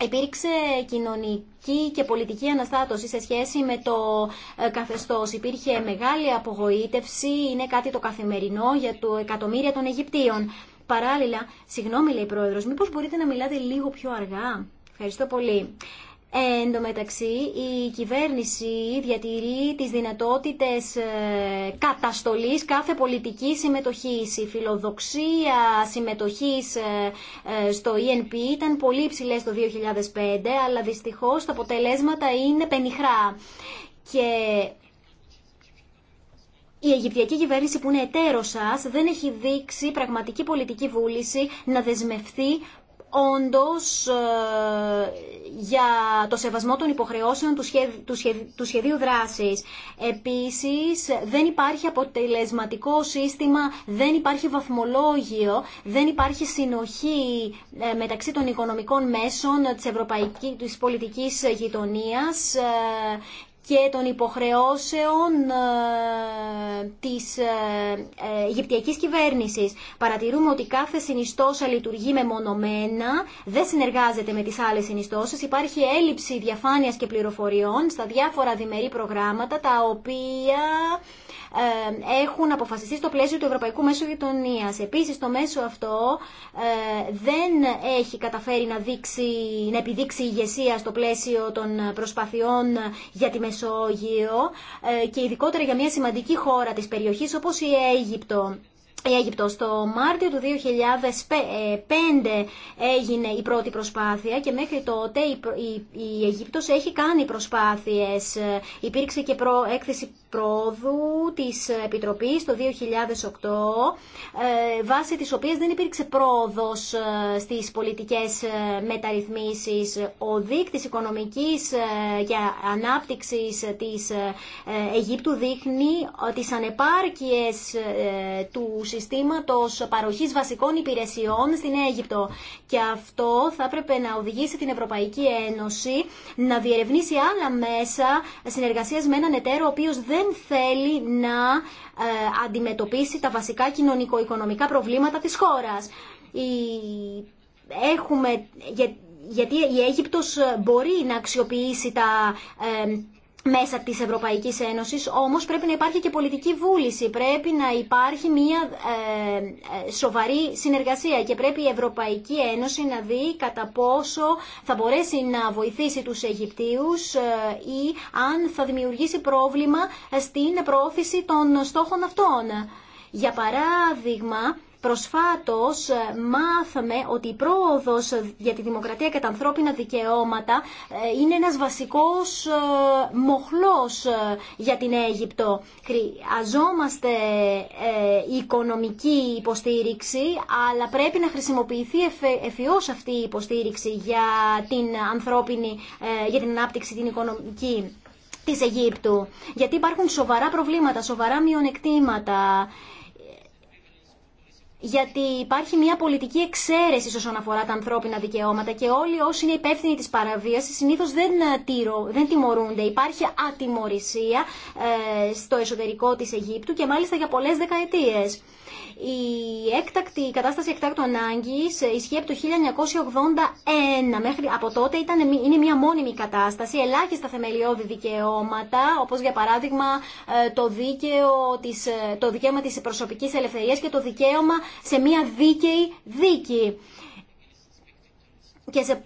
Υπήρξε κοινωνική και πολιτική αναστάτωση σε σχέση με το καθεστώς. Υπήρχε μεγάλη απογοήτευση, είναι κάτι το καθημερινό για το εκατομμύρια των Αιγυπτίων. Παράλληλα, συγγνώμη λέει η Πρόεδρος, μήπως μπορείτε να μιλάτε λίγο πιο αργά. Ευχαριστώ πολύ. Εν τω μεταξύ, η κυβέρνηση διατηρεί τις δυνατότητες ε, καταστολής κάθε πολιτική συμμετοχής. Η φιλοδοξία συμμετοχής ε, ε, στο ENP ήταν πολύ υψηλέ το 2005, αλλά δυστυχώς τα αποτελέσματα είναι πενιχρά. Και η Αιγυπτιακή κυβέρνηση που είναι εταίρος σας δεν έχει δείξει πραγματική πολιτική βούληση να δεσμευτεί όντως ε, για το σεβασμό των υποχρεώσεων του σχεδίου δράσης. Επίσης, δεν υπάρχει αποτελεσματικό σύστημα, δεν υπάρχει βαθμολόγιο, δεν υπάρχει συνοχή ε, μεταξύ των οικονομικών μέσων της ευρωπαϊκής της πολιτικής γειτονίας ε, και των υποχρεώσεων ε, της ε, ε, Αιγυπτιακής κυβέρνησης. Παρατηρούμε ότι κάθε συνιστόσα λειτουργεί μεμονωμένα, δεν συνεργάζεται με τις άλλες συνιστώσεις, υπάρχει έλλειψη διαφάνειας και πληροφοριών στα διάφορα διμερεί προγράμματα, τα οποία έχουν αποφασιστεί στο πλαίσιο του Ευρωπαϊκού Μέσου Γειτονία. Επίση, το μέσο αυτό ε, δεν έχει καταφέρει να, δείξει, να επιδείξει ηγεσία στο πλαίσιο των προσπαθειών για τη Μεσόγειο ε, και ειδικότερα για μια σημαντική χώρα της περιοχής όπως η Αίγυπτο η ε, Αίγυπτος. Το Μάρτιο του 2005 ε, έγινε η πρώτη προσπάθεια και μέχρι τότε η Αίγυπτος έχει κάνει προσπάθειες. Ε, υπήρξε και έκθεση πρόοδου της Επιτροπής το 2008 βάσει της οποίας δεν υπήρξε πρόοδος στις πολιτικές μεταρρυθμίσεις. Ο δείκτης οικονομικής και ανάπτυξης της Αιγύπτου δείχνει τις ανεπάρκειες του συστήματος παροχής βασικών υπηρεσιών στην Αίγυπτο. Και αυτό θα έπρεπε να οδηγήσει την Ευρωπαϊκή Ένωση να διερευνήσει άλλα μέσα συνεργασίας με έναν εταίρο ο οποίος δεν θέλει να ε, αντιμετωπίσει τα βασικά κοινωνικο-οικονομικά προβλήματα της χώρας. Έχουμε, γιατί η Αίγυπτος μπορεί να αξιοποιήσει τα ε, μέσα της Ευρωπαϊκής Ένωσης, όμως πρέπει να υπάρχει και πολιτική βούληση, πρέπει να υπάρχει μια ε, ε, σοβαρή συνεργασία και πρέπει η Ευρωπαϊκή Ένωση να δει κατά πόσο θα μπορέσει να βοηθήσει τους Αιγυπτίους ε, ή αν θα δημιουργήσει πρόβλημα στην πρόθεση των στόχων αυτών. Για παράδειγμα, Προσφάτως ε, μάθαμε ότι η πρόοδος για τη δημοκρατία και τα ανθρώπινα δικαιώματα ε, είναι ένας βασικός ε, μοχλός για την Αίγυπτο. Χρειαζόμαστε οικονομική υποστήριξη, αλλά πρέπει να χρησιμοποιηθεί εφιώς αυτή η υποστήριξη για την, ανθρώπινη, για την ανάπτυξη την οικονομική της Αιγύπτου. Γιατί υπάρχουν σοβαρά προβλήματα, σοβαρά μειονεκτήματα γιατί υπάρχει μια πολιτική εξαίρεση όσον αφορά τα ανθρώπινα δικαιώματα και όλοι όσοι είναι υπεύθυνοι τη παραβίασης συνήθω δεν, ε, δεν τιμωρούνται. Υπάρχει ατιμορρησία ε, στο εσωτερικό της Αιγύπτου και μάλιστα για πολλέ δεκαετίες. Η, έκτακτη, κατάσταση εκτάκτου ανάγκη ισχύει από το 1981. Μέχρι από τότε ήταν, είναι μια μόνιμη κατάσταση, ελάχιστα θεμελιώδη δικαιώματα, όπως για παράδειγμα ε, το, δίκαιο της, ε, το δικαίωμα τη προσωπική ελευθερία και το δικαίωμα σε μια δίκαιη δίκη. Και σε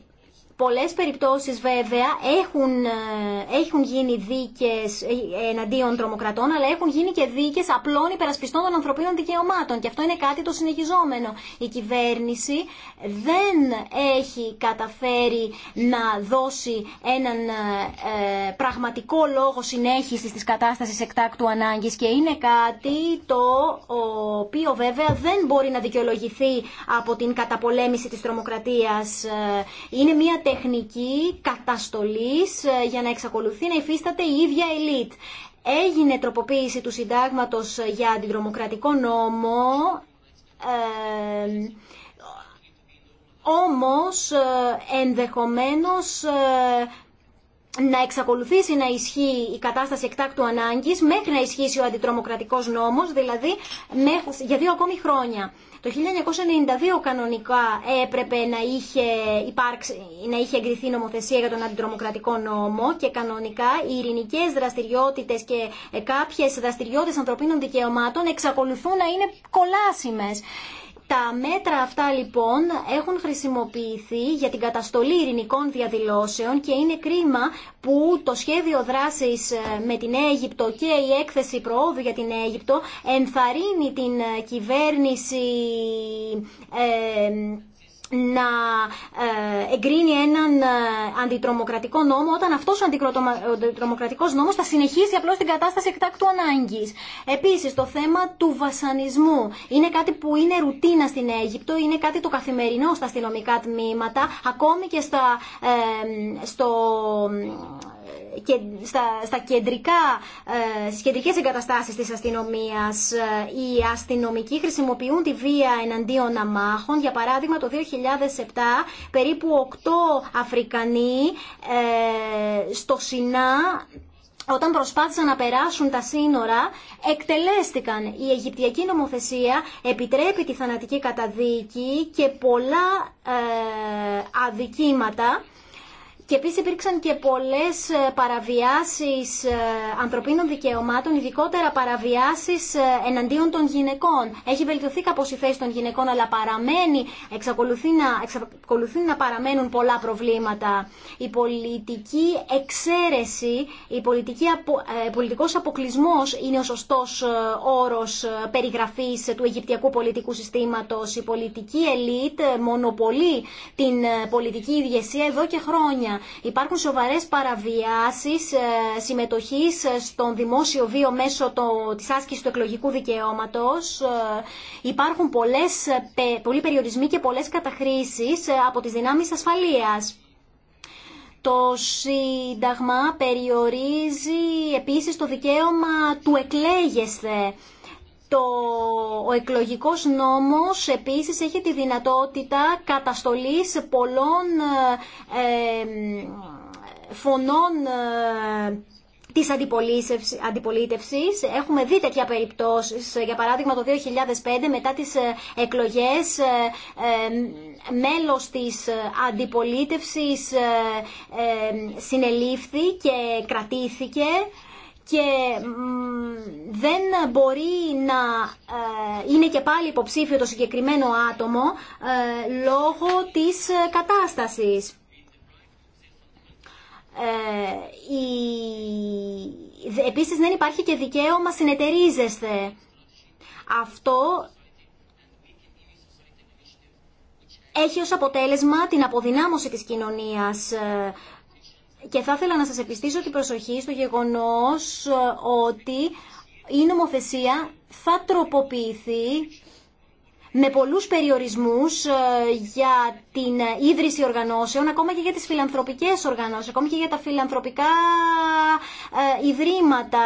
πολλές περιπτώσεις βέβαια έχουν, ε, έχουν γίνει δίκες ε, εναντίον τρομοκρατών, αλλά έχουν γίνει και δίκες απλών υπερασπιστών των ανθρωπίνων δικαιωμάτων. Και αυτό είναι κάτι το συνεχιζόμενο. Η κυβέρνηση δεν έχει καταφέρει να δώσει έναν ε, πραγματικό λόγο συνέχισης της κατάστασης εκτάκτου ανάγκης και είναι κάτι το οποίο βέβαια δεν μπορεί να δικαιολογηθεί από την καταπολέμηση της τρομοκρατίας. Είναι μια τεχνική καταστολής ε, για να εξακολουθεί να υφίσταται η ίδια ελίτ. Έγινε τροποποίηση του συντάγματος για αντιδρομοκρατικό νόμο, ε, όμως ε, ενδεχομένως ε, να εξακολουθήσει να ισχύει η κατάσταση εκτάκτου ανάγκης μέχρι να ισχύσει ο αντιτρομοκρατικός νόμος, δηλαδή για δύο ακόμη χρόνια. Το 1992 κανονικά έπρεπε να είχε, υπάρξει, να είχε εγκριθεί νομοθεσία για τον αντιτρομοκρατικό νόμο και κανονικά οι ειρηνικέ δραστηριότητε και ε, κάποιε δραστηριότητε ανθρωπίνων δικαιωμάτων εξακολουθούν να είναι κολάσιμε. Τα μέτρα αυτά λοιπόν έχουν χρησιμοποιηθεί για την καταστολή ειρηνικών διαδηλώσεων και είναι κρίμα που το σχέδιο δράσης ε, με την Αίγυπτο και η έκθεση προόδου για την Αίγυπτο ενθαρρύνει την ε, κυβέρνηση ε, να ε, εγκρίνει έναν ε, αντιτρομοκρατικό νόμο όταν αυτός ο αντιτρομοκρατικός νόμος θα συνεχίσει απλώς την κατάσταση εκτάκτου ανάγκης. Επίσης το θέμα του βασανισμού είναι κάτι που είναι ρουτίνα στην Αίγυπτο, είναι κάτι το καθημερινό στα αστυνομικά τμήματα, ακόμη και στα, ε, στο, και στα, στα κεντρικά, ε, στις κεντρικές εγκαταστάσεις της αστυνομίας ε, οι αστυνομικοί χρησιμοποιούν τη βία εναντίον αμάχων. Για παράδειγμα το 2007 περίπου 8 Αφρικανοί ε, στο Σινά όταν προσπάθησαν να περάσουν τα σύνορα, εκτελέστηκαν. Η Αιγυπτιακή νομοθεσία επιτρέπει τη θανατική καταδίκη και πολλά ε, αδικήματα και επίση υπήρξαν και πολλέ ε, παραβιάσεις ε, ανθρωπίνων δικαιωμάτων, ειδικότερα παραβιάσει ε, εναντίον των γυναικών. Έχει βελτιωθεί κάπω η θέση των γυναικών, αλλά παραμένει, εξακολουθεί να, να παραμένουν πολλά προβλήματα. Η πολιτική εξαίρεση, η πολιτική, πολιτικός αποκλεισμός είναι ο σωστός όρος περιγραφής του Αιγυπτιακού πολιτικού συστήματος. Η πολιτική ελίτ μονοπολεί την πολιτική ηγεσία εδώ και χρόνια Υπάρχουν σοβαρές παραβιάσεις ε, συμμετοχής στον δημόσιο βίο μέσω το, της άσκησης του εκλογικού δικαιώματος. Ε, υπάρχουν πολλές, ε, πολλοί περιορισμοί και πολλές καταχρήσεις από τις δυνάμεις ασφαλείας. Το Σύνταγμα περιορίζει επίσης το δικαίωμα του εκλέγεσθε το, ο εκλογικός νόμος επίσης έχει τη δυνατότητα καταστολής πολλών ε, φωνών ε, της αντιπολίτευσης. Έχουμε δει τέτοια περιπτώσεις, για παράδειγμα το 2005 μετά τις ε, εκλογές ε, μέλος της αντιπολίτευσης ε, συνελήφθη και κρατήθηκε και δεν μπορεί να ε, είναι και πάλι υποψήφιο το συγκεκριμένο άτομο ε, λόγω της ε, κατάστασης. Επίσης δεν υπάρχει και δικαίωμα συνεταιρίζεσθε. Αυτό έχει ως αποτέλεσμα την αποδυνάμωση της κοινωνίας και θα ήθελα να σας επιστήσω την προσοχή στο γεγονός ε, ότι η νομοθεσία θα τροποποιηθεί με πολλούς περιορισμούς ε, για την ίδρυση οργανώσεων, ακόμα και για τις φιλανθρωπικές οργανώσεις, ακόμα και για τα φιλανθρωπικά ε, ιδρύματα.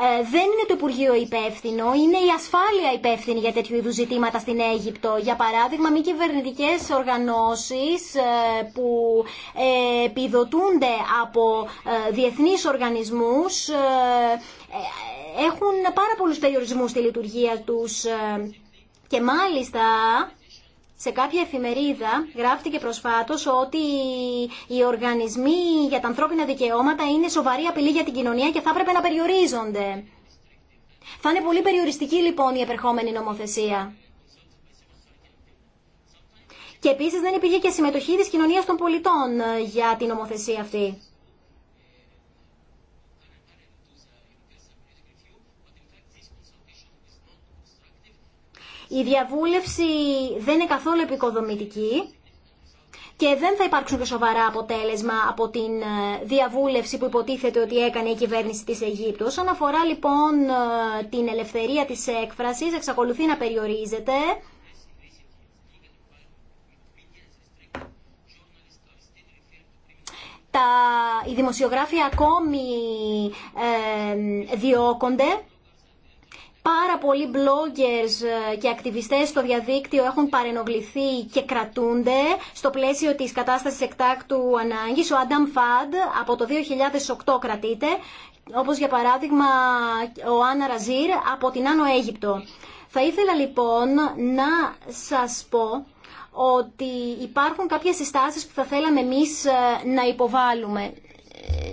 Ε, δεν είναι το Υπουργείο υπεύθυνο, είναι η ασφάλεια υπεύθυνη για τέτοιου είδου ζητήματα στην Αίγυπτο. Για παράδειγμα, μη κυβερνητικέ οργανώσει ε, που ε, επιδοτούνται από διεθνεί οργανισμού έχουν πάρα πολλού περιορισμού στη λειτουργία του. Και μάλιστα σε κάποια εφημερίδα γράφτηκε προσφάτως ότι οι οργανισμοί για τα ανθρώπινα δικαιώματα είναι σοβαρή απειλή για την κοινωνία και θα έπρεπε να περιορίζονται. Θα είναι πολύ περιοριστική λοιπόν η επερχόμενη νομοθεσία. Και επίσης δεν υπήρχε και συμμετοχή της κοινωνίας των πολιτών ε, για την νομοθεσία αυτή. Η διαβούλευση δεν είναι καθόλου επικοδομητική και δεν θα υπάρξουν και σοβαρά αποτέλεσμα από την ε, διαβούλευση που υποτίθεται ότι έκανε η κυβέρνηση της Αιγύπτου. Όσον αφορά λοιπόν ε, την ελευθερία της έκφρασης, εξακολουθεί να περιορίζεται. Τα, οι δημοσιογράφοι ακόμη ε, διώκονται πάρα πολλοί bloggers ε, και ακτιβιστές στο διαδίκτυο έχουν παρενογληθεί και κρατούνται στο πλαίσιο της κατάστασης εκτάκτου ανάγκης. Ο Adam Φαντ από το 2008 κρατείται, όπως για παράδειγμα ο Άννα Ραζίρ από την Άνω Αίγυπτο. Θα ήθελα λοιπόν να σας πω ότι υπάρχουν κάποιες συστάσεις που θα θέλαμε εμείς ε, να υποβάλουμε.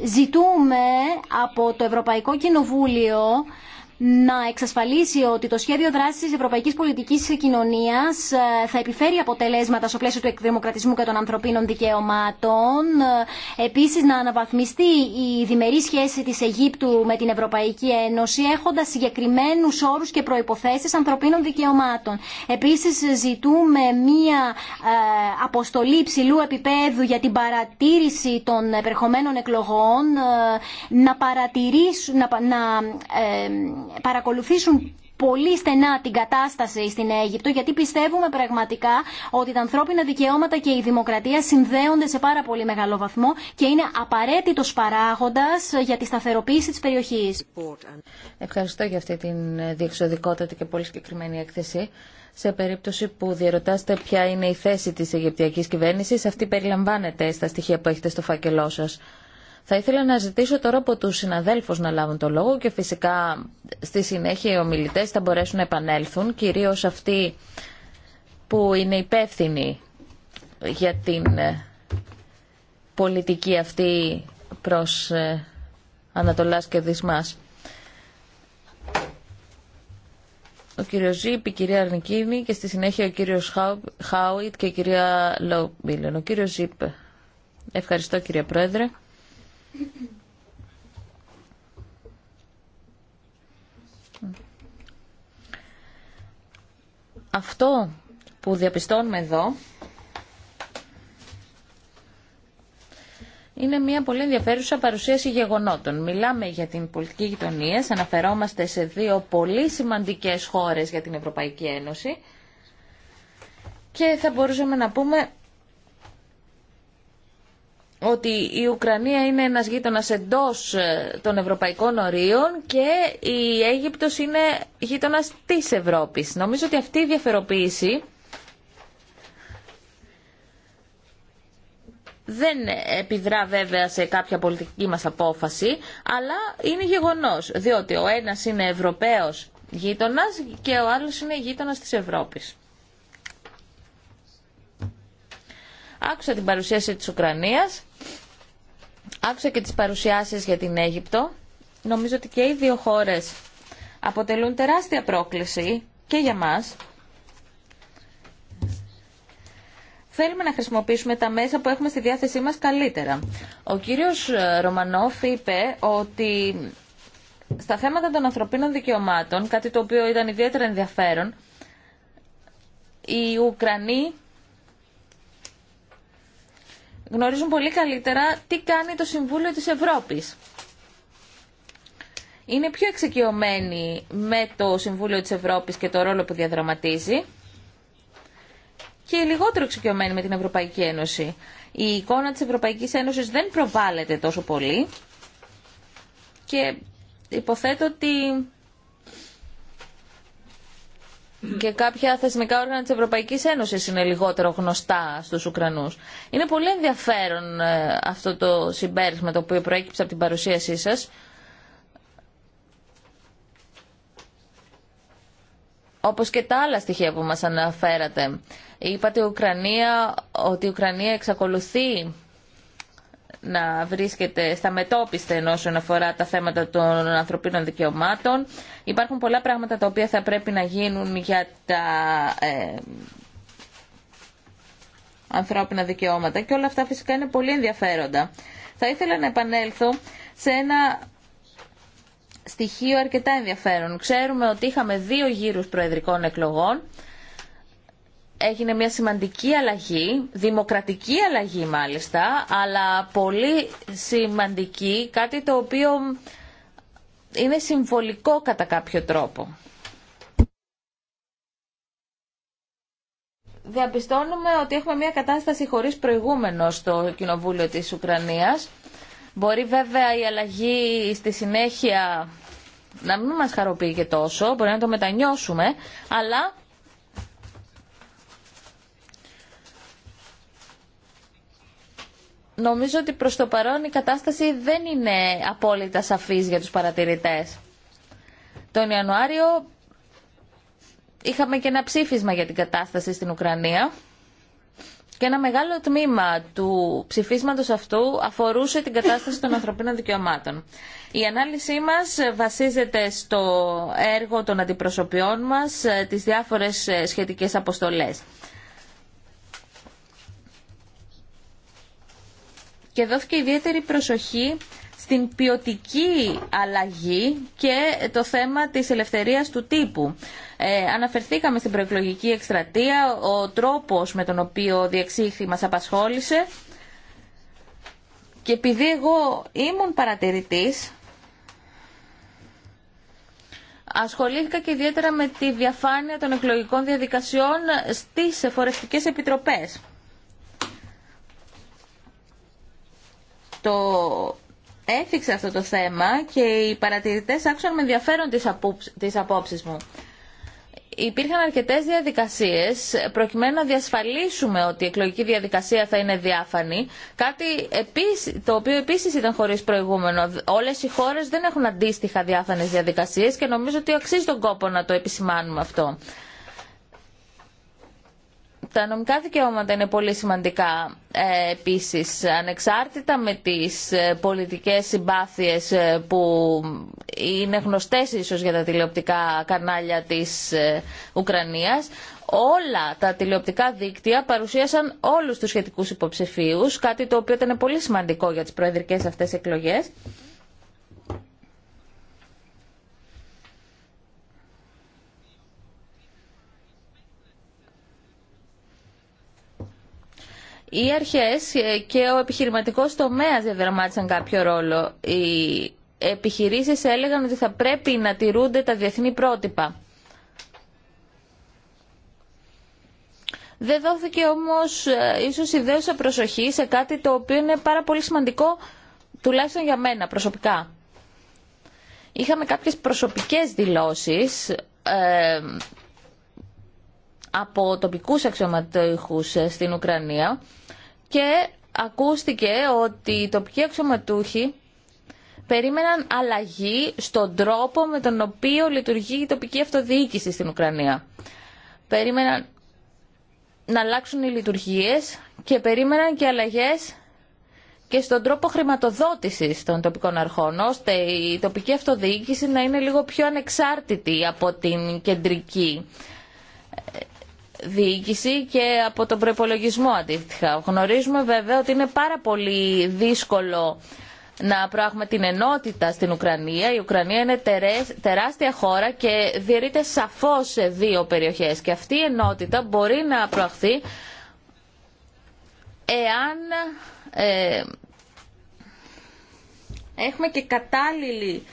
Ζητούμε από το Ευρωπαϊκό Κοινοβούλιο να εξασφαλίσει ότι το σχέδιο δράσης της Ευρωπαϊκής Πολιτικής Κοινωνία ε, θα επιφέρει αποτελέσματα στο πλαίσιο του εκδημοκρατισμού και των ανθρωπίνων δικαιωμάτων. Ε, επίσης να αναβαθμιστεί η διμερή σχέση της Αιγύπτου με την Ευρωπαϊκή Ένωση έχοντας συγκεκριμένου όρους και προϋποθέσεις ανθρωπίνων δικαιωμάτων. Επίση, ζητούμε μία ε, αποστολή υψηλού επίπεδου για την παρατήρηση των επερχομένων εκλογών να, παρατηρήσουν, να, να παρακολουθήσουν πολύ στενά την κατάσταση στην Αίγυπτο γιατί πιστεύουμε πραγματικά ότι τα ανθρώπινα δικαιώματα και η δημοκρατία συνδέονται σε πάρα πολύ μεγάλο βαθμό και είναι απαραίτητος παράγοντας για τη σταθεροποίηση της περιοχής. Ευχαριστώ για αυτή την διεξοδικότητα και πολύ συγκεκριμένη έκθεση. Σε περίπτωση που διαρωτάστε ποια είναι η θέση της Αιγυπτιακής κυβέρνησης, αυτή περιλαμβάνεται στα στοιχεία που έχετε στο φάκελό σας. Θα ήθελα να ζητήσω τώρα από τους συναδέλφους να λάβουν το λόγο και φυσικά στη συνέχεια οι ομιλητές θα μπορέσουν να επανέλθουν, κυρίως αυτοί που είναι υπεύθυνοι για την ε, πολιτική αυτή προς ε, Ανατολάς και Δυσμάς. ο κύριο Ζήπη, η κυρία Αρνικίνη και στη συνέχεια ο κύριο Χάουιτ και η κυρία Λόμπιλεν. Ο κύριο Ζήπη, Ευχαριστώ κύριε Πρόεδρε. Αυτό που διαπιστώνουμε εδώ είναι μια πολύ ενδιαφέρουσα παρουσίαση γεγονότων. Μιλάμε για την πολιτική γειτονία, αναφερόμαστε σε δύο πολύ σημαντικές χώρες για την Ευρωπαϊκή Ένωση και θα μπορούσαμε να πούμε ότι η Ουκρανία είναι ένας γείτονας εντός ε, των ευρωπαϊκών ορίων και η Αίγυπτος είναι γείτονας της Ευρώπης. Νομίζω ότι αυτή η διαφεροποίηση δεν επιδρά βέβαια σε κάποια πολιτική μας απόφαση, αλλά είναι γεγονός, διότι ο ένας είναι Ευρωπαίος γείτονας και ο άλλος είναι γείτονας της Ευρώπης. Άκουσα την παρουσίαση της Ουκρανίας, άκουσα και τις παρουσιάσεις για την Αίγυπτο. Νομίζω ότι και οι δύο χώρες αποτελούν τεράστια πρόκληση και για μας. Θέλουμε να χρησιμοποιήσουμε τα μέσα που έχουμε στη διάθεσή μας καλύτερα. Ο κύριος Ρωμανόφ είπε ότι στα θέματα των ανθρωπίνων δικαιωμάτων, κάτι το οποίο ήταν ιδιαίτερα ενδιαφέρον, οι Ουκρανοί γνωρίζουν πολύ καλύτερα τι κάνει το Συμβούλιο της Ευρώπης. Είναι πιο εξοικειωμένοι με το Συμβούλιο της Ευρώπης και το ρόλο που διαδραματίζει και λιγότερο εξοικειωμένοι με την Ευρωπαϊκή Ένωση. Η εικόνα της Ευρωπαϊκής Ένωσης δεν προβάλλεται τόσο πολύ και υποθέτω ότι και κάποια θεσμικά όργανα της Ευρωπαϊκής Ένωσης είναι λιγότερο γνωστά στους Ουκρανούς. Είναι πολύ ενδιαφέρον ε, αυτό το συμπέρασμα το οποίο προέκυψε από την παρουσίασή σας. όπως και τα άλλα στοιχεία που μας αναφέρατε. Είπατε Ουκρανία, ότι η Ουκρανία εξακολουθεί να βρίσκεται στα μετόπιστα όσον αφορά τα θέματα των ανθρωπίνων δικαιωμάτων. Υπάρχουν πολλά πράγματα τα οποία θα πρέπει να γίνουν για τα ε, ανθρώπινα δικαιώματα και όλα αυτά φυσικά είναι πολύ ενδιαφέροντα. Θα ήθελα να επανέλθω σε ένα στοιχείο αρκετά ενδιαφέρον. Ξέρουμε ότι είχαμε δύο γύρους προεδρικών εκλογών έγινε μια σημαντική αλλαγή, δημοκρατική αλλαγή μάλιστα, αλλά πολύ σημαντική, κάτι το οποίο είναι συμβολικό κατά κάποιο τρόπο. Διαπιστώνουμε ότι έχουμε μια κατάσταση χωρίς προηγούμενο στο Κοινοβούλιο της Ουκρανίας. Μπορεί βέβαια η αλλαγή στη συνέχεια να μην μας χαροποιεί και τόσο, μπορεί να το μετανιώσουμε, αλλά νομίζω ότι προς το παρόν η κατάσταση δεν είναι απόλυτα σαφής για τους παρατηρητές. Τον Ιανουάριο είχαμε και ένα ψήφισμα για την κατάσταση στην Ουκρανία και ένα μεγάλο τμήμα του ψηφίσματος αυτού αφορούσε την κατάσταση των ανθρωπίνων δικαιωμάτων. Η ανάλυση μας βασίζεται στο έργο των αντιπροσωπιών μας, τις διάφορες σχετικές αποστολές. και δόθηκε ιδιαίτερη προσοχή στην ποιοτική αλλαγή και το θέμα της ελευθερίας του τύπου. Ε, αναφερθήκαμε στην προεκλογική εκστρατεία, ο τρόπος με τον οποίο διεξήχθη μας απασχόλησε και επειδή εγώ ήμουν παρατηρητής, ασχολήθηκα και ιδιαίτερα με τη διαφάνεια των εκλογικών διαδικασιών στις εφορευτικές επιτροπές. το έφυξε αυτό το θέμα και οι παρατηρητές άκουσαν με ενδιαφέρον τις απόψεις μου. Υπήρχαν αρκετές διαδικασίες προκειμένου να διασφαλίσουμε ότι η εκλογική διαδικασία θα είναι διάφανη, κάτι το οποίο επίσης ήταν χωρίς προηγούμενο. Όλες οι χώρες δεν έχουν αντίστοιχα διάφανες διαδικασίες και νομίζω ότι αξίζει τον κόπο να το επισημάνουμε αυτό. Τα νομικά δικαιώματα είναι πολύ σημαντικά ε, επίσης, ανεξάρτητα με τις ε, πολιτικές συμπάθειες ε, που είναι γνωστές ίσως για τα τηλεοπτικά κανάλια της ε, Ουκρανίας. Όλα τα τηλεοπτικά δίκτυα παρουσίασαν όλους τους σχετικούς υποψηφίους, κάτι το οποίο ήταν πολύ σημαντικό για τις προεδρικές αυτές εκλογές. οι αρχές ε, και ο επιχειρηματικός τομέας διαδραμάτισαν κάποιο ρόλο. Οι επιχειρήσεις έλεγαν ότι θα πρέπει να τηρούνται τα διεθνή πρότυπα. Δεν δόθηκε όμως ε, ίσως ιδέωσα προσοχή σε κάτι το οποίο είναι πάρα πολύ σημαντικό, τουλάχιστον για μένα προσωπικά. Είχαμε κάποιες προσωπικές δηλώσεις ε, από τοπικούς αξιωματικούς στην Ουκρανία και ακούστηκε ότι οι τοπικοί αξιωματούχοι περίμεναν αλλαγή στον τρόπο με τον οποίο λειτουργεί η τοπική αυτοδιοίκηση στην Ουκρανία. Περίμεναν να αλλάξουν οι λειτουργίες και περίμεναν και αλλαγές και στον τρόπο χρηματοδότησης των τοπικών αρχών, ώστε η τοπική αυτοδιοίκηση να είναι λίγο πιο ανεξάρτητη από την κεντρική διοίκηση και από τον προπολογισμό αντίστοιχα. Γνωρίζουμε βέβαια ότι είναι πάρα πολύ δύσκολο να προάγουμε την ενότητα στην Ουκρανία. Η Ουκρανία είναι τεράστια χώρα και διαιρείται σαφώς σε δύο περιοχές και αυτή η ενότητα μπορεί να προαχθεί εάν ε, έχουμε και κατάλληλη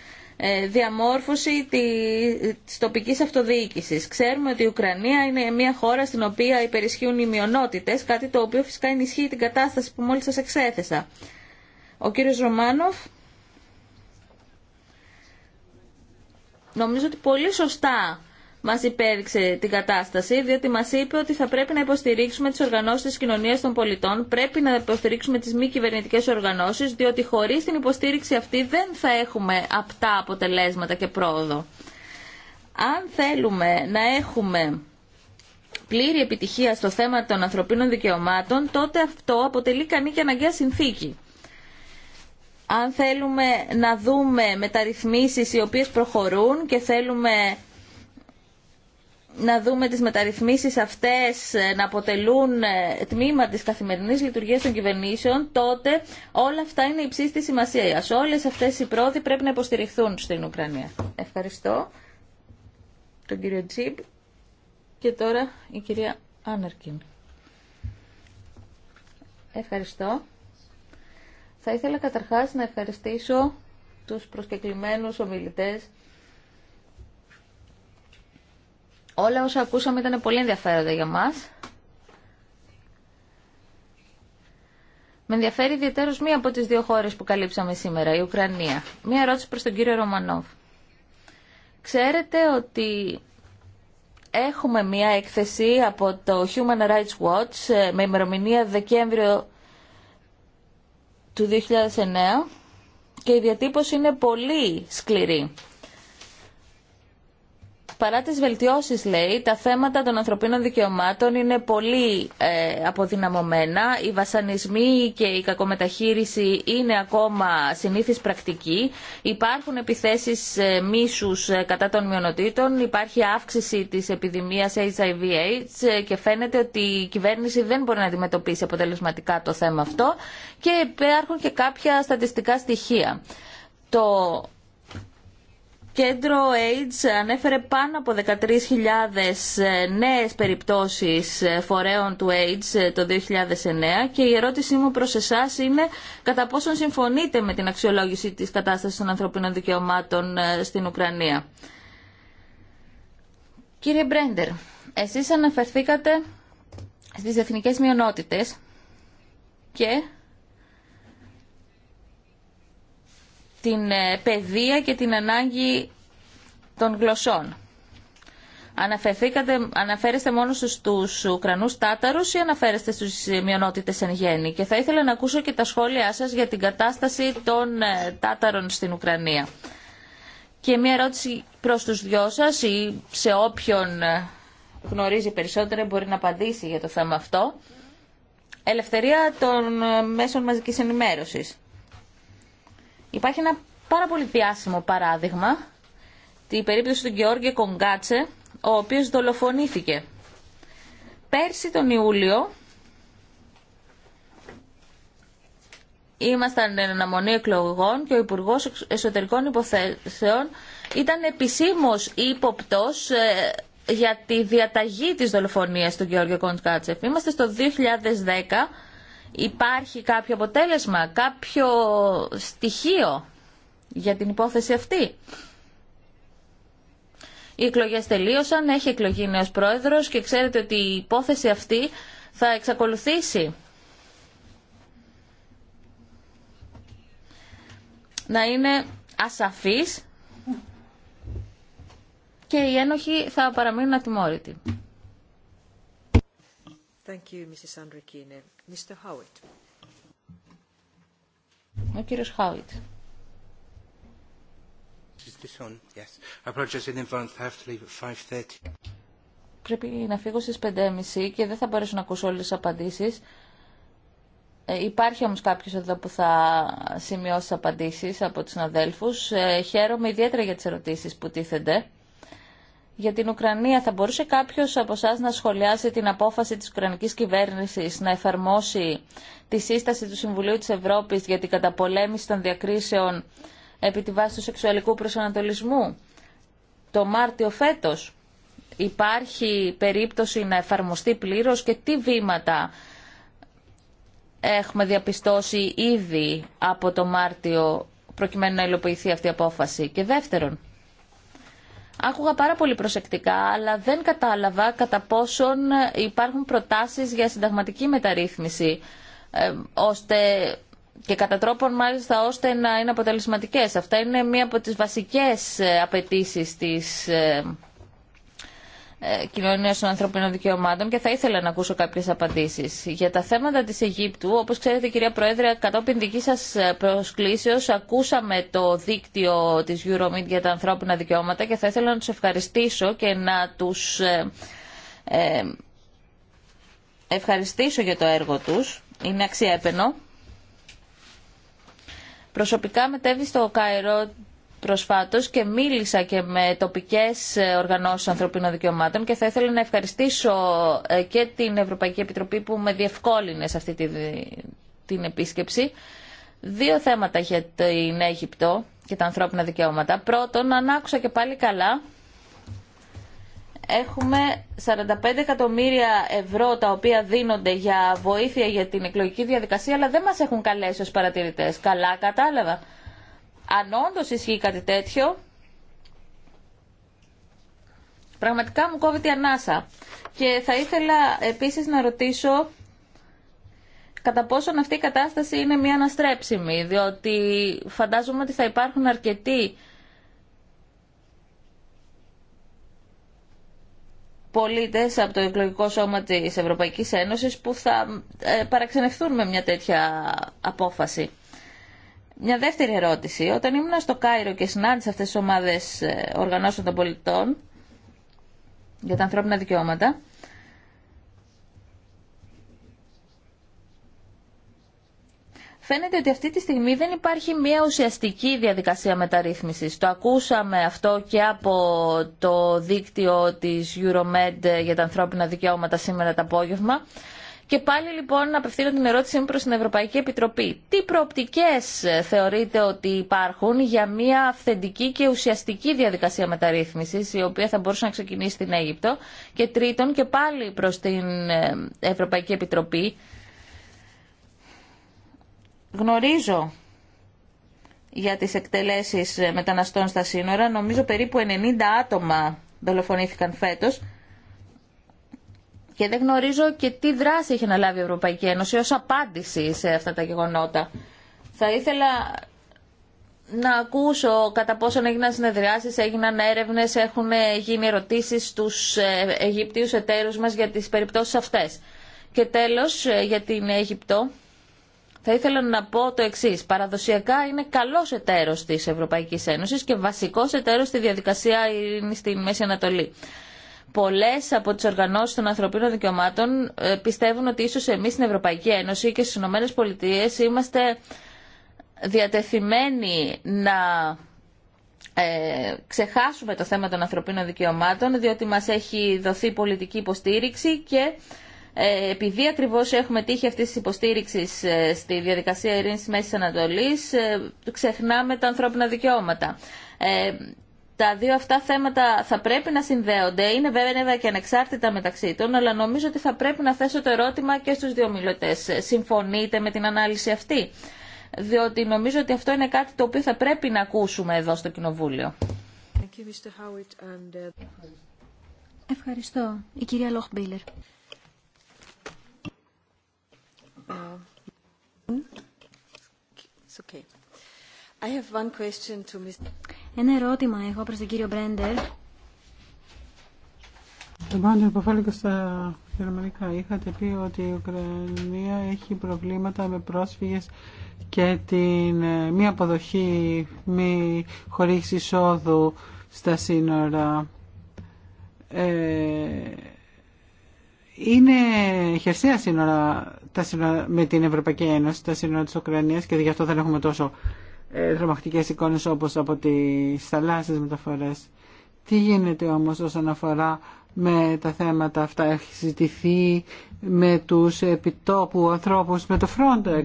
ε, διαμόρφωση της τοπικής αυτοδιοίκησης. Ξέρουμε ότι η Ουκρανία είναι μια χώρα στην οποία υπερισχύουν οι μειονότητες, κάτι το οποίο φυσικά ενισχύει την κατάσταση που μόλις σας εξέθεσα. Ο κύριος Ρωμάνοφ νομίζω ότι πολύ σωστά Μα υπέδειξε την κατάσταση, διότι μα είπε ότι θα πρέπει να υποστηρίξουμε τι οργανώσει τη κοινωνία των πολιτών, πρέπει να υποστηρίξουμε τι μη κυβερνητικέ οργανώσει, διότι χωρί την υποστήριξη αυτή δεν θα έχουμε απτά αποτελέσματα και πρόοδο. Αν θέλουμε να έχουμε πλήρη επιτυχία στο θέμα των ανθρωπίνων δικαιωμάτων, τότε αυτό αποτελεί κανή και αναγκαία συνθήκη. Αν θέλουμε να δούμε μεταρρυθμίσεις οι οποίες προχωρούν και θέλουμε να δούμε τις μεταρρυθμίσεις αυτές ε, να αποτελούν ε, τμήμα της καθημερινής λειτουργίας των κυβερνήσεων, τότε όλα αυτά είναι υψίστη σημασία. Όλες αυτές οι πρόοδοι πρέπει να υποστηριχθούν στην Ουκρανία. Ευχαριστώ τον κύριο Τζιμπ και τώρα η κυρία Άνερκιν. Ευχαριστώ. Θα ήθελα καταρχάς να ευχαριστήσω τους προσκεκλημένους ομιλητές Όλα όσα ακούσαμε ήταν πολύ ενδιαφέροντα για μας. Με ενδιαφέρει ιδιαίτερως μία από τις δύο χώρες που καλύψαμε σήμερα, η Ουκρανία. Μία ερώτηση προς τον κύριο Ρωμανόβ. Ξέρετε ότι έχουμε μία έκθεση από το Human Rights Watch ε, με ημερομηνία Δεκέμβριο του 2009 και η διατύπωση είναι πολύ σκληρή παρά τις βελτιώσεις λέει, τα θέματα των ανθρωπίνων δικαιωμάτων είναι πολύ ε, αποδυναμωμένα. Οι βασανισμοί και η κακομεταχείριση είναι ακόμα συνήθις πρακτική. Υπάρχουν επιθέσεις ε, μίσους ε, κατά των μειονοτήτων. Υπάρχει αύξηση της επιδημίας HIV-AIDS ε, και φαίνεται ότι η κυβέρνηση δεν μπορεί να αντιμετωπίσει αποτελεσματικά το θέμα αυτό. Και υπάρχουν και κάποια στατιστικά στοιχεία. Το κέντρο AIDS ανέφερε πάνω από 13.000 ε, νέες περιπτώσεις ε, φορέων του AIDS ε, το 2009 και η ερώτησή μου προς εσάς είναι κατά πόσον συμφωνείτε με την αξιολόγηση της κατάστασης των ανθρωπίνων δικαιωμάτων στην Ουκρανία. Κύριε Μπρέντερ, εσείς αναφερθήκατε στις εθνικές μειονότητες και την ε, παιδεία και την ανάγκη των γλωσσών. Αναφερθήκατε, αναφέρεστε μόνο στους Ουκρανούς Τάταρους ή αναφέρεστε στους μειονότητες εν γέννη. Και θα ήθελα να ακούσω και τα σχόλιά σας για την κατάσταση των ε, Τάταρων στην Ουκρανία. Και μια ερώτηση προς τους δυο σας ή σε όποιον ε, γνωρίζει περισσότερο μπορεί να απαντήσει για το θέμα αυτό. Ελευθερία των μέσων μαζικής ενημέρωσης. Υπάρχει ένα πάρα πολύ διάσημο παράδειγμα, την περίπτωση του Γεώργιο Κονγκάτσε, ο οποίος δολοφονήθηκε. Πέρσι τον Ιούλιο ήμασταν εν αναμονή εκλογών και ο Υπουργό Εσωτερικών Υποθέσεων ήταν επισήμως ύποπτος ε, για τη διαταγή της δολοφονίας του Γεώργιο Κονγκάτσεφ. Είμαστε στο 2010 Υπάρχει κάποιο αποτέλεσμα, κάποιο στοιχείο για την υπόθεση αυτή. Οι εκλογέ τελείωσαν, έχει εκλογεί νέος πρόεδρος και ξέρετε ότι η υπόθεση αυτή θα εξακολουθήσει να είναι ασαφής και οι ένοχοι θα παραμείνουν ατιμόρυτοι. Thank you, Mrs. Mr. Howitt. Χάουιτ. Πρέπει να φύγω στις 5.30 και δεν θα μπορέσω να ακούσω όλες τις απαντήσεις. Ε, υπάρχει όμως κάποιος εδώ που θα σημειώσει απαντήσεις από τους αδέλφους. Ε, χαίρομαι ιδιαίτερα για τις ερωτήσεις που τίθενται για την Ουκρανία. Θα μπορούσε κάποιο από εσά να σχολιάσει την απόφαση της Ουκρανική κυβέρνησης να εφαρμόσει τη σύσταση του Συμβουλίου της Ευρώπης για την καταπολέμηση των διακρίσεων επί τη βάση του σεξουαλικού προσανατολισμού το Μάρτιο φέτος. Υπάρχει περίπτωση να εφαρμοστεί πλήρως και τι βήματα έχουμε διαπιστώσει ήδη από το Μάρτιο προκειμένου να υλοποιηθεί αυτή η απόφαση. Και δεύτερον, Άκουγα πάρα πολύ προσεκτικά, αλλά δεν κατάλαβα κατά πόσον υπάρχουν προτάσεις για συνταγματική μεταρρύθμιση, ε, ώστε και κατά τρόπον μάλιστα ώστε να είναι αποτελεσματικές. Αυτά είναι μία από τις βασικές ε, απαιτήσεις της ε, ε, κοινωνίας των ανθρωπίνων δικαιωμάτων και θα ήθελα να ακούσω κάποιες απαντήσεις. Για τα θέματα της Αιγύπτου, όπως ξέρετε κυρία Πρόεδρε, κατόπιν δική σας ε, προσκλήσεως ακούσαμε το δίκτυο της Euromid για τα ανθρώπινα δικαιώματα και θα ήθελα να του ευχαριστήσω και να τους ε, ευχαριστήσω για το έργο τους. Είναι αξιέπαινο. Προσωπικά μετέβη στο Κάιρο προσφάτως και μίλησα και με τοπικές οργανώσεις ανθρωπίνων δικαιωμάτων και θα ήθελα να ευχαριστήσω ε, και την Ευρωπαϊκή Επιτροπή που με διευκόλυνε σε αυτή την επίσκεψη. Δύο θέματα για την Αίγυπτο και τα ανθρώπινα δικαιώματα. Πρώτον, αν άκουσα και πάλι καλά, έχουμε 45 εκατομμύρια ευρώ τα οποία δίνονται για βοήθεια για την εκλογική διαδικασία, αλλά δεν μας έχουν καλέσει ως παρατηρητές. Καλά κατάλαβα αν όντω ισχύει κάτι τέτοιο, πραγματικά μου κόβει η ανάσα. Και θα ήθελα επίσης να ρωτήσω κατά πόσον αυτή η κατάσταση είναι μια αναστρέψιμη, διότι φαντάζομαι ότι θα υπάρχουν αρκετοί πολίτες από το εκλογικό σώμα της Ευρωπαϊκής Ένωσης που θα ε, παραξενευθούν με μια τέτοια απόφαση. Μια δεύτερη ερώτηση. Όταν ήμουν στο Κάιρο και συνάντησα αυτές τις ομάδες ε, οργανώσεων των πολιτών για τα ανθρώπινα δικαιώματα, Φαίνεται ότι αυτή τη στιγμή δεν υπάρχει μια ουσιαστική διαδικασία μεταρρύθμισης. Το ακούσαμε αυτό και από το δίκτυο της Euromed για τα ανθρώπινα δικαιώματα σήμερα το απόγευμα. Και πάλι λοιπόν να απευθύνω την ερώτησή μου προς την Ευρωπαϊκή Επιτροπή. Τι προοπτικές ε, θεωρείτε ότι υπάρχουν για μια αυθεντική και ουσιαστική διαδικασία μεταρρύθμισης η οποία θα μπορούσε να ξεκινήσει στην Αίγυπτο και τρίτον και πάλι προς την ε, Ευρωπαϊκή Επιτροπή. Γνωρίζω για τις εκτελέσεις ε, μεταναστών στα σύνορα. Νομίζω περίπου 90 άτομα δολοφονήθηκαν φέτος και δεν γνωρίζω και τι δράση έχει λάβει η Ευρωπαϊκή Ένωση ως απάντηση σε αυτά τα γεγονότα. Θα ήθελα να ακούσω κατά πόσον έγιναν συνεδριάσεις, έγιναν έρευνες, έχουν γίνει ερωτήσεις στους ε, Αιγυπτίους εταίρους μας για τις περιπτώσεις αυτές. Και τέλος, ε, για την Αιγυπτό, θα ήθελα να πω το εξή. Παραδοσιακά είναι καλό εταίρο τη Ευρωπαϊκή Ένωση και βασικό εταίρο στη διαδικασία στη Μέση Ανατολή. Πολλέ από τις οργανώσεις των ανθρωπίνων δικαιωμάτων ε, πιστεύουν ότι ίσως εμείς στην Ευρωπαϊκή Ένωση και στι ΗΠΑ Πολιτείες είμαστε διατεθειμένοι να ε, ξεχάσουμε το θέμα των ανθρωπίνων δικαιωμάτων διότι μας έχει δοθεί πολιτική υποστήριξη και ε, επειδή ακριβώς έχουμε τύχει αυτής της υποστήριξης στη διαδικασία ειρήνης Μέσης Ανατολής ξεχνάμε τα ανθρώπινα δικαιώματα τα δύο αυτά θέματα θα πρέπει να συνδέονται. Είναι βέβαια και ανεξάρτητα μεταξύ των, αλλά νομίζω ότι θα πρέπει να θέσω το ερώτημα και στους δύο μιλωτές. Συμφωνείτε με την ανάλυση αυτή. Διότι νομίζω ότι αυτό είναι κάτι το οποίο θα πρέπει να ακούσουμε εδώ στο Κοινοβούλιο. Uh, Ευχαριστώ. Η κυρία Λοχμπίλερ. Uh, okay. Ένα ερώτημα έχω προς τον κύριο Μπρέντερ. Το πάνω και στα γερμανικά. Είχατε πει ότι η Ουκρανία έχει προβλήματα με πρόσφυγες και την ε, μη αποδοχή, μη χωρίς εισόδου στα σύνορα. Ε, είναι χερσαία σύνορα, τα σύνορα με την Ευρωπαϊκή Ένωση, τα σύνορα της Ουκρανίας και γι' αυτό δεν έχουμε τόσο ε, τρομακτικές εικόνες όπως από τις θαλάσσιες μεταφορές. Τι γίνεται όμως όσον αφορά με τα θέματα αυτά. Έχει συζητηθεί με τους επιτόπου ανθρώπους, με το Frontex.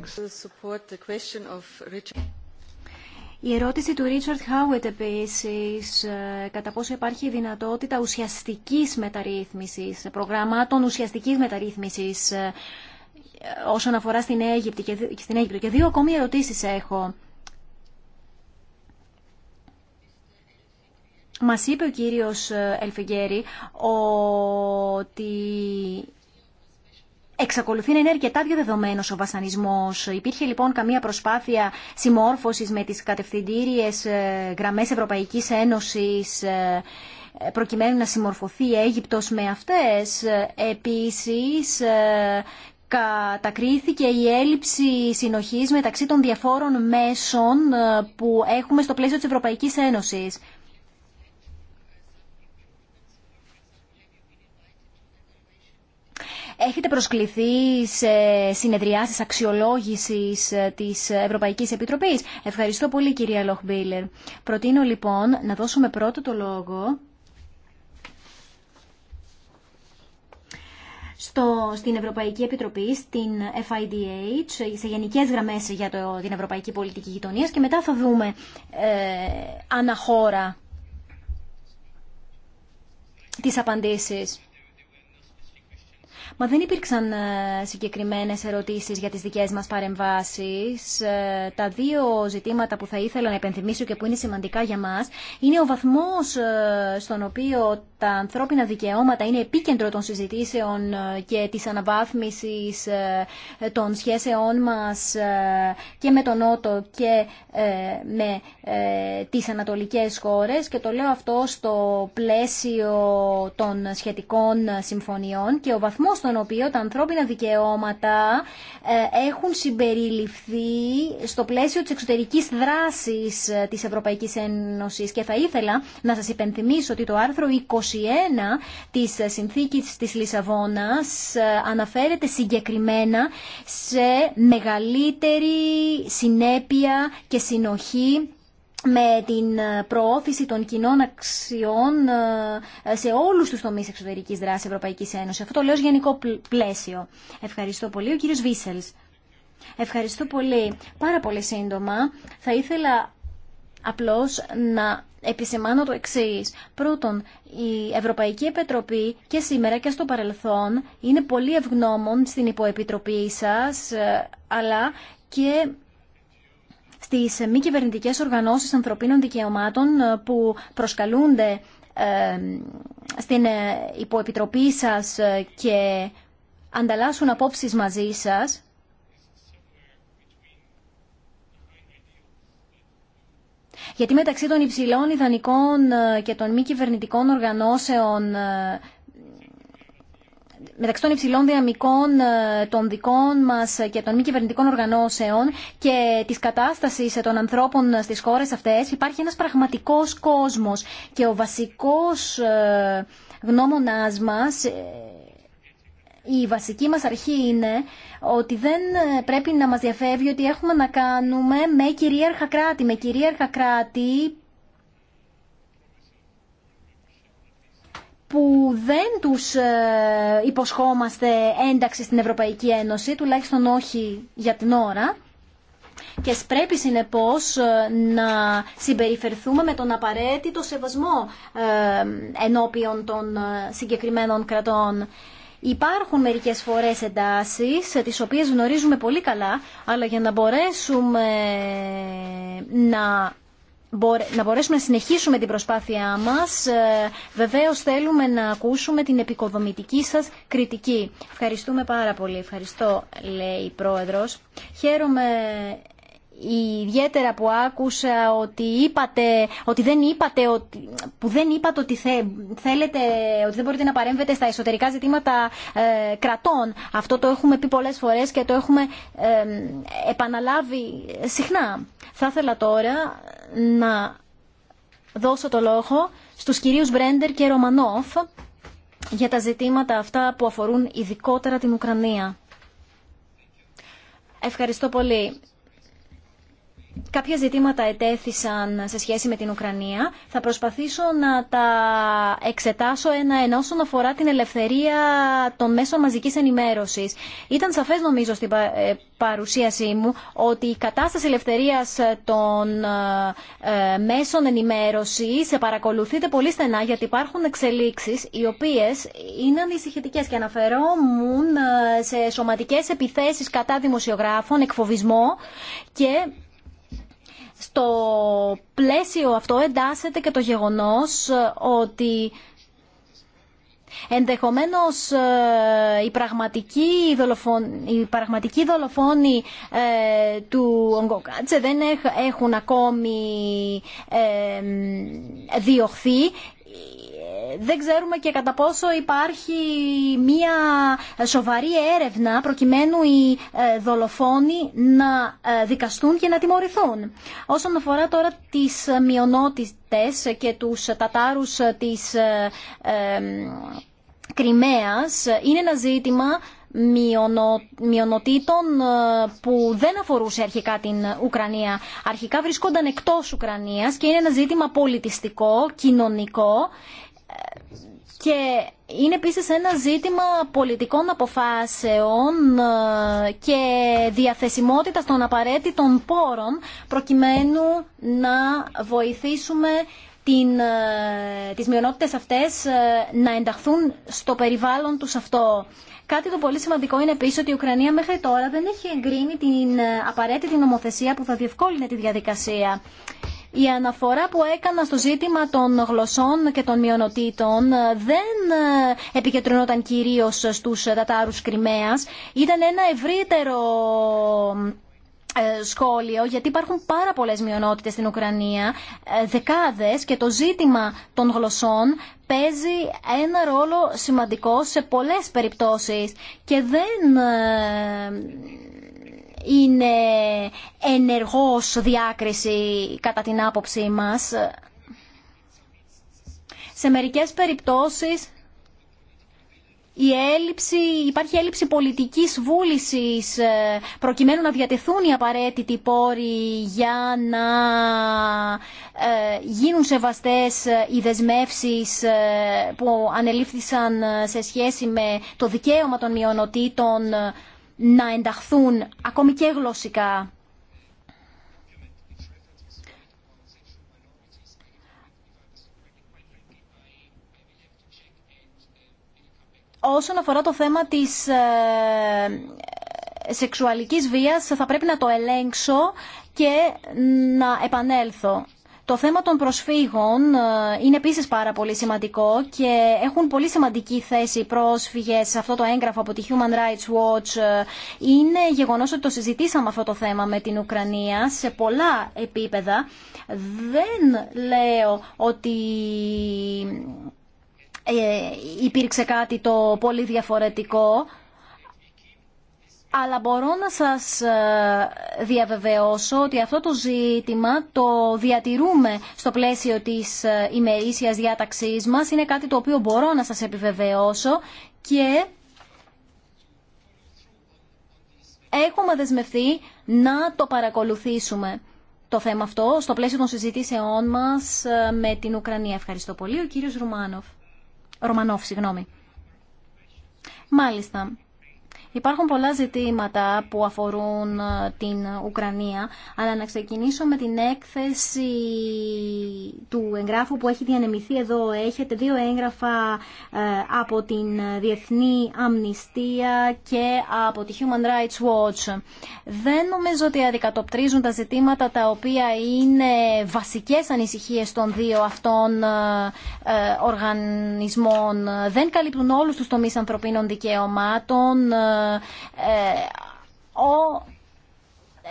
Η ερώτηση του Ρίτσαρτ Χάουετ επίση, ε, κατά πόσο υπάρχει δυνατότητα ουσιαστικής μεταρρύθμισης, προγραμμάτων ουσιαστικής μεταρρύθμισης ε, όσον αφορά στην Αίγυπτο. Και δύο ακόμη ερωτήσεις έχω. Μας είπε ο κύριος ε, Ελφεγγέρη ότι Εξακολουθεί να είναι αρκετά διαδεδομένο ο βασανισμό. Υπήρχε λοιπόν καμία προσπάθεια συμμόρφωση με τι κατευθυντήριε ε, γραμμέ Ευρωπαϊκή Ένωσης ε, προκειμένου να συμμορφωθεί η Αίγυπτος με αυτές. Επίσης, κατακρίθηκε η έλλειψη συνοχής μεταξύ των διαφόρων μέσων που έχουμε στο πλαίσιο της Ευρωπαϊκής Ένωσης. Έχετε προσκληθεί σε συνεδριάσεις αξιολόγησης ε, της Ευρωπαϊκής Επιτροπής. Ευχαριστώ πολύ κυρία Λοχμπίλερ. Προτείνω λοιπόν να δώσουμε πρώτο το λόγο στο, στην Ευρωπαϊκή Επιτροπή, στην FIDH, σε γενικές γραμμές για το, την Ευρωπαϊκή Πολιτική Γειτονίας και μετά θα δούμε ε, αναχώρα τις απαντήσεις. Μα δεν υπήρξαν ε, συγκεκριμένες ερωτήσεις για τις δικές μας παρεμβάσεις. Ε, τα δύο ζητήματα που θα ήθελα να επενθυμίσω και που είναι σημαντικά για μας είναι ο βαθμός ε, στον οποίο τα ανθρώπινα δικαιώματα είναι επίκεντρο των συζητήσεων και της αναβάθμισης των σχέσεών μας και με τον Νότο και με τις ανατολικές χώρε και το λέω αυτό στο πλαίσιο των σχετικών συμφωνιών και ο βαθμός στον οποίο τα ανθρώπινα δικαιώματα ε, έχουν συμπεριληφθεί στο πλαίσιο της εξωτερικής δράσης ε, της Ευρωπαϊκής Ένωσης. Και θα ήθελα να σας υπενθυμίσω ότι το άρθρο 21 της ε, Συνθήκης της Λισαβόνας αναφέρεται συγκεκριμένα σε μεγαλύτερη συνέπεια και συνοχή με την ε, προώθηση των κοινών αξιών ε, σε όλους τους τομείς εξωτερικής δράσης Ευρωπαϊκής Ένωσης. Αυτό το λέω ως γενικό πλαίσιο. Ευχαριστώ πολύ. Ο κύριος Βίσελς. Ευχαριστώ πολύ. Πάρα πολύ σύντομα. Θα ήθελα απλώς να επισημάνω το εξής. Πρώτον, η Ευρωπαϊκή Επιτροπή και σήμερα και στο παρελθόν είναι πολύ ευγνώμων στην υποεπιτροπή σας, ε, αλλά και στι μη κυβερνητικέ οργανώσεις ανθρωπίνων δικαιωμάτων ε, που προσκαλούνται ε, στην ε, υποεπιτροπή σας και ανταλλάσσουν απόψεις μαζί σας. Γιατί μεταξύ των υψηλών ιδανικών και των μη κυβερνητικών οργανώσεων μεταξύ των υψηλών δυναμικών ε, των δικών μας και των μη κυβερνητικών οργανώσεων και της κατάσταση των ανθρώπων στις χώρες αυτές υπάρχει ένας πραγματικό κόσμος και ο βασικός ε, γνώμονάς μα, ε, η βασική μας αρχή είναι ότι δεν πρέπει να μας διαφεύγει ότι έχουμε να κάνουμε με κυρίαρχα κράτη, με κυρίαρχα κράτη που δεν τους ε, υποσχόμαστε ένταξη στην Ευρωπαϊκή Ένωση, τουλάχιστον όχι για την ώρα, και πρέπει συνεπώς ε, να συμπεριφερθούμε με τον απαραίτητο σεβασμό ε, ενώπιον των συγκεκριμένων κρατών. Υπάρχουν μερικές φορές εντάσεις, τις οποίες γνωρίζουμε πολύ καλά, αλλά για να μπορέσουμε να να μπορέσουμε να συνεχίσουμε την προσπάθειά μας. Ε, βεβαίως θέλουμε να ακούσουμε την επικοδομητική σας κριτική. Ευχαριστούμε πάρα πολύ. Ευχαριστώ, λέει η Πρόεδρος. Χαίρομαι ιδιαίτερα που άκουσα ότι είπατε, ότι δεν είπατε ότι, που δεν είπατε ότι θέλετε, ότι δεν μπορείτε να παρέμβετε στα εσωτερικά ζητήματα ε, κρατών. Αυτό το έχουμε πει πολλές φορές και το έχουμε ε, επαναλάβει συχνά. Θα ήθελα τώρα να δώσω το λόγο στους κυρίους Μπρέντερ και Ρωμανόφ για τα ζητήματα αυτά που αφορούν ειδικότερα την Ουκρανία. Ευχαριστώ πολύ. Κάποια ζητήματα ετέθησαν σε σχέση με την Ουκρανία. Θα προσπαθήσω να τα εξετάσω ένα-ένα όσον αφορά την ελευθερία των μέσων μαζικής ενημέρωσης. Ήταν σαφές νομίζω στην ε, παρουσίασή μου ότι η κατάσταση ελευθερίας των ε, ε, μέσων ενημέρωσης παρακολουθείται πολύ στενά γιατί υπάρχουν εξελίξεις οι οποίες είναι ανησυχητικέ και αναφερόμουν σε σωματικές επιθέσεις κατά δημοσιογράφων, εκφοβισμό και στο πλαίσιο αυτό εντάσσεται και το γεγονός ε, ότι Ενδεχομένως ε, η πραγματική δολοφόνοι, η ε, του Ογκοκάτσε δεν έχουν ακόμη διωχθεί δεν ξέρουμε και κατά πόσο υπάρχει μία σοβαρή έρευνα προκειμένου οι ε, δολοφόνοι να ε, δικαστούν και να τιμωρηθούν. Όσον αφορά τώρα τις μειονότητες και τους τατάρους της ε, Κρυμαίας, είναι ένα ζήτημα μειονοτήτων που δεν αφορούσε αρχικά την Ουκρανία. Αρχικά βρισκόταν εκτός Ουκρανίας και είναι ένα ζήτημα πολιτιστικό, κοινωνικό και είναι επίσης ένα ζήτημα πολιτικών αποφάσεων ε, και διαθεσιμότητας των απαραίτητων πόρων προκειμένου να βοηθήσουμε την, ε, τις μειονότητες αυτές ε, να ενταχθούν στο περιβάλλον τους αυτό. Κάτι το πολύ σημαντικό είναι επίσης ότι η Ουκρανία μέχρι τώρα δεν έχει εγκρίνει την απαραίτητη νομοθεσία που θα διευκόλυνε τη διαδικασία. Η αναφορά που έκανα στο ζήτημα των γλωσσών και των μειονοτήτων ε, δεν ε, επικεντρωνόταν κυρίως στους δατάρους Κρυμαίας. Ήταν ένα ευρύτερο ε, σχόλιο, γιατί υπάρχουν πάρα πολλές μειονότητες στην Ουκρανία, δεκάδες και το ζήτημα των γλωσσών παίζει ένα ρόλο σημαντικό σε πολλές περιπτώσεις και δεν είναι ενεργός διάκριση κατά την άποψή μας. Σε μερικές περιπτώσεις η έλλειψη, υπάρχει έλλειψη πολιτικής βούλησης ε, προκειμένου να διατεθούν οι απαραίτητοι πόροι για να ε, γίνουν σεβαστές ε, οι δεσμεύσεις που ανελήφθησαν σε σχέση με το δικαίωμα των μειονοτήτων να ενταχθούν ακόμη και γλωσσικά. Όσον αφορά το θέμα της ε, σεξουαλικής βίας, θα πρέπει να το ελέγξω και να επανέλθω. Το θέμα των προσφύγων ε, είναι επίση πάρα πολύ σημαντικό και έχουν πολύ σημαντική θέση οι πρόσφυγες σε αυτό το έγγραφο από τη Human Rights Watch. Ε, είναι γεγονό ότι το συζητήσαμε αυτό το θέμα με την Ουκρανία σε πολλά επίπεδα. Δεν λέω ότι ε, υπήρξε κάτι το πολύ διαφορετικό αλλά μπορώ να σας ε, διαβεβαιώσω ότι αυτό το ζήτημα το διατηρούμε στο πλαίσιο της ε, ημερήσιας διάταξής μας. Είναι κάτι το οποίο μπορώ να σας επιβεβαιώσω και έχουμε δεσμευθεί να το παρακολουθήσουμε το θέμα αυτό στο πλαίσιο των συζητήσεών μας ε, με την Ουκρανία. Ευχαριστώ πολύ. Ο κύριος Ρουμάνοφ. Ρουμανόφ, συγγνώμη. Μάλιστα. Υπάρχουν πολλά ζητήματα που αφορούν ε, την Ουκρανία, αλλά να ξεκινήσω με την έκθεση του εγγράφου που έχει διανεμηθεί εδώ. Έχετε δύο έγγραφα ε, από την Διεθνή Αμνηστία και από τη Human Rights Watch. Δεν νομίζω ότι αδικατοπτρίζουν τα ζητήματα τα οποία είναι βασικές ανησυχίες των δύο αυτών ε, οργανισμών. Δεν καλύπτουν όλους τους τομείς ανθρωπίνων δικαιωμάτων, ε, ο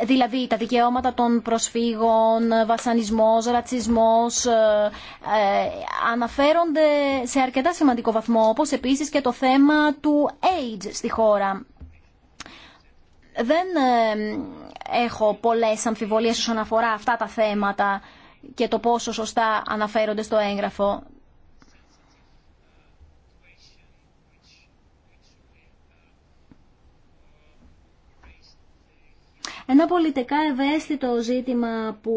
δηλαδή τα δικαιώματα των προσφύγων, βασανισμός, ρατσισμός ε, ε, αναφέρονται σε αρκετά σημαντικό βαθμό, όπως επίσης και το θέμα του AIDS στη χώρα. Δεν ε, έχω πολλές αμφιβολίες όσον αφορά αυτά τα θέματα και το πόσο σωστά αναφέρονται στο έγγραφο. Ένα πολιτικά ευαίσθητο ζήτημα που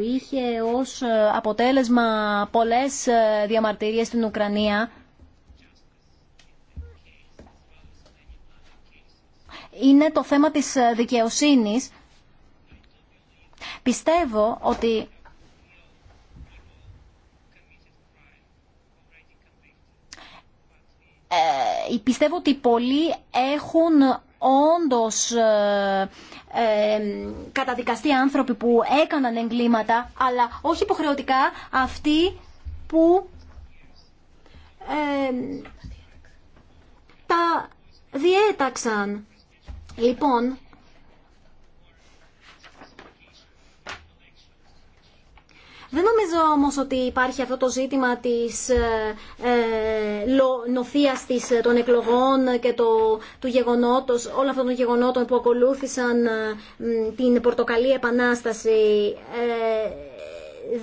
είχε ως ε, αποτέλεσμα πολλές ε, διαμαρτυρίες στην Ουκρανία είναι το θέμα της ε, δικαιοσύνης. Πιστεύω ότι Ε, πιστεύω ότι πολλοί έχουν όντως ε, ε, καταδικαστεί άνθρωποι που έκαναν εγκλήματα, αλλά όχι υποχρεωτικά αυτοί που ε, τα διέταξαν. Λοιπόν, Δεν νομίζω όμως ότι υπάρχει αυτό το ζήτημα της ε, ε νοθείας της, ε, των εκλογών και το, του γεγονότος, όλων αυτών των γεγονότων που ακολούθησαν ε, την Πορτοκαλή Επανάσταση.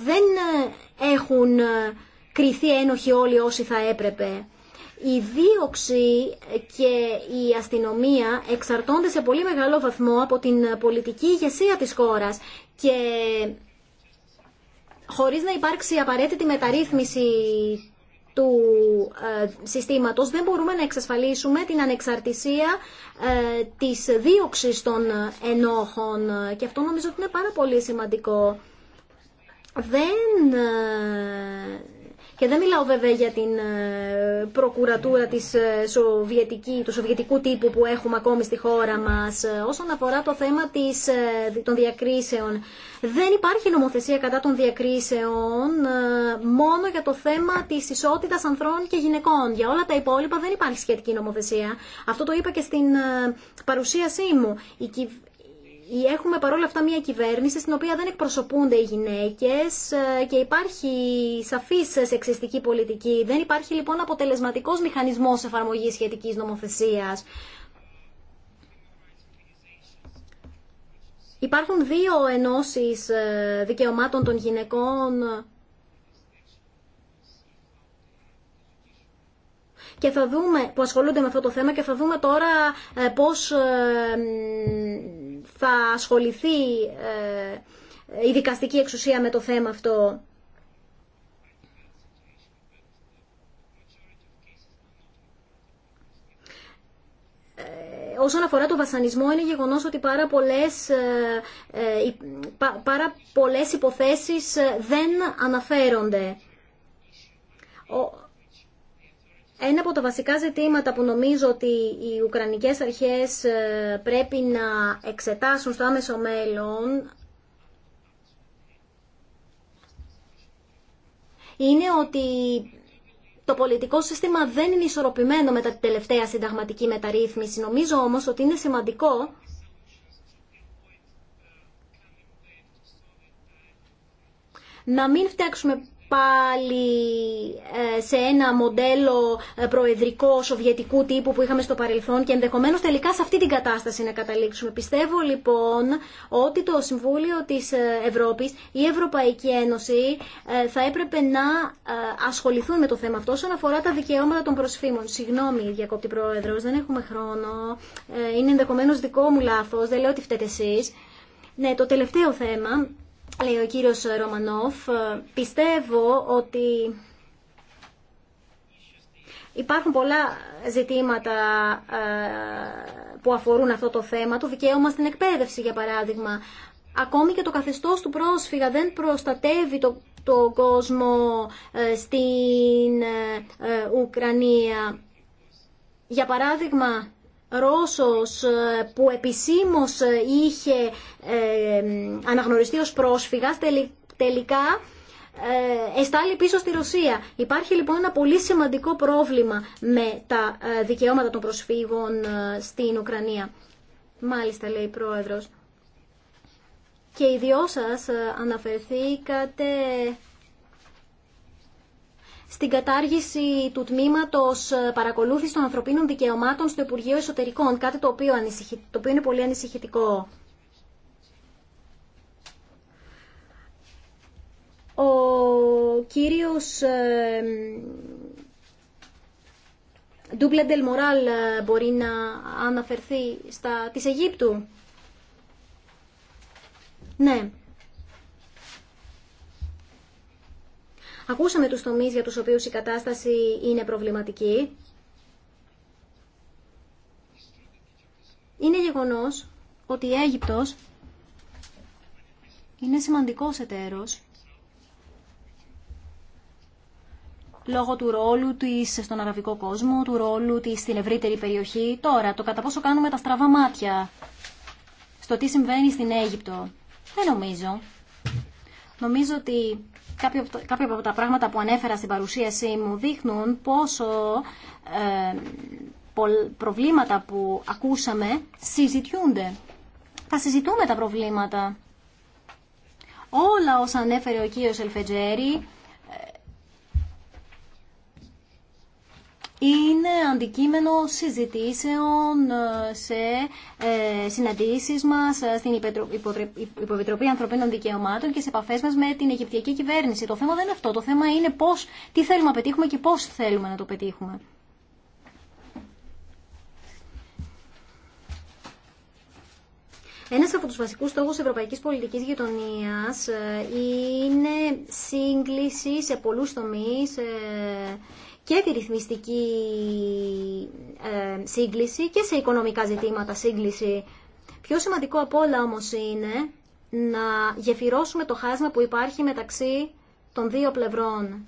δεν έχουν κριθεί ένοχοι όλοι όσοι θα έπρεπε. Η δίωξη και η αστυνομία εξαρτώνται σε πολύ μεγάλο βαθμό από την πολιτική ηγεσία της χώρας και χωρίς να υπάρξει απαραίτητη μεταρρύθμιση του ε, συστήματος δεν μπορούμε να εξασφαλίσουμε την ανεξαρτησία ε, της δίωξης των ενόχων και αυτό νομίζω ότι είναι πάρα πολύ σημαντικό. Δεν ε, και δεν μιλάω βέβαια για την ε, προκουρατούρα της ε, Σοβιετική, του σοβιετικού τύπου που έχουμε ακόμη στη χώρα μας. Ε, όσον αφορά το θέμα της, των διακρίσεων, δεν υπάρχει νομοθεσία κατά των διακρίσεων μόνο για το θέμα της ισότητας ανθρώπων και γυναικών. Για όλα τα υπόλοιπα δεν υπάρχει σχετική νομοθεσία. Αυτό το είπα και στην παρουσίασή μου. Η, έχουμε παρόλα αυτά μια κυβέρνηση στην οποία δεν εκπροσωπούνται οι γυναίκες ε, και υπάρχει σαφής σεξιστική πολιτική. Δεν υπάρχει λοιπόν αποτελεσματικός μηχανισμός εφαρμογής σχετικής νομοθεσίας. Υπάρχουν δύο ενώσεις ε, δικαιωμάτων των γυναικών και θα δούμε, που ασχολούνται με αυτό το θέμα και θα δούμε τώρα ε, πώς θα ασχοληθεί ε, η δικαστική εξουσία με το θέμα αυτό. Ε, όσον αφορά το βασανισμό, είναι γεγονός ότι πάρα πολλές, ε, πάρα υποθέσεις δεν αναφέρονται. Ένα από τα βασικά ζητήματα που νομίζω ότι οι Ουκρανικές αρχές ε, πρέπει να εξετάσουν στο άμεσο μέλλον είναι ότι το πολιτικό σύστημα δεν είναι ισορροπημένο μετά την τελευταία συνταγματική μεταρρύθμιση. Νομίζω όμως ότι είναι σημαντικό να μην φτιάξουμε πάλι ε, σε ένα μοντέλο ε, προεδρικό σοβιετικού τύπου που είχαμε στο παρελθόν και ενδεχομένως τελικά σε αυτή την κατάσταση να καταλήξουμε. Πιστεύω λοιπόν ότι το Συμβούλιο της ε, Ευρώπης, η Ευρωπαϊκή Ένωση θα έπρεπε να ασχοληθούν με το θέμα αυτό όσον αφορά τα δικαιώματα των προσφύμων. Συγγνώμη, διακόπτη πρόεδρος, δεν έχουμε χρόνο. Είναι ενδεχομένως δικό μου λάθος, δεν λέω ότι φταίτε εσείς. Ναι, το τελευταίο θέμα λέει ο κύριος Ρωμανόφ, ε, πιστεύω ότι υπάρχουν πολλά ζητήματα ε, που αφορούν αυτό το θέμα, το δικαίωμα στην εκπαίδευση για παράδειγμα. Ακόμη και το καθεστώς του πρόσφυγα δεν προστατεύει το, το κόσμο ε, στην Ουκρανία. Για παράδειγμα, Ρώσος ε, που επισήμως ε, είχε ε, αναγνωριστεί ως πρόσφυγας τελικά εστάλει πίσω στη Ρωσία. Υπάρχει λοιπόν ένα πολύ σημαντικό πρόβλημα με τα δικαιώματα των προσφύγων στην Ουκρανία. Μάλιστα λέει η Πρόεδρος. Και οι δυο σας αναφερθήκατε στην κατάργηση του τμήματος ε, παρακολούθηση των ανθρωπίνων δικαιωμάτων στο Υπουργείο Εσωτερικών, κάτι το οποίο, ανησυχη... το οποίο είναι πολύ ανησυχητικό. Ο κύριος ε, Ντούγκλε Ντελμοράλ ε, μπορεί να αναφερθεί στα της Αιγύπτου. Ναι. Ακούσαμε τους τομείς για τους οποίους η κατάσταση είναι προβληματική. Είναι γεγονός ότι η Αίγυπτος είναι σημαντικός εταίρος λόγω του ρόλου της στον αραβικό κόσμο, του ρόλου της στην ευρύτερη περιοχή. Τώρα, το κατά πόσο κάνουμε τα στραβά μάτια στο τι συμβαίνει στην Αίγυπτο, δεν νομίζω. Νομίζω ότι Κάποια από τα πράγματα που ανέφερα στην παρουσίασή μου δείχνουν πόσο ε, προβλήματα που ακούσαμε συζητιούνται. Θα συζητούμε τα προβλήματα. Όλα όσα ανέφερε ο κύριος Ελφετζέρη είναι αντικείμενο συζητήσεων ε, σε ε, συναντήσεις μας ε, στην Υποβιτροπή Ανθρωπίνων Δικαιωμάτων και σε επαφές μας με την Αιγυπτιακή Κυβέρνηση. Το θέμα δεν είναι αυτό. Το θέμα είναι πώς, τι θέλουμε να πετύχουμε και πώς θέλουμε να το πετύχουμε. Ένας από τους βασικούς στόχους ευρωπαϊκής πολιτικής γειτονίας είναι σύγκληση σε πολλούς τομείς και τη ρυθμιστική ε, σύγκληση και σε οικονομικά ζητήματα σύγκληση. Πιο σημαντικό από όλα όμως είναι να γεφυρώσουμε το χάσμα που υπάρχει μεταξύ των δύο πλευρών.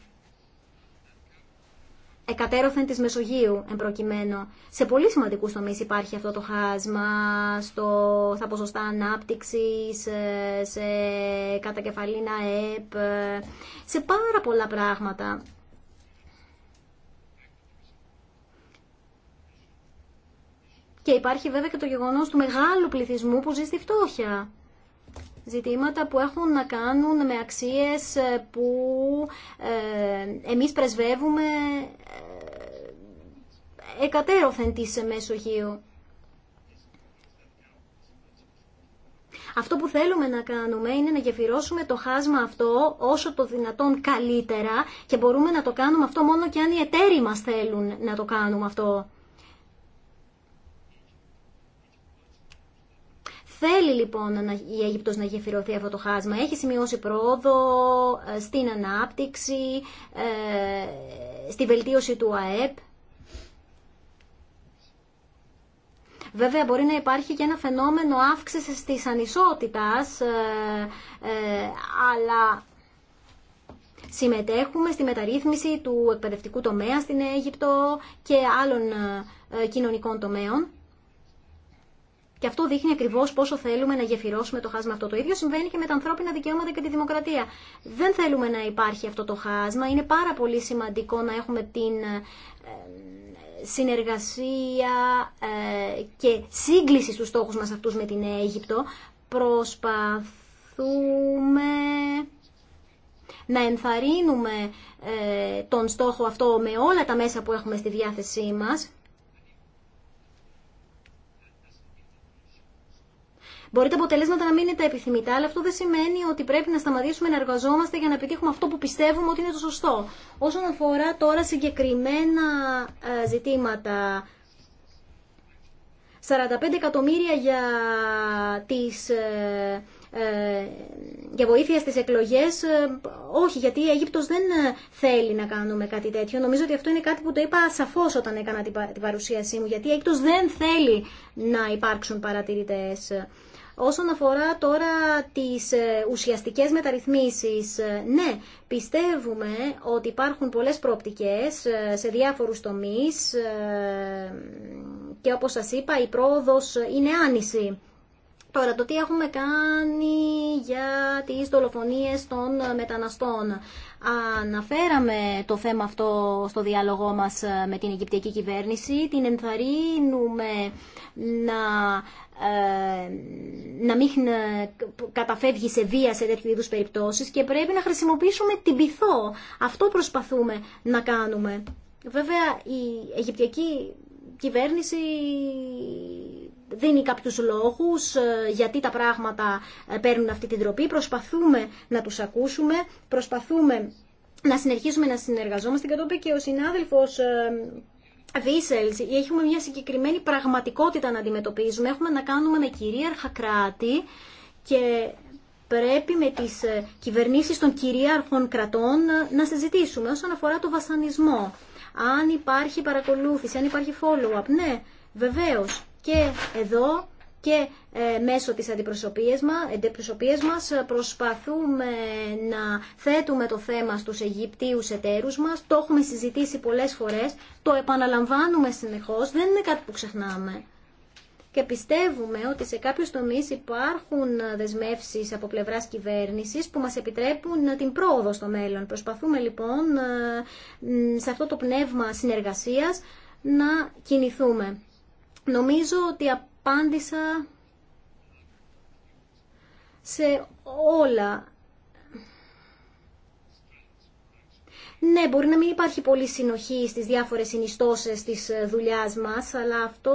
Εκατέρωθεν της Μεσογείου, εμπροκειμένο. Σε πολύ σημαντικούς τομείς υπάρχει αυτό το χάσμα, στο, στα ποσοστά ανάπτυξης, ε, σε, σε κατακεφαλήνα ΕΠ, ε, σε πάρα πολλά πράγματα. Και υπάρχει βέβαια και το γεγονός του μεγάλου πληθυσμού που ζει στη φτώχεια. Ζητήματα που έχουν να κάνουν με αξίες ε, που ε, εμείς πρεσβεύουμε ε, εκατέρωθεν της Μεσογείου. Αυτό που θέλουμε να κάνουμε είναι να γεφυρώσουμε το χάσμα αυτό όσο το δυνατόν καλύτερα και μπορούμε να το κάνουμε αυτό μόνο και αν οι εταίροι μας θέλουν να το κάνουμε αυτό. Θέλει λοιπόν η Αίγυπτος να γεφυρωθεί αυτό το χάσμα. Έχει σημειώσει πρόοδο ε, στην ανάπτυξη, ε, στη βελτίωση του ΑΕΠ. Βέβαια μπορεί να υπάρχει και ένα φαινόμενο αύξησης της ανισότητας, ε, αλλά συμμετέχουμε στη μεταρρύθμιση του εκπαιδευτικού τομέα στην Αίγυπτο και άλλων κοινωνικών τομέων. Και αυτό δείχνει ακριβώ πόσο θέλουμε να γεφυρώσουμε το χάσμα αυτό. Το ίδιο συμβαίνει και με τα ανθρώπινα δικαιώματα και τη δημοκρατία. Δεν θέλουμε να υπάρχει αυτό το χάσμα. Είναι πάρα πολύ σημαντικό να έχουμε την ε, συνεργασία ε, και σύγκληση στους στόχους μας αυτούς με την Αίγυπτο. Προσπαθούμε να ενθαρρύνουμε ε, τον στόχο αυτό με όλα τα μέσα που έχουμε στη διάθεσή μας Μπορεί τα αποτελέσματα να μην είναι τα επιθυμητά, αλλά αυτό δεν σημαίνει ότι πρέπει να σταματήσουμε να εργαζόμαστε για να επιτύχουμε αυτό που πιστεύουμε ότι είναι το σωστό. Όσον αφορά τώρα συγκεκριμένα ε, ζητήματα, 45 εκατομμύρια για τις ε, ε, για βοήθεια στις εκλογές όχι γιατί η Αίγυπτος δεν θέλει να κάνουμε κάτι τέτοιο νομίζω ότι αυτό είναι κάτι που το είπα σαφώς όταν έκανα την παρουσίασή μου γιατί η Αίγυπτος δεν θέλει να υπάρξουν παρατηρητές Όσον αφορά τώρα τις ε, ουσιαστικές μεταρρυθμίσεις, ε, ναι, πιστεύουμε ότι υπάρχουν πολλές πρόπτικες ε, σε διάφορους τομείς και όπως σας είπα η πρόοδος είναι άνηση. Τώρα, το τι έχουμε κάνει για τις δολοφονίες των μεταναστών. Αναφέραμε το θέμα αυτό στο διάλογό μας ε, με την Αιγυπτιακή κυβέρνηση. Την ενθαρρύνουμε να, ε, να μην ε, καταφεύγει σε βία σε τέτοιου είδους περιπτώσεις και πρέπει να χρησιμοποιήσουμε την πυθό. Αυτό προσπαθούμε να κάνουμε. Βέβαια η Αιγυπτιακή κυβέρνηση δίνει κάποιους λόγους ε, γιατί τα πράγματα ε, παίρνουν αυτή την τροπή. Προσπαθούμε να τους ακούσουμε, προσπαθούμε να συνεχίσουμε να συνεργαζόμαστε και το και ο συνάδελφος ε, Βίσελς, έχουμε μια συγκεκριμένη πραγματικότητα να αντιμετωπίζουμε, έχουμε να κάνουμε με κυρίαρχα κράτη και πρέπει με τις κυβερνήσεις των κυρίαρχων κρατών να συζητήσουμε όσον αφορά το βασανισμό. Αν υπάρχει παρακολούθηση, αν υπάρχει follow-up, ναι, βεβαίως και εδώ και ε, μέσω της αντιπροσωπείας μας ε, προσπαθούμε να θέτουμε το θέμα στους Αιγυπτίους εταίρους μας. Το έχουμε συζητήσει πολλές φορές, το επαναλαμβάνουμε συνεχώς, δεν είναι κάτι που ξεχνάμε. Και πιστεύουμε ότι σε κάποιους τομείς υπάρχουν δεσμεύσεις από πλευράς κυβέρνησης που μας επιτρέπουν την πρόοδο στο μέλλον. Προσπαθούμε λοιπόν ε, σε αυτό το πνεύμα συνεργασίας να κινηθούμε. Νομίζω ότι απάντησα σε όλα. Ναι, μπορεί να μην υπάρχει πολύ συνοχή στις διάφορες συνιστώσεις της ε, δουλειάς μας, αλλά αυτό,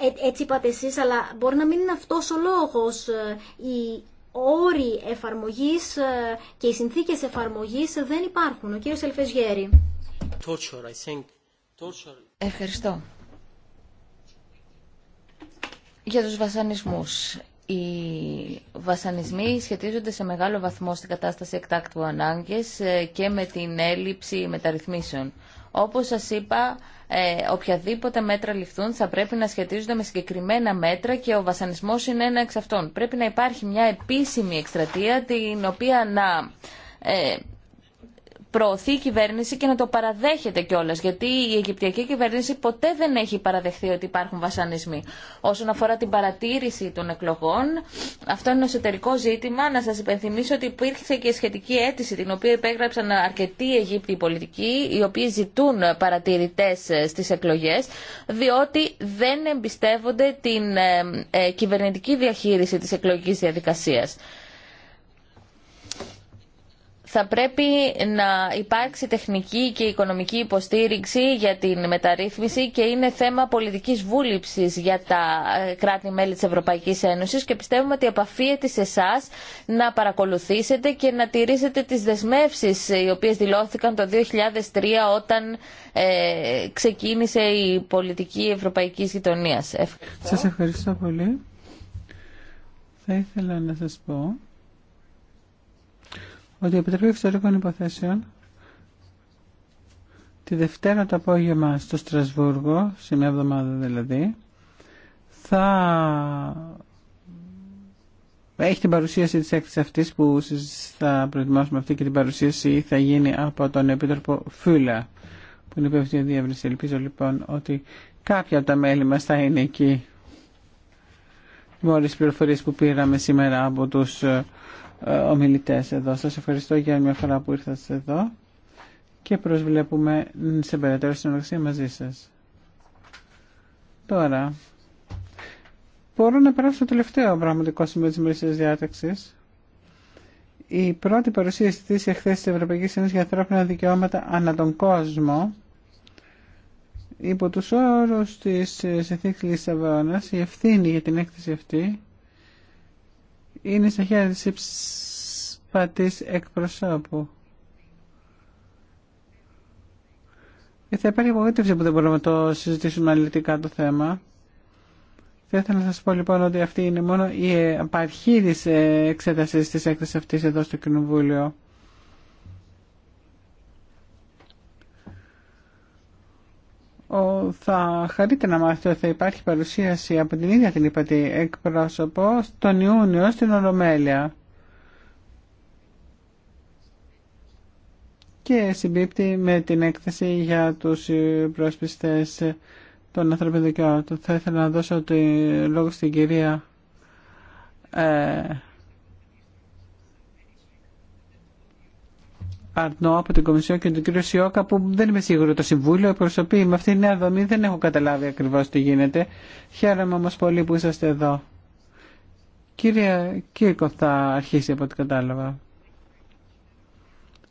ε, έτσι είπατε εσείς, αλλά μπορεί να μην είναι αυτός ο λόγος. Ε, οι όροι εφαρμογής και οι συνθήκες εφαρμογής δεν υπάρχουν. Ο κύριος Ελφεζιέρη. Ευχαριστώ. Για τους βασανισμούς. Οι βασανισμοί σχετίζονται σε μεγάλο βαθμό στην κατάσταση εκτάκτου ανάγκες ε, και με την έλλειψη μεταρρυθμίσεων. Όπως σας είπα, ε, οποιαδήποτε μέτρα ληφθούν θα πρέπει να σχετίζονται με συγκεκριμένα μέτρα και ο βασανισμός είναι ένα εξ αυτών. Πρέπει να υπάρχει μια επίσημη εκστρατεία την οποία να ε, προωθεί η κυβέρνηση και να το παραδέχεται κιόλα, γιατί η Αιγυπτιακή κυβέρνηση ποτέ δεν έχει παραδεχθεί ότι υπάρχουν βασανισμοί. Όσον αφορά την παρατήρηση των εκλογών, αυτό είναι ένα εσωτερικό ζήτημα. Να σα υπενθυμίσω ότι υπήρξε και σχετική αίτηση, την οποία υπέγραψαν αρκετοί Αιγύπτιοι πολιτικοί, οι οποίοι ζητούν παρατηρητέ ε, στι εκλογέ, διότι δεν εμπιστεύονται την ε, ε, κυβερνητική διαχείριση τη εκλογική διαδικασία θα πρέπει να υπάρξει τεχνική και οικονομική υποστήριξη για την μεταρρύθμιση και είναι θέμα πολιτικής βούληψης για τα ε, κράτη-μέλη της Ευρωπαϊκής Ένωσης και πιστεύουμε ότι απαφίεται σε εσά να παρακολουθήσετε και να τηρήσετε τις δεσμεύσεις οι οποίες δηλώθηκαν το 2003 όταν ε, ξεκίνησε η πολιτική ευρωπαϊκής γειτονίας. Ευχαριστώ. Σας ευχαριστώ πολύ. Θα ήθελα να σας πω ότι η Επιτροπή Εξωτερικών Υποθέσεων τη Δευτέρα το απόγευμα στο Στρασβούργο, σε μια εβδομάδα δηλαδή, θα έχει την παρουσίαση της έκθεσης αυτής που θα προετοιμάσουμε αυτή και την παρουσίαση θα γίνει από τον Επίτροπο Φούλα που είναι υπεύθυνο για διεύρυνση. Ελπίζω λοιπόν ότι κάποια από τα μέλη μας θα είναι εκεί με όλες τις πληροφορίες που πήραμε σήμερα από τους ε, ε, ομιλητές εδώ. Σας ευχαριστώ για μια φορά που ήρθατε εδώ και προσβλέπουμε σε περαιτέρω συνεργασία μαζί σας. Τώρα, μπορώ να περάσω το τελευταίο πραγματικό σημείο τη μερικής διάταξης. Η πρώτη παρουσίαση της εχθές της Ευρωπαϊκή Ένωση για ανθρώπινα δικαιώματα ανά τον κόσμο υπό τους όρους της συνθήκης Λισαβόνας η ευθύνη για την έκθεση αυτή είναι στα χέρια της εκπροσώπου. Και ε, θα υπάρχει απογοήτευση που δεν μπορούμε να το συζητήσουμε αναλυτικά το θέμα. Θα ήθελα να σας πω λοιπόν ότι αυτή είναι μόνο η απαρχή της ε, εξέτασης της έκθεσης αυτής εδώ στο Κοινοβούλιο. θα χαρείτε να μάθετε ότι θα υπάρχει παρουσίαση από την ίδια την είπατε εκπρόσωπο τον Ιούνιο στην Ολομέλεια. Και συμπίπτει με την έκθεση για τους πρόσπιστες των ανθρώπινων δικαιώματων. Θα ήθελα να δώσω το λόγο στην κυρία ε, Αρνό από την Κομισιόν και τον κύριο Σιώκα που δεν είμαι σίγουρο το Συμβούλιο εκπροσωπεί με αυτήν την νέα δομή δεν έχω καταλάβει ακριβώς τι γίνεται. Χαίρομαι όμως πολύ που είσαστε εδώ. Κύριε Κύρκο θα αρχίσει από ό,τι κατάλαβα.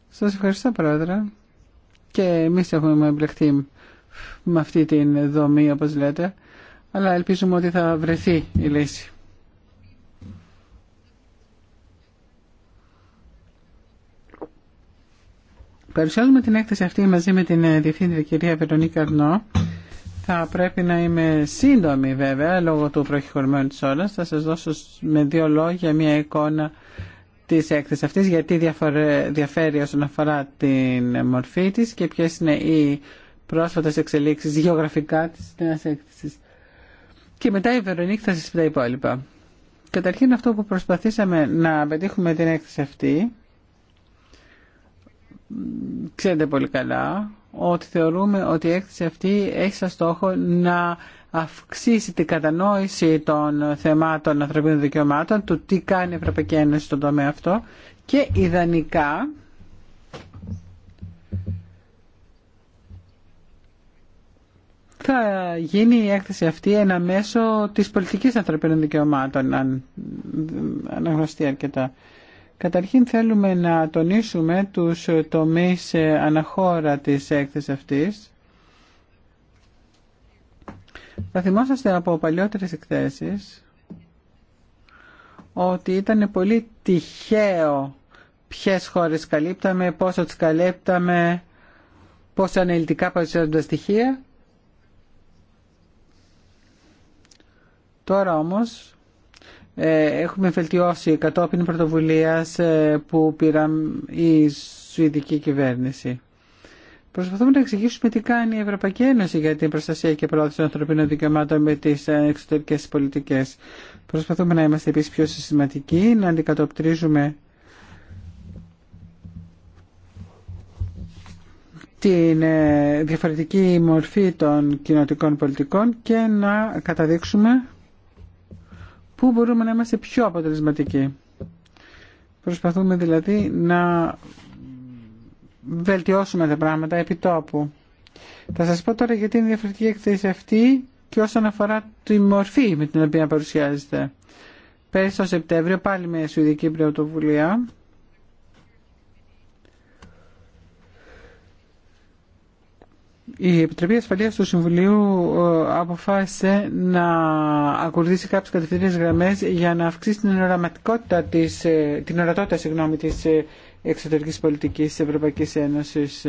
Σας ευχαριστώ πρόεδρε και εμείς έχουμε εμπλεχτεί με αυτή την δομή όπως λέτε αλλά ελπίζουμε ότι θα βρεθεί η λύση. Παρουσιάζουμε την έκθεση αυτή μαζί με την ε, Διευθύντρια κυρία Βερονίκη Αρνό. Θα πρέπει να είμαι σύντομη βέβαια λόγω του προχειρημένου της ώρας. Θα σας δώσω με δύο λόγια μια εικόνα της έκθεσης αυτής γιατί διαφέρει όσον αφορά την μορφή της και ποιες είναι οι πρόσφατες εξελίξεις γεωγραφικά της νέας έκθεσης. Και μετά η Βερονίκη θα σας πει τα υπόλοιπα. Καταρχήν αυτό που προσπαθήσαμε να πετύχουμε την έκθεση αυτή ξέρετε πολύ καλά ότι θεωρούμε ότι η έκθεση αυτή έχει σαν στόχο να αυξήσει την κατανόηση των θεμάτων ανθρωπίνων δικαιωμάτων, του τι κάνει η Ευρωπαϊκή Ένωση στον τομέα αυτό και ιδανικά θα γίνει η έκθεση αυτή ένα μέσο της πολιτικής ανθρωπίνων δικαιωμάτων αν αναγνωστεί αρκετά. Καταρχήν θέλουμε να τονίσουμε τους τομείς ε, αναχώρα της έκθεσης αυτής. Θα θυμόσαστε από παλιότερες εκθέσεις ότι ήταν πολύ τυχαίο ποιες χώρες καλύπταμε, πόσο τις καλύπταμε, πόσο αναλυτικά παρουσιάζουν τα στοιχεία. Τώρα όμως ε, έχουμε βελτιώσει κατόπιν πρωτοβουλίας ε, που πήραν η Σουηδική κυβέρνηση. Προσπαθούμε να εξηγήσουμε τι κάνει η Ευρωπαϊκή Ένωση για την προστασία και πρόοδο των ανθρωπίνων δικαιωμάτων με τι ε, εξωτερικέ πολιτικέ. Προσπαθούμε να είμαστε επίση πιο συστηματικοί, να αντικατοπτρίζουμε τη διαφορετική μορφή των κοινοτικών πολιτικών και να καταδείξουμε Πού μπορούμε να είμαστε πιο αποτελεσματικοί. Προσπαθούμε δηλαδή να βελτιώσουμε τα πράγματα επί τόπου. Θα σας πω τώρα γιατί είναι διαφορετική εκθέση αυτή και όσον αφορά τη μορφή με την οποία παρουσιάζεται. Πέρυσι το Σεπτέμβριο πάλι με Σουηδική Πρωτοβουλία η Επιτροπή Ασφαλείας του Συμβουλίου ε, αποφάσισε να ακολουθήσει κάποιες κατευθυντικές γραμμές για να αυξήσει την, οραματικότητα της, ε, την ορατότητα συγγνώμη, της ε, εξωτερικής πολιτικής της Ευρωπαϊκής Ένωσης.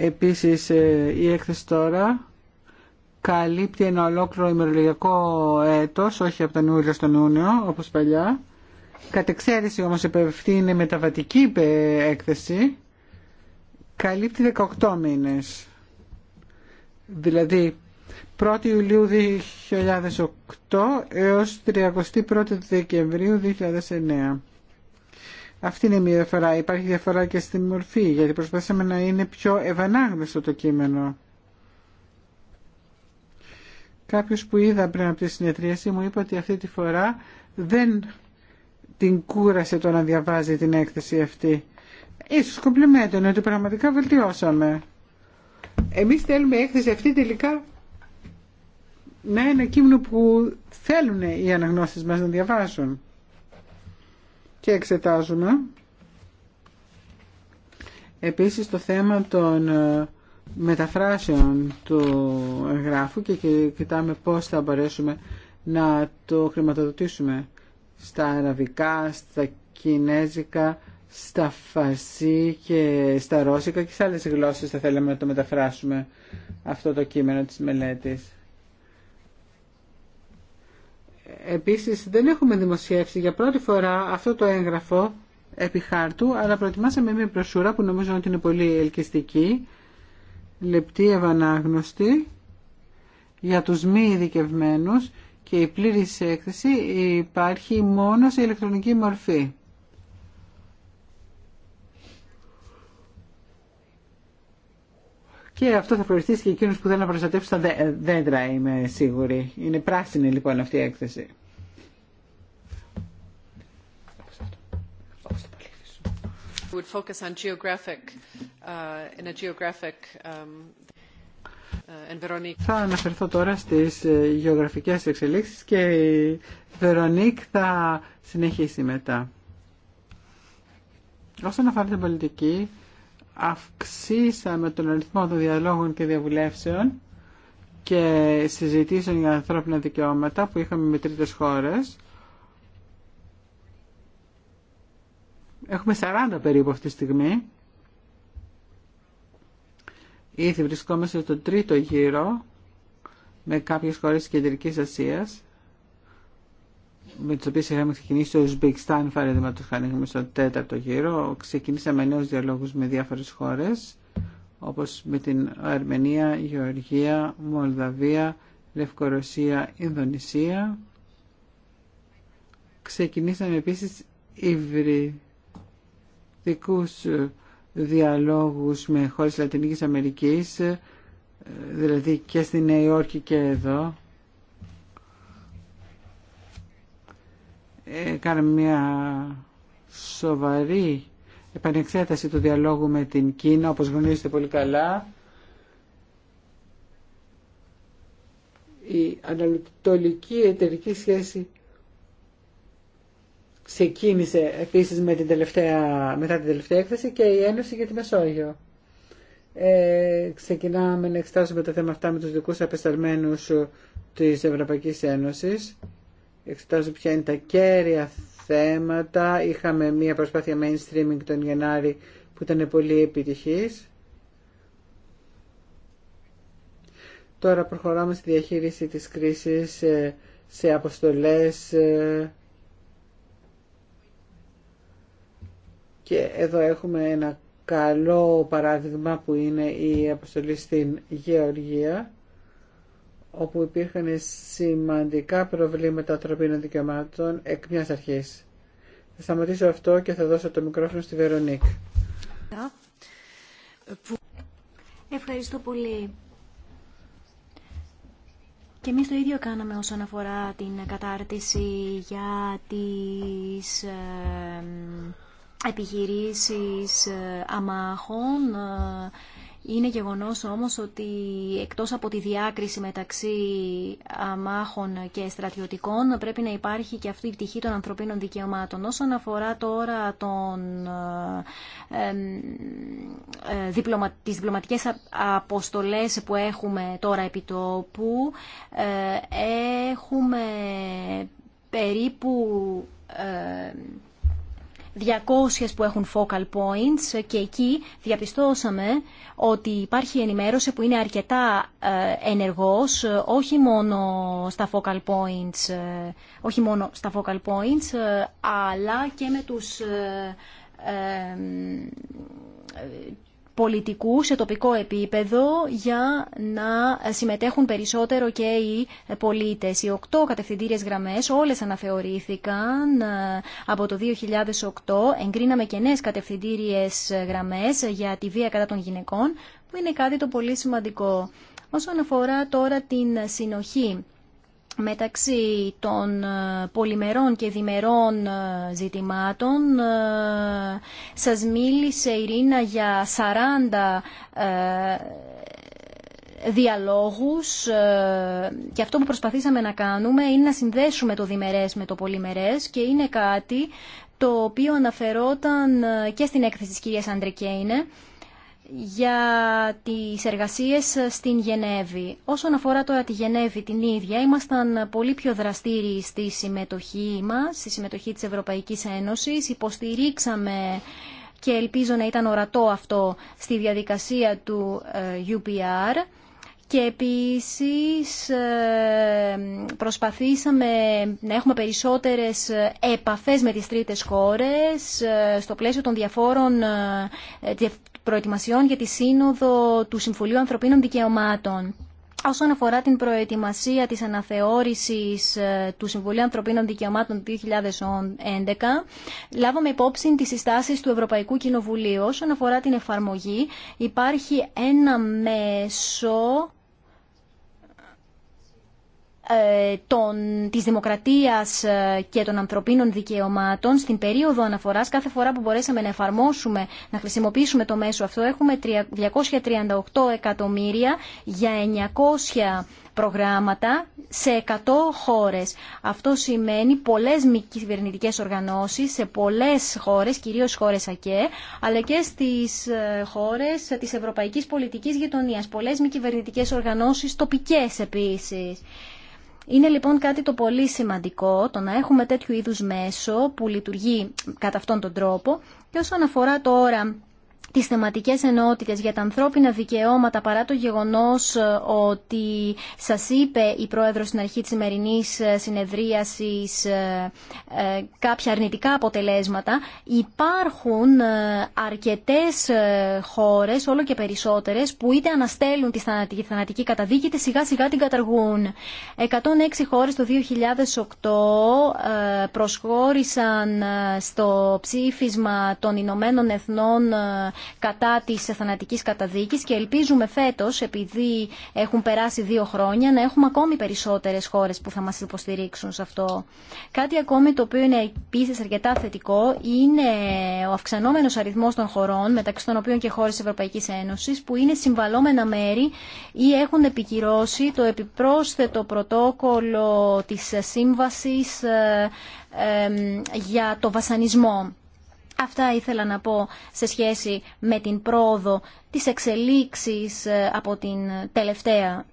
Επίσης η έκθεση τώρα καλύπτει ένα ολόκληρο ημερολογιακό έτος, όχι από τον Ιούλιο στον Ιούνιο όπως παλιά. Κατ' εξαίρεση όμως επευθύνει μεταβατική έκθεση καλύπτει 18 μήνες. Δηλαδή 1η Ιουλίου 2008 έως 31 31η Δεκεμβρίου 2009. Αυτή είναι μια διαφορά. Υπάρχει διαφορά και στην μορφή, γιατί προσπαθήσαμε να είναι πιο ευανάγνωστο το κείμενο. Κάποιος που είδα πριν από τη συνεδρίαση μου είπε ότι αυτή τη φορά δεν την κούρασε το να διαβάζει την έκθεση αυτή ίσως κομπλιμέντων... Ναι, ότι πραγματικά βελτιώσαμε. Εμείς θέλουμε έκθεση αυτή τελικά να είναι ένα κείμενο που θέλουν οι αναγνώσεις μας να διαβάσουν. Και εξετάζουμε επίσης το θέμα των ε, μεταφράσεων του εγγράφου και κοιτάμε πώς θα μπορέσουμε να το χρηματοδοτήσουμε στα αραβικά, στα κινέζικα, στα φαρσί και στα ρώσικα και σε άλλες γλώσσες θα θέλαμε να το μεταφράσουμε αυτό το κείμενο της μελέτης. Επίσης δεν έχουμε δημοσιεύσει για πρώτη φορά αυτό το έγγραφο επί χάρτου, αλλά προετοιμάσαμε μια προσούρα που νομίζω ότι είναι πολύ ελκυστική, λεπτή ευανάγνωστη, για τους μη ειδικευμένου και η πλήρης έκθεση υπάρχει μόνο σε ηλεκτρονική μορφή. Και αυτό θα προωριστήσει και εκείνους που θέλουν να προστατεύσουν τα δέντρα, είμαι σίγουρη. Είναι πράσινη λοιπόν αυτή η έκθεση. Uh, um, uh, θα αναφερθώ τώρα στις ε, γεωγραφικές εξελίξεις και η Βερονίκ θα συνεχίσει μετά. Όσον αφορά την πολιτική, αυξήσαμε τον αριθμό των διαλόγων και διαβουλεύσεων και συζητήσεων για ανθρώπινα δικαιώματα που είχαμε με τρίτες χώρες. Έχουμε 40 περίπου αυτή τη στιγμή. Ήδη βρισκόμαστε στο τρίτο γύρο με κάποιες χώρες της Κεντρικής Ασίας με τι οποίε είχαμε ξεκινήσει στο Ισπικστάν παραδείγματο χάρη, είχαμε στο τέταρτο γύρο, ξεκινήσαμε νέου διαλόγους με διάφορες χώρες, όπως με την Αρμενία, Γεωργία, Μολδαβία, Λευκορωσία, Ινδονησία. Ξεκινήσαμε επίσης υβριδικού διαλόγους με χώρες Λατινικής Αμερικής, δηλαδή και στη Νέα Υόρκη και εδώ, κάναμε μια σοβαρή επανεξέταση του διαλόγου με την Κίνα, όπως γνωρίζετε πολύ καλά. Η ανατολική εταιρική σχέση ξεκίνησε επίσης με την τελευταία, μετά την τελευταία έκθεση και η Ένωση για τη Μεσόγειο. Ε, ξεκινάμε να εξετάσουμε τα θέματα αυτά με τους δικούς απεσταλμένους της Ευρωπαϊκής Ένωσης εξετάζω ποια είναι τα κέρια θέματα. Είχαμε μία προσπάθεια mainstreaming τον Γενάρη που ήταν πολύ επιτυχής. Τώρα προχωράμε στη διαχείριση της κρίσης ε, σε αποστολές ε, και εδώ έχουμε ένα καλό παράδειγμα που είναι η αποστολή στην Γεωργία όπου υπήρχαν σημαντικά προβλήματα ανθρωπίνων δικαιωμάτων εκ μιας αρχής. Θα σταματήσω αυτό και θα δώσω το μικρόφωνο στη Βερονίκ. Ευχαριστώ πολύ. Και εμείς το ίδιο κάναμε όσον αφορά την κατάρτιση για τις ε, επιχειρήσεις ε, αμάχων ε, είναι γεγονός όμως ότι εκτός από τη διάκριση μεταξύ αμάχων και στρατιωτικών πρέπει να υπάρχει και αυτή η πτυχή των ανθρωπίνων δικαιωμάτων. Όσον αφορά τώρα τον, ε, ε διπλωμα, τις διπλωματικές αποστολές που έχουμε τώρα επί τόπου, ε, έχουμε περίπου... Ε, 200 που έχουν focal points και εκεί διαπιστώσαμε ότι υπάρχει ενημέρωση που είναι αρκετά ε, ενεργός ε, όχι μόνο στα focal points, ε, όχι μόνο στα focal points αλλά και με τους πολιτικού σε τοπικό επίπεδο για να συμμετέχουν περισσότερο και οι πολίτες. Οι οκτώ κατευθυντήριες γραμμές όλες αναθεωρήθηκαν ε, από το 2008. Εγκρίναμε και νέες κατευθυντήριες γραμμές για τη βία κατά των γυναικών που είναι κάτι το πολύ σημαντικό. Όσον αφορά τώρα την συνοχή μεταξύ των ε, πολυμερών και διμερών ε, ζητημάτων. Ε, σας μίλησε η Ρίνα για 40 διαλόγους και αυτό που προσπαθήσαμε να κάνουμε είναι να συνδέσουμε το διμερές με το πολυμερές και είναι κάτι το οποίο αναφερόταν και στην έκθεση της κυρίας Αντρικέινε για τις εργασίες στην Γενέβη. Όσον αφορά τώρα τη Γενέβη την ίδια, ήμασταν πολύ πιο δραστήριοι στη συμμετοχή μας, στη συμμετοχή της Ευρωπαϊκής Ένωσης. Υποστηρίξαμε και ελπίζω να ήταν ορατό αυτό στη διαδικασία του ε, UPR. Και επίσης ε, προσπαθήσαμε να έχουμε περισσότερες επαφές με τις τρίτες χώρες ε, στο πλαίσιο των διαφόρων, προετοιμασιών για τη Σύνοδο του Συμβουλίου Ανθρωπίνων Δικαιωμάτων. Όσον αφορά την προετοιμασία της αναθεώρησης ε, του Συμβουλίου Ανθρωπίνων Δικαιωμάτων 2011, λάβαμε υπόψη τις συστάσεις του Ευρωπαϊκού Κοινοβουλίου. Όσον αφορά την εφαρμογή, υπάρχει ένα μέσο ε, Τη δημοκρατία δημοκρατίας ε, και των ανθρωπίνων δικαιωμάτων στην περίοδο αναφοράς κάθε φορά που μπορέσαμε να εφαρμόσουμε, να χρησιμοποιήσουμε το μέσο αυτό έχουμε 238 εκατομμύρια για 900 προγράμματα σε 100 χώρες. Αυτό σημαίνει πολλές μη κυβερνητικές οργανώσεις σε πολλές χώρες, κυρίως χώρες ΑΚΕ, αλλά και στις ε, χώρες της Ευρωπαϊκής Πολιτικής Γειτονίας. Πολλές μη κυβερνητικές οργανώσεις τοπικές επίσης. Είναι λοιπόν κάτι το πολύ σημαντικό το να έχουμε τέτοιου είδους μέσο που λειτουργεί κατά αυτόν τον τρόπο. Και όσον αφορά τώρα τις θεματικές ενότητες για τα ανθρώπινα δικαιώματα παρά το γεγονός ε, ότι σας είπε η Πρόεδρος στην αρχή της σημερινής ε, συνεδρίασης ε, κάποια αρνητικά αποτελέσματα υπάρχουν αρκετές χώρες, όλο και περισσότερες που είτε αναστέλουν τη θανατική καταδίκη είτε σιγά σιγά την καταργούν 106 χώρες το 2008 προσχώρησαν στο ψήφισμα των Ηνωμένων Εθνών κατά τη θανατική καταδίκης και ελπίζουμε φέτος, επειδή έχουν περάσει δύο χρόνια, να έχουμε ακόμη περισσότερες χώρε που θα μας υποστηρίξουν σε αυτό. Κάτι ακόμη το οποίο είναι επίση αρκετά θετικό είναι ο αυξανόμενος αριθμός των χωρών, μεταξύ των οποίων και χώρες της Ευρωπαϊκής Ένωσης, που είναι συμβαλόμενα μέρη ή έχουν επικυρώσει το επιπρόσθετο πρωτόκολλο τη σύμβασης ε, ε, για το βασανισμό. Αυτά ήθελα να πω σε σχέση με την πρόοδο της εξελίξης ε, από την τελευταία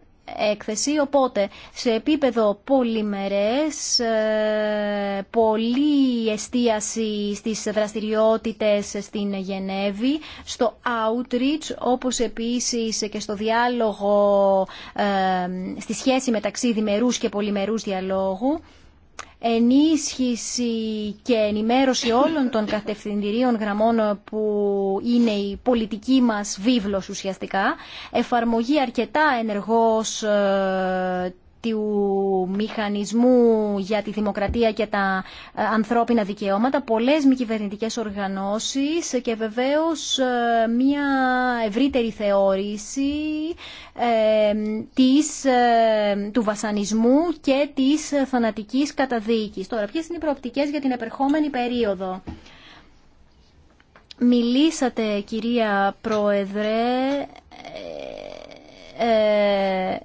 έκθεση. Οπότε, σε επίπεδο πολυμερές, ε, πολλή εστίαση στις δραστηριότητες στην Γενέβη, στο outreach, όπως επίσης και στο διάλογο, ε, στη σχέση μεταξύ διμερούς και πολυμερούς διαλόγου ενίσχυση και ενημέρωση όλων των κατευθυντηρίων γραμμών που είναι η πολιτική μας βίβλος ουσιαστικά, εφαρμογή αρκετά ενεργώς ε, του Μηχανισμού για τη Δημοκρατία και τα ε, Ανθρώπινα Δικαιώματα, πολλές μη κυβερνητικέ οργανώσεις και βεβαίως ε, μια ευρύτερη θεώρηση ε, της, του βασανισμού και της θανατικής καταδίκης. Τώρα, ποιες είναι οι προοπτικές για την επερχόμενη περίοδο. Μιλήσατε, κυρία Πρόεδρε, ε,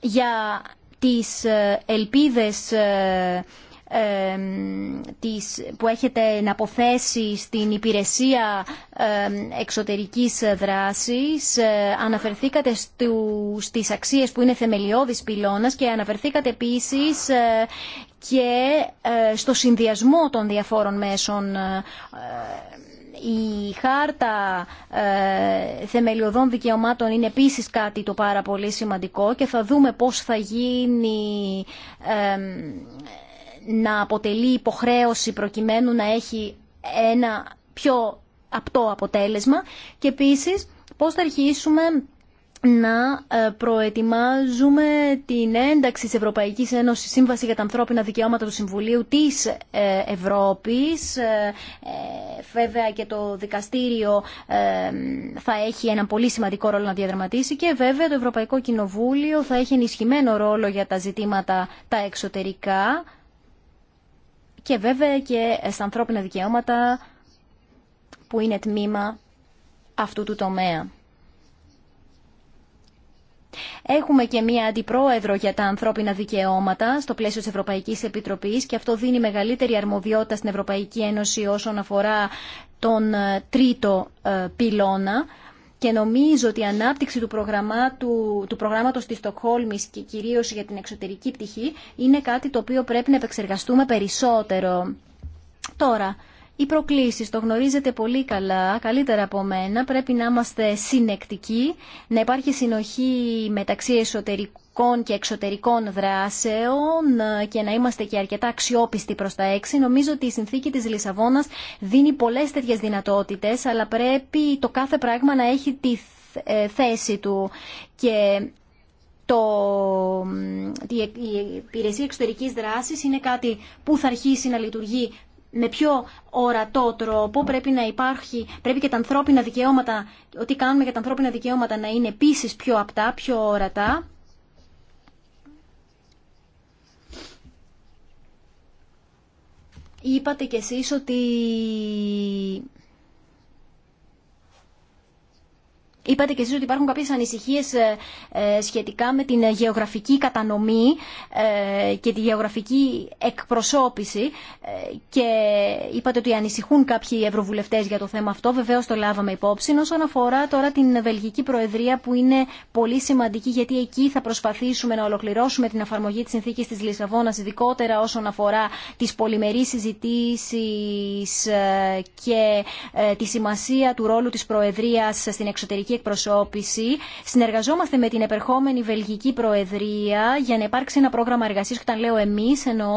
για τις ε, ελπίδες ε, ε, που έχετε να αποθέσει στην υπηρεσία εξωτερικής δράσης αναφερθήκατε στις αξίες που είναι θεμελιώδης πυλώνας και αναφερθήκατε επίσης και στο συνδυασμό των διαφόρων μέσων η χάρτα ε, θεμελιωδών δικαιωμάτων είναι επίσης κάτι το πάρα πολύ σημαντικό και θα δούμε πώς θα γίνει να αποτελεί υποχρέωση προκειμένου να έχει ένα πιο απτό αποτέλεσμα και επίσης πώς θα αρχίσουμε να ε, προετοιμάζουμε την ένταξη της Ευρωπαϊκής Ένωσης Σύμβαση για τα Ανθρώπινα Δικαιώματα του Συμβουλίου της ε, Ευρώπης. Ε, βέβαια και το δικαστήριο θα έχει έναν πολύ σημαντικό ρόλο να διαδραματίσει και βέβαια το Ευρωπαϊκό Κοινοβούλιο θα έχει ενισχυμένο ρόλο για τα ζητήματα τα εξωτερικά και βέβαια και στα ανθρώπινα δικαιώματα που είναι τμήμα αυτού του τομέα. Έχουμε και μία αντιπρόεδρο για τα ανθρώπινα δικαιώματα στο πλαίσιο της Ευρωπαϊκής Επιτροπής και αυτό δίνει μεγαλύτερη αρμοδιότητα στην Ευρωπαϊκή Ένωση όσον αφορά τον ε, τρίτο ε, πυλώνα και νομίζω ότι η ανάπτυξη του, προγραμμάτου, του προγράμματος της Στοκχόλμης και κυρίως για την εξωτερική πτυχή είναι κάτι το οποίο πρέπει να επεξεργαστούμε περισσότερο. Τώρα, οι προκλήσει το γνωρίζετε πολύ καλά, καλύτερα από μένα, πρέπει να είμαστε συνεκτικοί, να υπάρχει συνοχή μεταξύ εσωτερικών και εξωτερικών δράσεων και να είμαστε και αρκετά αξιόπιστοι προς τα έξι. Νομίζω ότι η συνθήκη της Λισαβόνας δίνει πολλές τέτοιες δυνατότητες, αλλά πρέπει το κάθε πράγμα να έχει τη ε, θέση του και το, η υπηρεσία εξωτερικής δράσης είναι κάτι που θα αρχίσει να λειτουργεί με πιο ορατό τρόπο πρέπει να υπάρχει, πρέπει και τα ανθρώπινα δικαιώματα, ό,τι κάνουμε για τα ανθρώπινα δικαιώματα να είναι επίση πιο απτά, πιο ορατά. Είπατε κι εσείς ότι Είπατε και εσείς ότι υπάρχουν κάποιες ανησυχίες ε, ε, σχετικά με την γεωγραφική κατανομή ε, και τη γεωγραφική εκπροσώπηση και είπατε ότι ανησυχούν κάποιοι ευρωβουλευτές για το θέμα αυτό. Βεβαίως το λάβαμε υπόψη. Όσον αφορά τώρα την Βελγική Προεδρία που είναι πολύ σημαντική γιατί εκεί θα προσπαθήσουμε να ολοκληρώσουμε την εφαρμογή της συνθήκης της Λισαβόνας ειδικότερα όσον αφορά τις πολυμερείς συζητήσεις και τη σημασία του ρόλου της Προεδρίας στην εξωτερική εκπροσώπηση. Συνεργαζόμαστε με την επερχόμενη Βελγική Προεδρία για να υπάρξει ένα πρόγραμμα εργασία όταν λέω εμείς εννοώ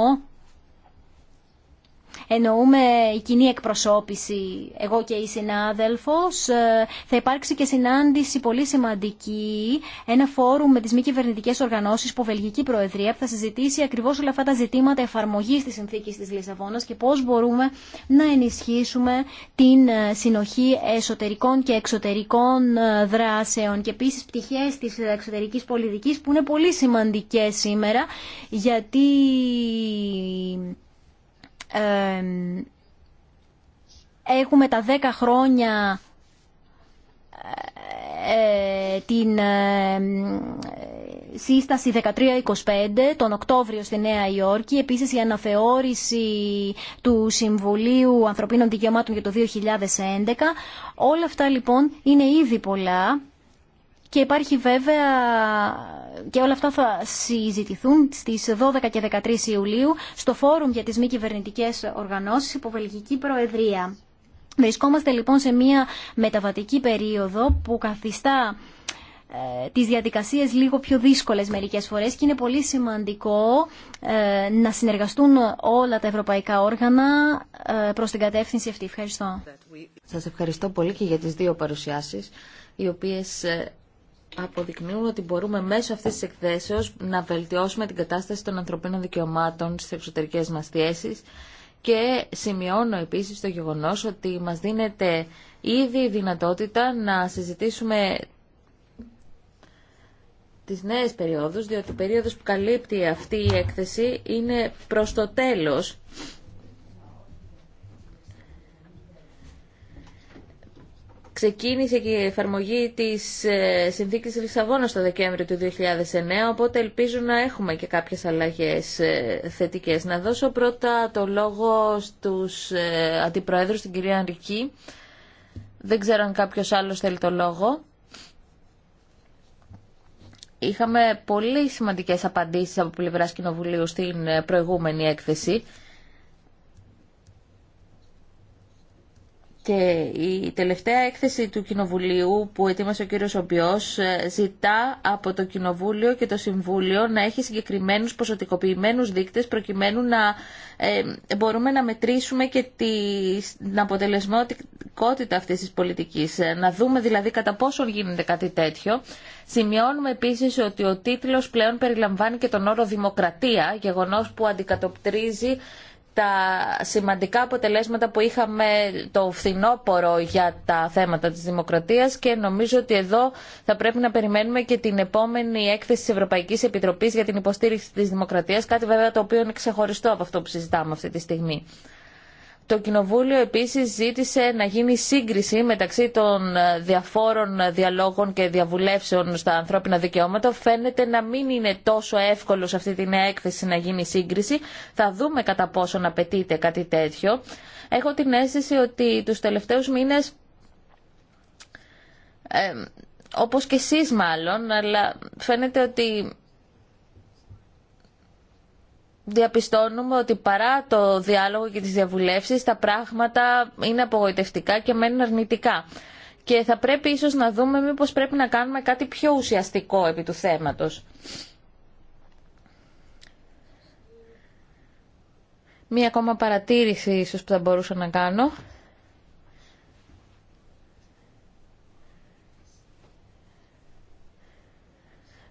εννοούμε η κοινή εκπροσώπηση, εγώ και η συνάδελφος, ε, θα υπάρξει και συνάντηση πολύ σημαντική, ένα φόρουμ με τις μη κυβερνητικές οργανώσεις που Βελγική Προεδρία θα συζητήσει ακριβώς όλα αυτά τα ζητήματα εφαρμογής της συνθήκης της Λισαβόνας και πώς μπορούμε να ενισχύσουμε την ε, συνοχή εσωτερικών και εξωτερικών ε, δράσεων και επίσης πτυχές της εξωτερικής πολιτικής που είναι πολύ σημαντικές σήμερα γιατί έχουμε τα 10 χρόνια ε, την σύσταση 1325 τον Οκτώβριο στη Νέα Υόρκη. Επίσης η αναθεώρηση του Συμβουλίου Ανθρωπίνων Δικαιωμάτων για το 2011. Όλα αυτά λοιπόν είναι ήδη πολλά και υπάρχει βέβαια και όλα αυτά θα συζητηθούν στις 12 και 13 Ιουλίου στο Φόρουμ για τις μη κυβερνητικέ οργανώσεις υπό Βελγική Προεδρία. Βρισκόμαστε λοιπόν σε μια μεταβατική περίοδο που καθιστά ε, τις διαδικασίες λίγο πιο δύσκολες μερικές φορές και είναι πολύ σημαντικό ε, να συνεργαστούν όλα τα ευρωπαϊκά όργανα ε, προς την κατεύθυνση αυτή. Ευχαριστώ. Σας ευχαριστώ πολύ και για τις δύο παρουσιάσεις οι οποίες αποδεικνύουν ότι μπορούμε μέσω αυτής της εκθέσεως να βελτιώσουμε την κατάσταση των ανθρωπίνων δικαιωμάτων στις εξωτερικές μας θέσει και σημειώνω επίσης το γεγονός ότι μας δίνεται ήδη η δυνατότητα να συζητήσουμε τις νέες περιόδους, διότι η περίοδος που καλύπτει αυτή η έκθεση είναι προς το τέλος Ξεκίνησε και η εφαρμογή της ε, συνθήκης Λισαβόνα το Δεκέμβριο του 2009, οπότε ελπίζω να έχουμε και κάποιες αλλαγές ε, θετικές. Να δώσω πρώτα το λόγο στους ε, αντιπροέδρους, την κυρία Ανρική. Δεν ξέρω αν κάποιος άλλος θέλει το λόγο. Είχαμε πολύ σημαντικές απαντήσεις από πλευράς Κοινοβουλίου στην προηγούμενη έκθεση. Και η τελευταία έκθεση του Κοινοβουλίου που ετοίμασε ο κύριο Ομπιό ε, ζητά από το Κοινοβούλιο και το Συμβούλιο να έχει συγκεκριμένους ποσοτικοποιημένους δείκτες προκειμένου να ε, μπορούμε να μετρήσουμε και την αποτελεσματικότητα αυτής της πολιτικής. Ε, να δούμε δηλαδή κατά πόσο γίνεται κάτι τέτοιο. Σημειώνουμε επίση ότι ο τίτλο πλέον περιλαμβάνει και τον όρο «Δημοκρατία», γεγονό που αντικατοπτρίζει τα σημαντικά αποτελέσματα που είχαμε το φθινόπωρο για τα θέματα της δημοκρατίας και νομίζω ότι εδώ θα πρέπει να περιμένουμε και την επόμενη έκθεση της Ευρωπαϊκής Επιτροπής για την υποστήριξη της δημοκρατίας, κάτι βέβαια το οποίο είναι ξεχωριστό από αυτό που συζητάμε αυτή τη στιγμή. Το Κοινοβούλιο επίσης ζήτησε να γίνει σύγκριση μεταξύ των ε, διαφόρων διαλόγων και διαβουλεύσεων στα ανθρώπινα δικαιώματα. Φαίνεται να μην είναι τόσο εύκολο σε αυτή την έκθεση να γίνει σύγκριση. Θα δούμε κατά πόσο να απαιτείται κάτι τέτοιο. Έχω την αίσθηση ότι τους τελευταίους μήνες, ε, όπως και εσείς μάλλον, αλλά φαίνεται ότι διαπιστώνουμε ότι παρά το διάλογο και τις διαβουλεύσεις τα πράγματα είναι απογοητευτικά και μένουν αρνητικά. Και θα πρέπει ίσως να δούμε μήπως πρέπει να κάνουμε κάτι πιο ουσιαστικό επί του θέματος. Μία ακόμα παρατήρηση ίσως που θα μπορούσα να κάνω.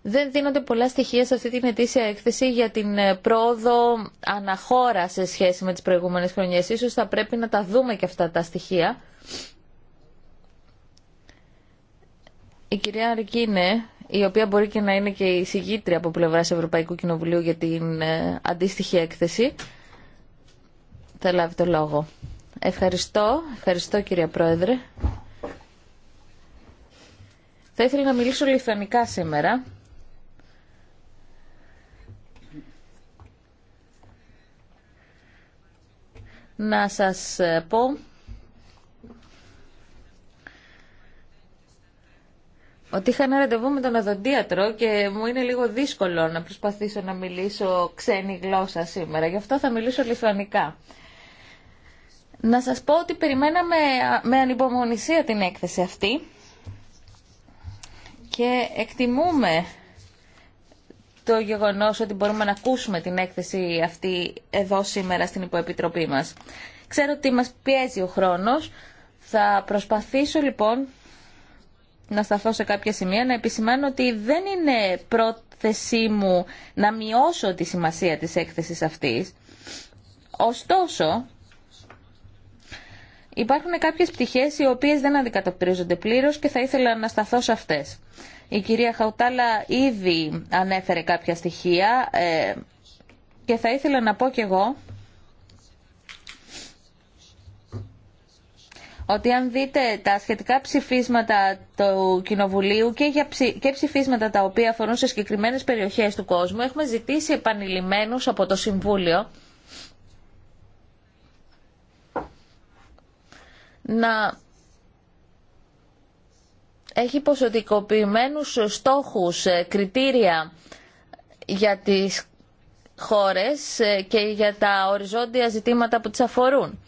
δεν δίνονται πολλά στοιχεία σε αυτή την ετήσια έκθεση για την ε, πρόοδο αναχώρα σε σχέση με τις προηγούμενες χρονιές. Ίσως θα πρέπει να τα δούμε και αυτά τα στοιχεία. Η κυρία Αρκίνε, η οποία μπορεί και να είναι και η συγγήτρια από πλευράς Ευρωπαϊκού Κοινοβουλίου για την ε, αντίστοιχη έκθεση, θα λάβει το λόγο. Ευχαριστώ. Ευχαριστώ κυρία Πρόεδρε. Θα ήθελα να μιλήσω λιθανικά σήμερα. να σας πω ότι είχα ένα ραντεβού με τον οδοντίατρο και μου είναι λίγο δύσκολο να προσπαθήσω να μιλήσω ξένη γλώσσα σήμερα. Γι' αυτό θα μιλήσω λιθουανικά. Να σας πω ότι περιμέναμε με ανυπομονησία την έκθεση αυτή και εκτιμούμε το γεγονός ότι μπορούμε να ακούσουμε την έκθεση αυτή εδώ σήμερα στην υποεπιτροπή μας. Ξέρω ότι μας πιέζει ο χρόνος. Θα προσπαθήσω λοιπόν να σταθώ σε κάποια σημεία, να επισημάνω ότι δεν είναι πρόθεσή μου να μειώσω τη σημασία της έκθεσης αυτής. Ωστόσο, υπάρχουν κάποιες πτυχές οι οποίες δεν αντικατοπτρίζονται πλήρως και θα ήθελα να σταθώ σε αυτές. Η κυρία Χαουτάλα ήδη ανέφερε κάποια στοιχεία ε, και θα ήθελα να πω κι εγώ ότι αν δείτε τα σχετικά ψηφίσματα του Κοινοβουλίου και, για και ψηφίσματα τα οποία αφορούν σε συγκεκριμένες περιοχές του κόσμου, έχουμε ζητήσει επανειλημμένους από το Συμβούλιο να έχει ποσοτικοποιημένους στόχους, ε, κριτήρια για τις χώρες ε, και για τα οριζόντια ζητήματα που τις αφορούν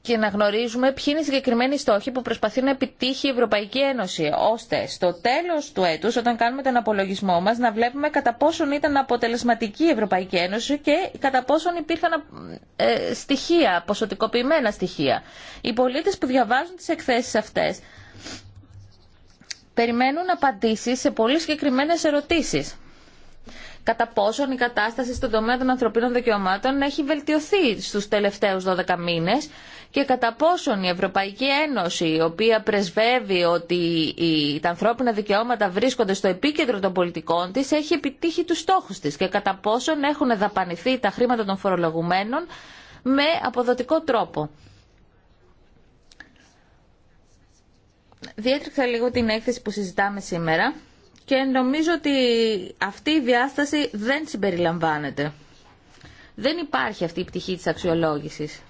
και να γνωρίζουμε ποιοι είναι οι συγκεκριμένοι στόχοι που προσπαθεί να επιτύχει η Ευρωπαϊκή Ένωση, ώστε στο τέλο του έτου, όταν κάνουμε τον απολογισμό μα, να βλέπουμε κατά πόσον ήταν αποτελεσματική η Ευρωπαϊκή Ένωση και κατά πόσον υπήρχαν ε, στοιχεία, ποσοτικοποιημένα στοιχεία. Οι πολίτε που διαβάζουν τις εκθέσεις αυτές περιμένουν απαντήσει σε πολύ συγκεκριμένε ερωτήσει, κατά πόσον η κατάσταση στον τομέα των ανθρωπίνων δικαιωμάτων έχει βελτιωθεί στους τελευταίους 12 μήνες και κατά πόσον η Ευρωπαϊκή Ένωση, η οποία πρεσβεύει ότι τα ανθρώπινα δικαιώματα βρίσκονται στο επίκεντρο των πολιτικών της, έχει επιτύχει τους στόχους της και κατά πόσον έχουν δαπανηθεί τα χρήματα των φορολογουμένων με αποδοτικό τρόπο. Διέτρεξα λίγο την έκθεση που συζητάμε σήμερα και νομίζω ότι αυτή η διάσταση δεν συμπεριλαμβάνεται. Δεν υπάρχει αυτή η πτυχή της αξιολόγησης.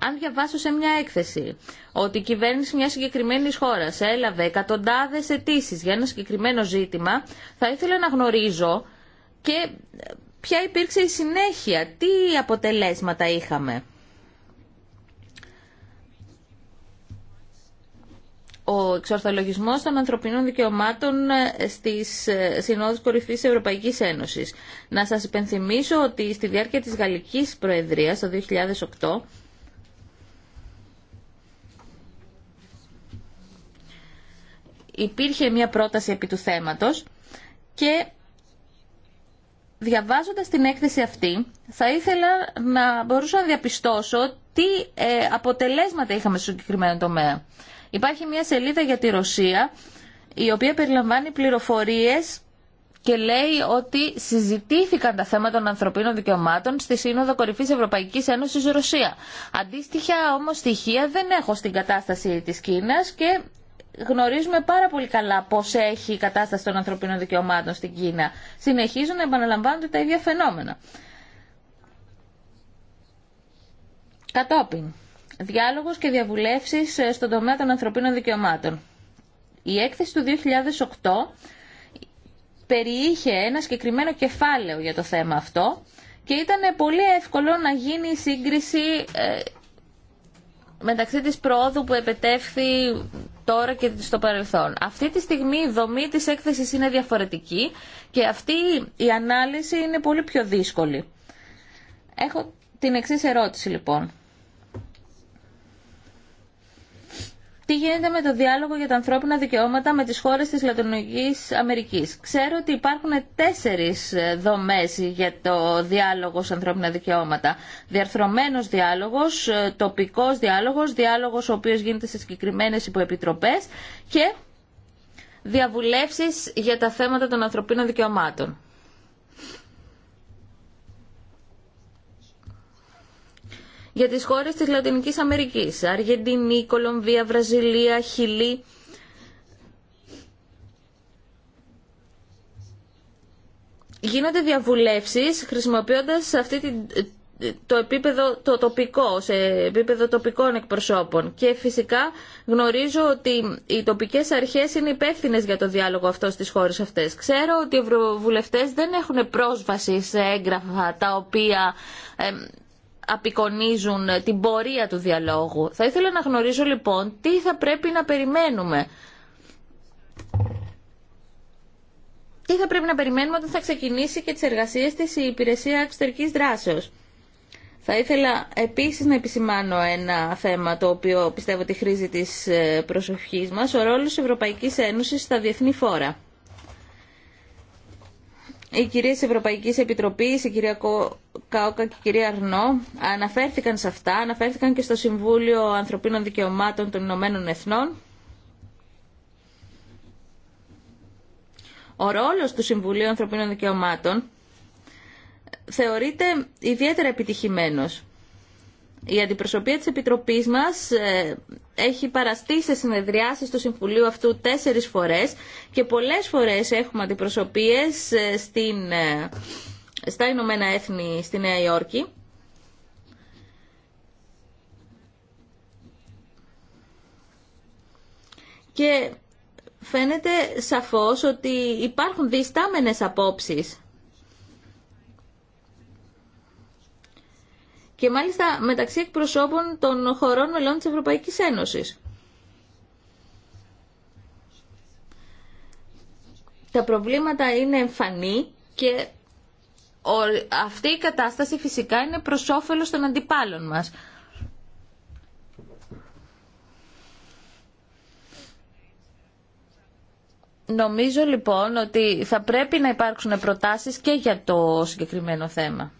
Αν διαβάσω σε μια έκθεση ότι η κυβέρνηση μια συγκεκριμένη χώρα έλαβε εκατοντάδε αιτήσει για ένα συγκεκριμένο ζήτημα, θα ήθελα να γνωρίζω και ε, ποια υπήρξε η συνέχεια, τι αποτελέσματα είχαμε. ο εξορθολογισμός των ανθρωπινών δικαιωμάτων ε, στις ε, Συνόδους Κορυφής της Ευρωπαϊκής Ένωσης. Να σας υπενθυμίσω ότι στη διάρκεια της Γαλλικής Προεδρίας το 2008 υπήρχε μια πρόταση επί του θέματος και διαβάζοντας την έκθεση αυτή θα ήθελα να μπορούσα να διαπιστώσω τι ε, αποτελέσματα είχαμε στο συγκεκριμένο τομέα. Υπάρχει μια σελίδα για τη Ρωσία η οποία περιλαμβάνει πληροφορίες και λέει ότι συζητήθηκαν τα θέματα των ανθρωπίνων δικαιωμάτων στη Σύνοδο Κορυφής Ευρωπαϊκής Ένωσης Ρωσία. Αντίστοιχα όμως στοιχεία δεν έχω στην κατάσταση της Κίνας και γνωρίζουμε πάρα πολύ καλά πώς έχει η κατάσταση των ανθρωπίνων δικαιωμάτων στην Κίνα. Συνεχίζουν να επαναλαμβάνονται τα ίδια φαινόμενα. Κατόπιν, διάλογος και διαβουλεύσεις ε, στον τομέα των ανθρωπίνων δικαιωμάτων. Η έκθεση του 2008 περιείχε ένα συγκεκριμένο κεφάλαιο για το θέμα αυτό και ήταν πολύ εύκολο να γίνει η σύγκριση ε, μεταξύ της προόδου που επετεύχθη τώρα και στο παρελθόν. Αυτή τη στιγμή η δομή της έκθεσης είναι διαφορετική και αυτή η ανάλυση είναι πολύ πιο δύσκολη. Έχω την εξής ερώτηση λοιπόν. τι γίνεται με το διάλογο για τα ανθρώπινα δικαιώματα με τις χώρες της Λατινικής Αμερικής. Ξέρω ότι υπάρχουν τέσσερις ε, δομές για το διάλογο σε ανθρώπινα δικαιώματα. Διαρθρωμένος διάλογος, ε, τοπικός διάλογος, διάλογος ο οποίος γίνεται σε συγκεκριμένε υποεπιτροπές και διαβουλεύσεις για τα θέματα των ανθρωπίνων δικαιωμάτων. για τις χώρες της Λατινικής Αμερικής. Αργεντινή, Κολομβία, Βραζιλία, Χιλή. Γίνονται διαβουλεύσεις χρησιμοποιώντας αυτή την, ε, το επίπεδο το τοπικό, σε επίπεδο τοπικών εκπροσώπων. Και φυσικά γνωρίζω ότι οι τοπικές αρχές είναι υπεύθυνε για το διάλογο αυτό στις χώρες αυτές. Ξέρω ότι οι ευρωβουλευτές δεν έχουν πρόσβαση σε έγγραφα τα οποία ε, απεικονίζουν την πορεία του διαλόγου. Θα ήθελα να γνωρίζω λοιπόν τι θα πρέπει να περιμένουμε. Τι θα πρέπει να περιμένουμε όταν θα ξεκινήσει και τις εργασίες της η Υπηρεσία Εξωτερικής Δράσεως. Θα ήθελα επίσης να επισημάνω ένα θέμα το οποίο πιστεύω ότι χρήζει της ε, προσοχής μας, ο ρόλος Ευρωπαϊκής Ένωσης στα διεθνή φόρα. Οι κυρίες Ευρωπαϊκής Επιτροπής, η κυρία Κάοκα και η κυρία Αρνό, αναφέρθηκαν σε αυτά, αναφέρθηκαν και στο Συμβούλιο Ανθρωπίνων Δικαιωμάτων των Ηνωμένων Εθνών. Ο ρόλος του Συμβουλίου Ανθρωπίνων Δικαιωμάτων θεωρείται ιδιαίτερα επιτυχημένος η αντιπροσωπεία της Επιτροπής μας ε, έχει παραστεί σε συνεδριάσεις του Συμβουλίου αυτού τέσσερις φορές και πολλές φορές έχουμε αντιπροσωπείες ε, στην, ε, στα Ηνωμένα Έθνη στη Νέα Υόρκη. Και φαίνεται σαφώς ότι υπάρχουν διστάμενες απόψεις και μάλιστα μεταξύ εκπροσώπων των χωρών μελών της Ευρωπαϊκής Ένωσης. Τα προβλήματα είναι εμφανή και αυτή η κατάσταση φυσικά είναι προς όφελος των αντιπάλων μας. Νομίζω λοιπόν ότι θα πρέπει να υπάρξουν προτάσεις και για το συγκεκριμένο θέμα.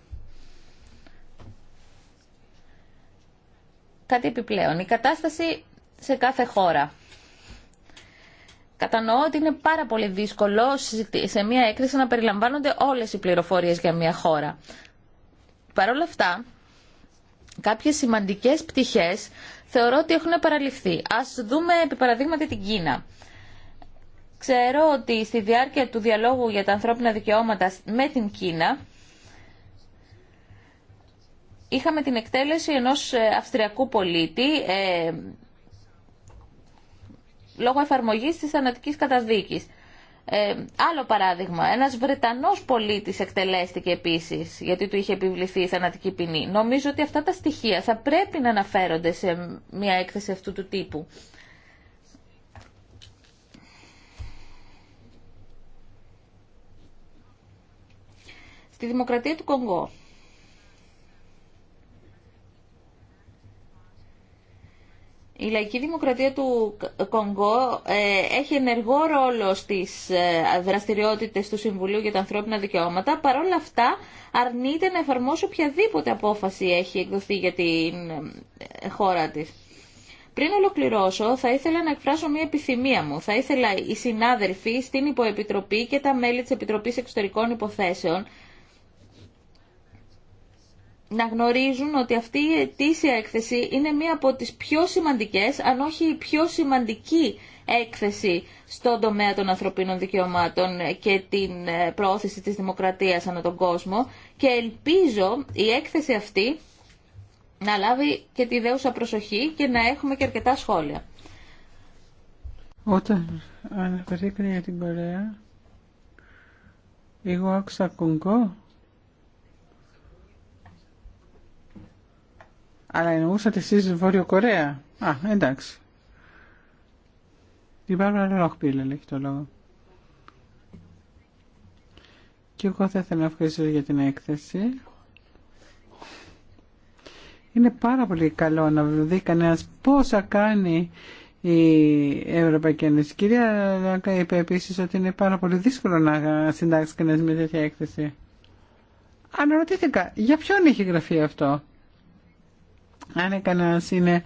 κάτι επιπλέον. Η κατάσταση σε κάθε χώρα. Κατανοώ ότι είναι πάρα πολύ δύσκολο σε μια έκθεση να περιλαμβάνονται όλες οι πληροφορίες για μια χώρα. Παρ' όλα αυτά, κάποιες σημαντικές πτυχές θεωρώ ότι έχουν παραλυφθεί. Ας δούμε επί παραδείγματι την Κίνα. Ξέρω ότι στη διάρκεια του διαλόγου για τα ανθρώπινα δικαιώματα με την Κίνα είχαμε την εκτέλεση ενός ε, αυστριακού πολίτη ε, λόγω εφαρμογής της θανατικής καταδίκης. Ε, άλλο παράδειγμα, ένας Βρετανός πολίτης εκτελέστηκε επίσης γιατί του είχε επιβληθεί η θανατική ποινή. Νομίζω ότι αυτά τα στοιχεία θα πρέπει να αναφέρονται σε μια έκθεση αυτού του τύπου. Στη Δημοκρατία του Κονγκό Η λαϊκή δημοκρατία του Κονγκό ε, έχει ενεργό ρόλο στις ε, δραστηριότητες του Συμβουλίου για τα ανθρώπινα δικαιώματα. Παρ' όλα αυτά αρνείται να εφαρμόσει οποιαδήποτε απόφαση έχει εκδοθεί για την ε, χώρα της. Πριν ολοκληρώσω, θα ήθελα να εκφράσω μια επιθυμία μου. Θα ήθελα οι συνάδελφοι στην Υποεπιτροπή και τα μέλη της Επιτροπής Εξωτερικών Υποθέσεων να γνωρίζουν ότι αυτή η ετήσια έκθεση είναι μία από τις πιο σημαντικές, αν όχι η πιο σημαντική έκθεση στον τομέα των ανθρωπίνων δικαιωμάτων και την ε, προώθηση της δημοκρατίας ανά τον κόσμο και ελπίζω η έκθεση αυτή να λάβει και τη δέουσα προσοχή και να έχουμε και αρκετά σχόλια. Όταν αναφερθήκατε για την Κορέα, εγώ άκουσα Αλλά εννοούσατε εσεί Βόρειο Κορέα. Α, εντάξει. Η Μπάρμπαρα Λόχπιλ έχει το λόγο. Και εγώ θα ήθελα να ευχαριστήσω για την έκθεση. Είναι πάρα πολύ καλό να δει κανένα πόσα κάνει η Ευρωπαϊκή Ένωση. Κυρία Λάκα είπε επίση ότι είναι πάρα πολύ δύσκολο να συντάξει κανένα μια τέτοια έκθεση. Αναρωτήθηκα, για ποιον έχει γραφεί αυτό. Αν κανένα είναι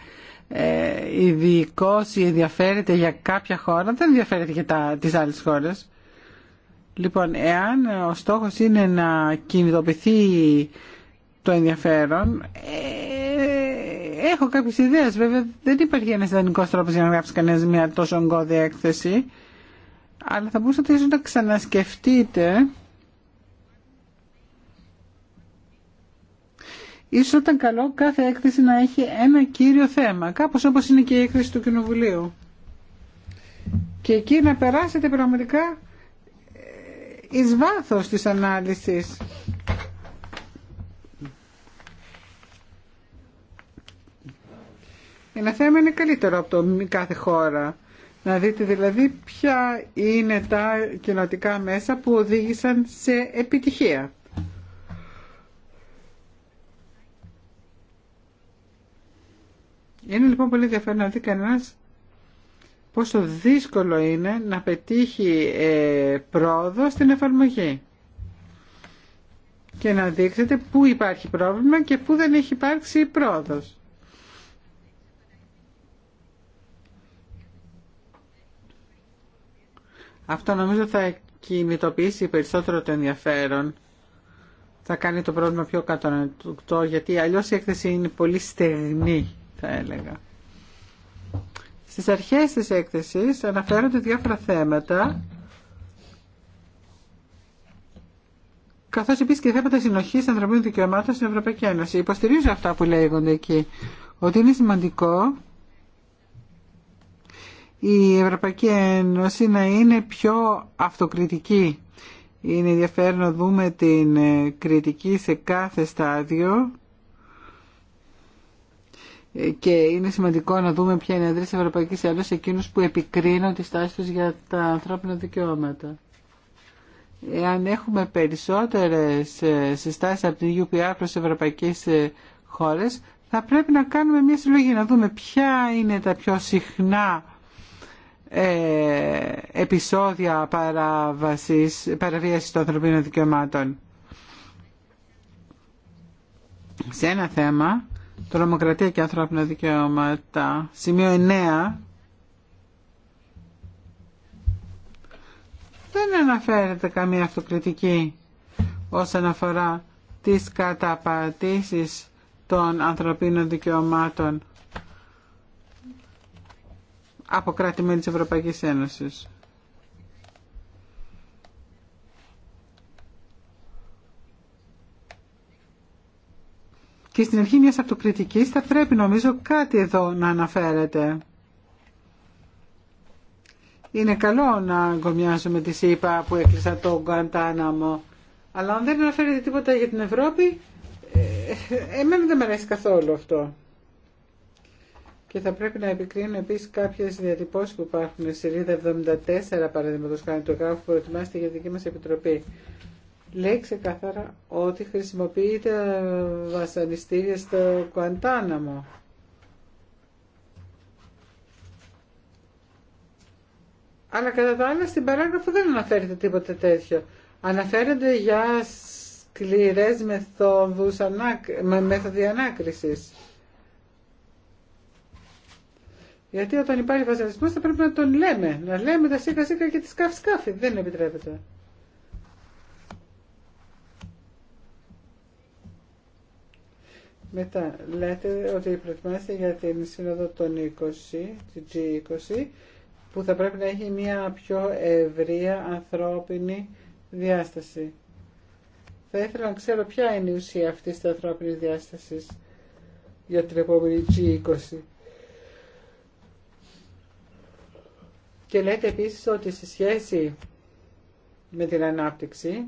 ε, ειδικό ή ενδιαφέρεται για κάποια χώρα, δεν ενδιαφέρεται για τα, τις άλλες χώρες. Λοιπόν, εάν ο στόχος είναι να κινητοποιηθεί το ενδιαφέρον, ε, έχω κάποιες ιδέες. Βέβαια, δεν υπάρχει ένας ιδανικός τρόπος για να γράψει κανένας μια τόσο ογκώδη έκθεση, αλλά θα μπορούσατε ίσως να ξανασκεφτείτε Ίσως ήταν καλό κάθε έκθεση να έχει ένα κύριο θέμα, κάπως όπως είναι και η έκθεση του Κοινοβουλίου. Και εκεί να περάσετε πραγματικά ε, εις βάθος της ανάλυσης. Ένα θέμα είναι καλύτερο από το κάθε χώρα. Να δείτε δηλαδή ποια είναι τα κοινοτικά μέσα που οδήγησαν σε επιτυχία. Είναι λοιπόν πολύ ενδιαφέρον να δει κανένα πόσο δύσκολο είναι να πετύχει ε, πρόοδο στην εφαρμογή και να δείξετε πού υπάρχει πρόβλημα και πού δεν έχει υπάρξει πρόοδος. Αυτό νομίζω θα κινητοποιήσει περισσότερο το ενδιαφέρον. Θα κάνει το πρόβλημα πιο κατανοητό, γιατί αλλιώς η έκθεση είναι πολύ στεγνή θα έλεγα. Στις αρχές της έκθεσης αναφέρονται διάφορα θέματα καθώς επίσης και θέματα συνοχής ανθρωπίνων δικαιωμάτων στην Ευρωπαϊκή Ένωση. Υποστηρίζω αυτά που λέγονται εκεί, ότι είναι σημαντικό η Ευρωπαϊκή Ένωση να είναι πιο αυτοκριτική. Είναι ενδιαφέρον να δούμε την ε, κριτική σε κάθε στάδιο και είναι σημαντικό να δούμε ποια είναι η αντίρρηση Ευρωπαϊκή Ένωσης εκείνου που επικρίνουν τη στάση του για τα ανθρώπινα δικαιώματα. Εάν έχουμε περισσότερες ε, συστάσει από την UPR προς ευρωπαϊκές ε, χώρες, θα πρέπει να κάνουμε μια συλλογή, να δούμε ποια είναι τα πιο συχνά ε, επεισόδια παραβασης, των ανθρωπίνων δικαιωμάτων. Σε ένα θέμα τρομοκρατία και ανθρώπινα δικαιώματα. Σημείο 9. Δεν αναφέρεται καμία αυτοκριτική όσον αφορά τις καταπατήσεις των ανθρωπίνων δικαιωμάτων από κράτη-μέλη της Ευρωπαϊκής Ένωσης. και στην αρχή μιας αυτοκριτικής θα πρέπει νομίζω κάτι εδώ να αναφέρεται. Είναι καλό να γκομιάζουμε τη ΣΥΠΑ που έκλεισα τον Γκαντάναμο. Αλλά αν δεν αναφέρεται τίποτα για την Ευρώπη, ε, εμένα δεν με αρέσει καθόλου αυτό. Και θα πρέπει να επικρίνουμε επίση κάποιε διατυπώσει που υπάρχουν. Σελίδα 74, παραδείγματο χάρη του εγγράφου που προετοιμάστηκε για δική μα επιτροπή λέει ξεκάθαρα ότι χρησιμοποιείται βασανιστήρια στο Κουαντάναμο. Αλλά κατά τα άλλα στην παράγραφο δεν αναφέρεται τίποτα τέτοιο. Αναφέρονται για σκληρές μεθόδους με μέθοδοι ανάκρισης. Γιατί όταν υπάρχει βασανισμός θα πρέπει να τον λέμε. Να λέμε τα σίκα σίκα και τη σκάφη σκάφη. Δεν επιτρέπεται. Μετά λέτε ότι προετοιμάστε για την σύνοδο των 20, την G20, που θα πρέπει να έχει μια πιο ευρεία ανθρώπινη διάσταση. Θα ήθελα να ξέρω ποια είναι η ουσία αυτή τη ανθρώπινη διάσταση για την επόμενη G20. Και λέτε επίσης ότι σε σχέση με την ανάπτυξη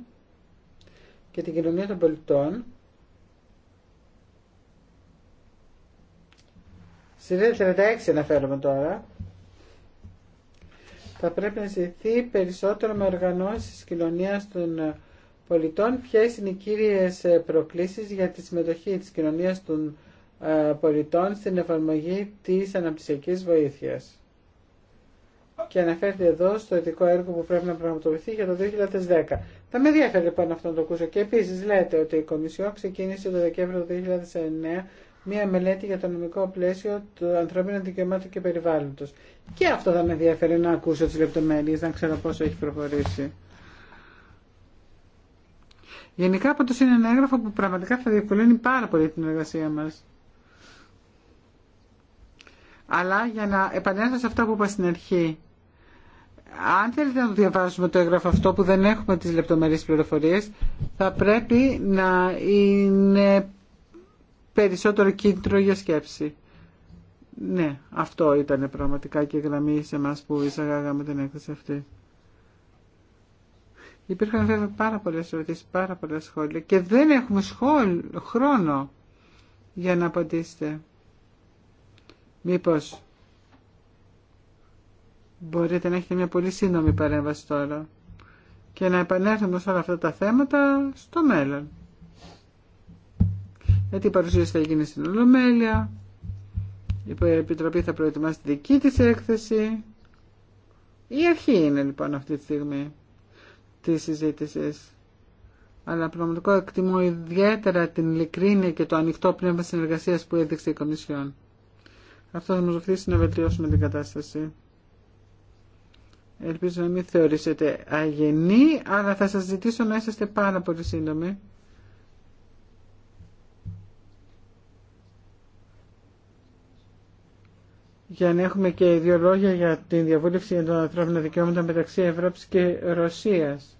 και την κοινωνία των πολιτών Στη 36 αναφέρομαι τώρα. Θα πρέπει να συζητηθεί περισσότερο με οργανώσει τη κοινωνίας των πολιτών ποιες είναι οι κύριες ε, προκλήσεις για τη συμμετοχή της κοινωνία των ε, πολιτών στην εφαρμογή τη αναπτυσσιακής βοήθεια. Και αναφέρεται εδώ στο ειδικό έργο που πρέπει να πραγματοποιηθεί για το 2010. Θα με ενδιαφέρει λοιπόν αυτό να το ακούσω. Και επίση λέτε ότι η Κομισιό ξεκίνησε το Δεκέμβριο του 2009 μία μελέτη για το νομικό πλαίσιο του ανθρώπινου δικαιωμάτων και περιβάλλοντο. Και αυτό θα με ενδιαφέρει να ακούσω τι λεπτομέρειε να ξέρω πόσο έχει προχωρήσει. Γενικά πάντως είναι ένα έγγραφο που πραγματικά θα διευκολύνει πάρα πολύ την εργασία μα. Αλλά για να επανέλθω σε αυτό που είπα στην αρχή, αν θέλετε να το διαβάσουμε το έγγραφο αυτό που δεν έχουμε τις λεπτομερείς πληροφορίες, θα πρέπει να είναι περισσότερο κίνητρο για σκέψη. Ναι, αυτό ήταν πραγματικά και η γραμμή σε εμά που εισαγάγαμε την έκθεση αυτή. Υπήρχαν βέβαια πάρα πολλές ερωτήσεις, πάρα πολλά σχόλια και δεν έχουμε σχόλ, χρόνο για να απαντήσετε. Μήπως μπορείτε να έχετε μια πολύ σύντομη παρέμβαση τώρα και να επανέλθουμε σε όλα αυτά τα θέματα στο μέλλον γιατί η παρουσίαση θα γίνει στην Ολομέλεια, η Επιτροπή θα προετοιμάσει τη δική της έκθεση. Η αρχή είναι λοιπόν αυτή τη στιγμή τη συζήτηση. Αλλά πραγματικά εκτιμώ ιδιαίτερα την ειλικρίνεια και το ανοιχτό πνεύμα συνεργασία που έδειξε η Κομισιόν. Αυτό θα μα βοηθήσει να βελτιώσουμε την κατάσταση. Ελπίζω να μην θεωρήσετε αγενή, αλλά θα σας ζητήσω να είσαστε πάρα πολύ σύντομοι. για να έχουμε και δύο λόγια για τη διαβούλευση για τα ανθρώπινα δικαιώματα μεταξύ Ευρώπης και Ρωσίας.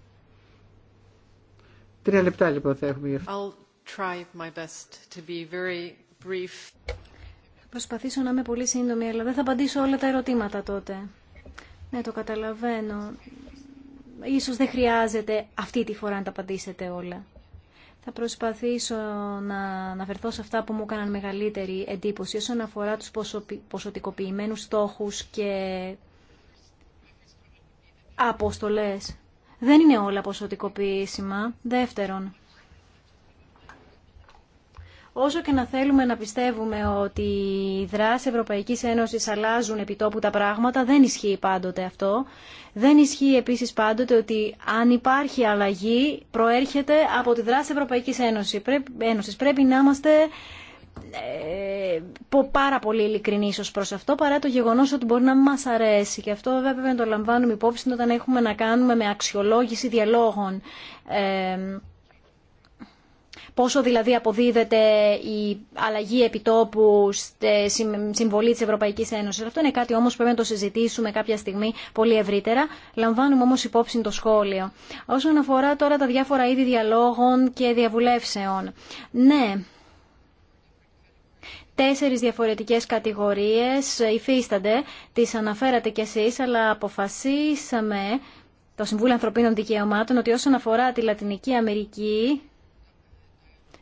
Τρία λεπτά λοιπόν θα έχουμε γι' αυτό. Προσπαθήσω να είμαι πολύ σύντομη, αλλά δεν θα απαντήσω όλα τα ερωτήματα τότε. Ναι, το καταλαβαίνω. Ίσως δεν χρειάζεται αυτή τη φορά να τα απαντήσετε όλα. Θα προσπαθήσω να αναφερθώ σε αυτά που μου έκαναν μεγαλύτερη εντύπωση όσον αφορά τους ποσοτικοποιημένους στόχους και αποστολές. Δεν είναι όλα ποσοτικοποιήσιμα. Δεύτερον, Όσο και να θέλουμε να πιστεύουμε ότι οι δράσει Ευρωπαϊκής Ένωσης αλλάζουν τόπου τα πράγματα, δεν ισχύει πάντοτε αυτό. Δεν ισχύει επίσης πάντοτε ότι αν υπάρχει αλλαγή προέρχεται από τη δράση Ευρωπαϊκής Ένωσης. Πρέπει, Ένωσης. πρέπει να είμαστε ε, πάρα πολύ ειλικρινεί ω προ αυτό, παρά το γεγονό ότι μπορεί να μα αρέσει. Και αυτό βέβαια πρέπει να το λαμβάνουμε υπόψη όταν έχουμε να κάνουμε με αξιολόγηση διαλόγων. Ε, πόσο δηλαδή αποδίδεται η αλλαγή επιτόπου στη συμβολή τη Ευρωπαϊκή Ένωση. Αυτό είναι κάτι όμως πρέπει να το συζητήσουμε κάποια στιγμή πολύ ευρύτερα. Λαμβάνουμε όμω υπόψη το σχόλιο. Όσον αφορά τώρα τα διάφορα είδη διαλόγων και διαβουλεύσεων. Ναι, τέσσερις διαφορετικές κατηγορίες υφίστανται, τις αναφέρατε κι εσεί, αλλά αποφασίσαμε το Συμβούλιο Ανθρωπίνων Δικαιωμάτων ότι όσον αφορά τη Λατινική Αμερική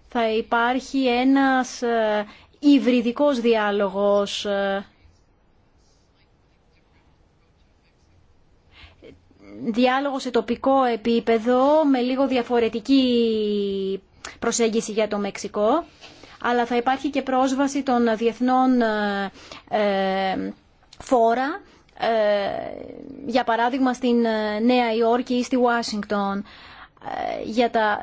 θα υπάρχει ένας ε, υβριδικός διάλογος ε, διάλογο σε τοπικό επίπεδο με λίγο διαφορετική προσέγγιση για το Μεξικό αλλά θα υπάρχει και πρόσβαση των διεθνών ε, φόρα για παράδειγμα στην Νέα Υόρκη ή στη Ουάσιγκτον για τα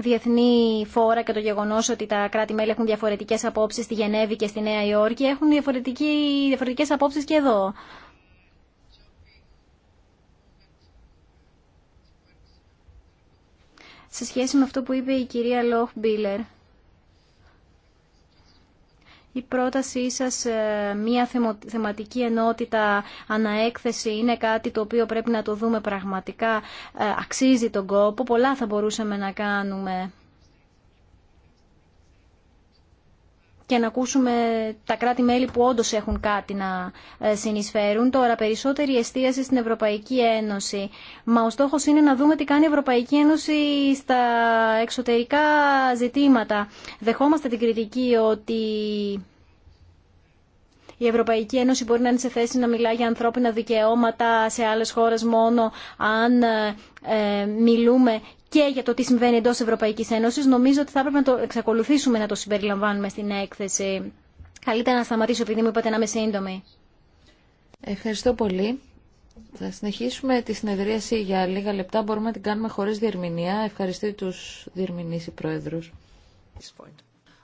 διεθνή φόρα και το γεγονός ότι τα κράτη-μέλη έχουν διαφορετικές απόψεις στη Γενέβη και στη Νέα Υόρκη, έχουν διαφορετικές απόψεις και εδώ. Σε σχέση με αυτό που είπε η κυρία Λόχ Μπίλερ. Η πρότασή σας, ε, μια θεματική ενότητα αναέκθεση είναι κάτι το οποίο πρέπει να το δούμε πραγματικά, ε, αξίζει τον κόπο, πολλά θα μπορούσαμε να κάνουμε. και να ακούσουμε τα κράτη-μέλη που όντω έχουν κάτι να ε, συνεισφέρουν. Τώρα, περισσότερη εστίαση στην Ευρωπαϊκή Ένωση. Μα ο στόχο είναι να δούμε τι κάνει η Ευρωπαϊκή Ένωση στα εξωτερικά ζητήματα. Δεχόμαστε την κριτική ότι η Ευρωπαϊκή Ένωση μπορεί να είναι σε θέση να μιλά για ανθρώπινα δικαιώματα σε άλλες χώρες μόνο αν ε, ε, μιλούμε και για το τι συμβαίνει εντό Ευρωπαϊκή Ένωση, Νομίζω ότι θα έπρεπε να το εξακολουθήσουμε να το συμπεριλαμβάνουμε στην έκθεση. Καλύτερα να σταματήσω επειδή μου είπατε να είμαι σύντομη. Ευχαριστώ πολύ. Θα συνεχίσουμε τη συνεδρίαση για λίγα λεπτά. Μπορούμε να την κάνουμε χωρί διερμηνία. Ευχαριστώ του διερμηνείς οι Πρόεδρου.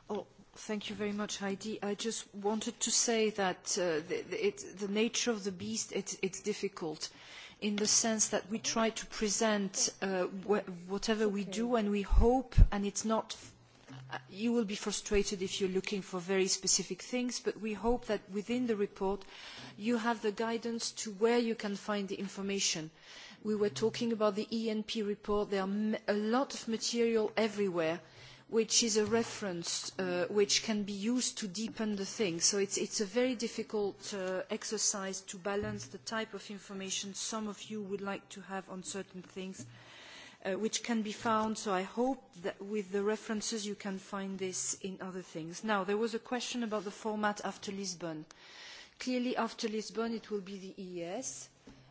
Oh, thank you very much, Heidi. I just wanted to say that uh, the nature of the beast, it's difficult in the sense that we try to present whatever we do and we hope, and it's not, you will be frustrated if you're looking for very specific things, but we hope that within the report you have the guidance to where you can find the information. We were talking about the ENP report. There are a lot of material everywhere which is a reference which can be used to deepen the thing. So it's a very difficult exercise to balance the type of information some of you would like to have on certain things which can be found. So I hope that with the references you can find this in other things. Now, there was a question about the format after Lisbon. Clearly, after Lisbon, it will be the EES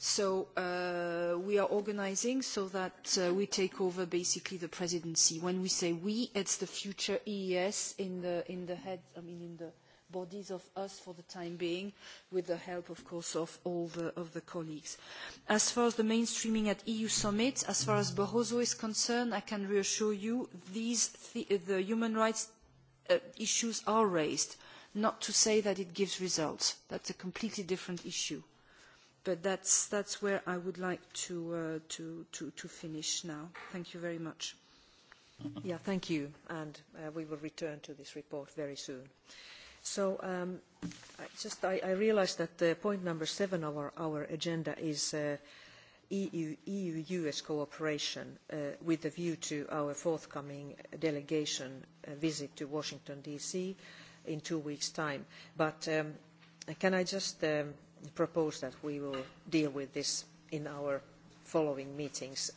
So we are organising so that we take over basically the presidency. When we say we, it's the future EES in the in the head, I mean in the bodies of us for the time being, with the help of course of all of the colleagues. As far as the mainstreaming at EU summit, as far as Barroso is concerned, I can reassure you these the human rights issues are raised. Not to say that it gives results. That's a completely different issue but that's where I would like to to to finish now. Thank you very much. Yeah, thank you, and we will return to this report very soon. So, just I realise that point number seven of our agenda is EU-US cooperation with a view to our forthcoming delegation visit to Washington D.C. in two weeks' time. But can I just propose that we will deal with this in our following meetings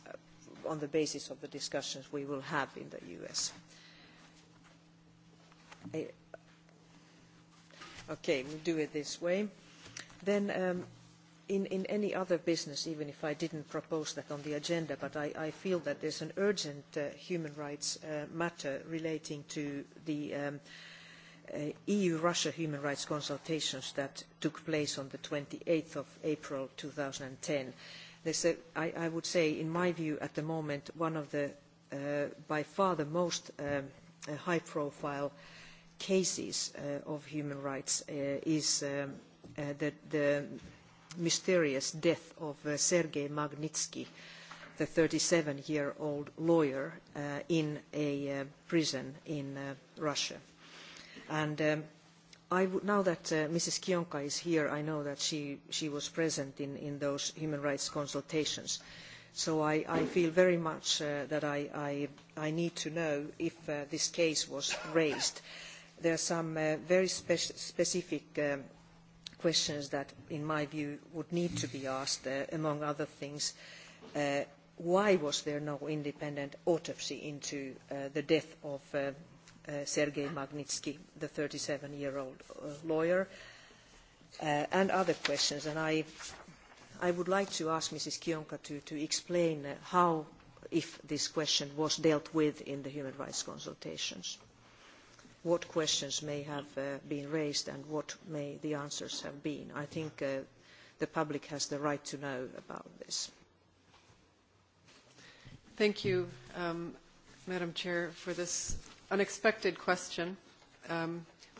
on the basis of the discussions we will have in the US. Okay, we'll do it this way. Then in any other business, even if I didn't propose that on the agenda, but I feel that there's an urgent human rights matter relating to the EU Russia human rights consultations that took place on the 28th of April 2010. I would say, in my view, at the moment, one of the by far the most high-profile cases of human rights is the mysterious death of Sergei Magnitsky, the 37-year-old lawyer in a prison in Russia And now that Mrs. Kionka is here, I know that she was present in those human rights consultations. So I feel very much that I need to know if this case was raised. There are some very specific questions that, in my view, would need to be asked, among other things. Why was there no independent autopsy into the death of Sergei Magnitsky, the 37-year-old lawyer, and other questions. And I would like to ask Mrs. Kionka to explain how, if this question was dealt with in the human rights consultations, what questions may have been raised and what may the answers have been. I think the public has the right to know about this. Thank you, Madam Chair, for this unexpected question.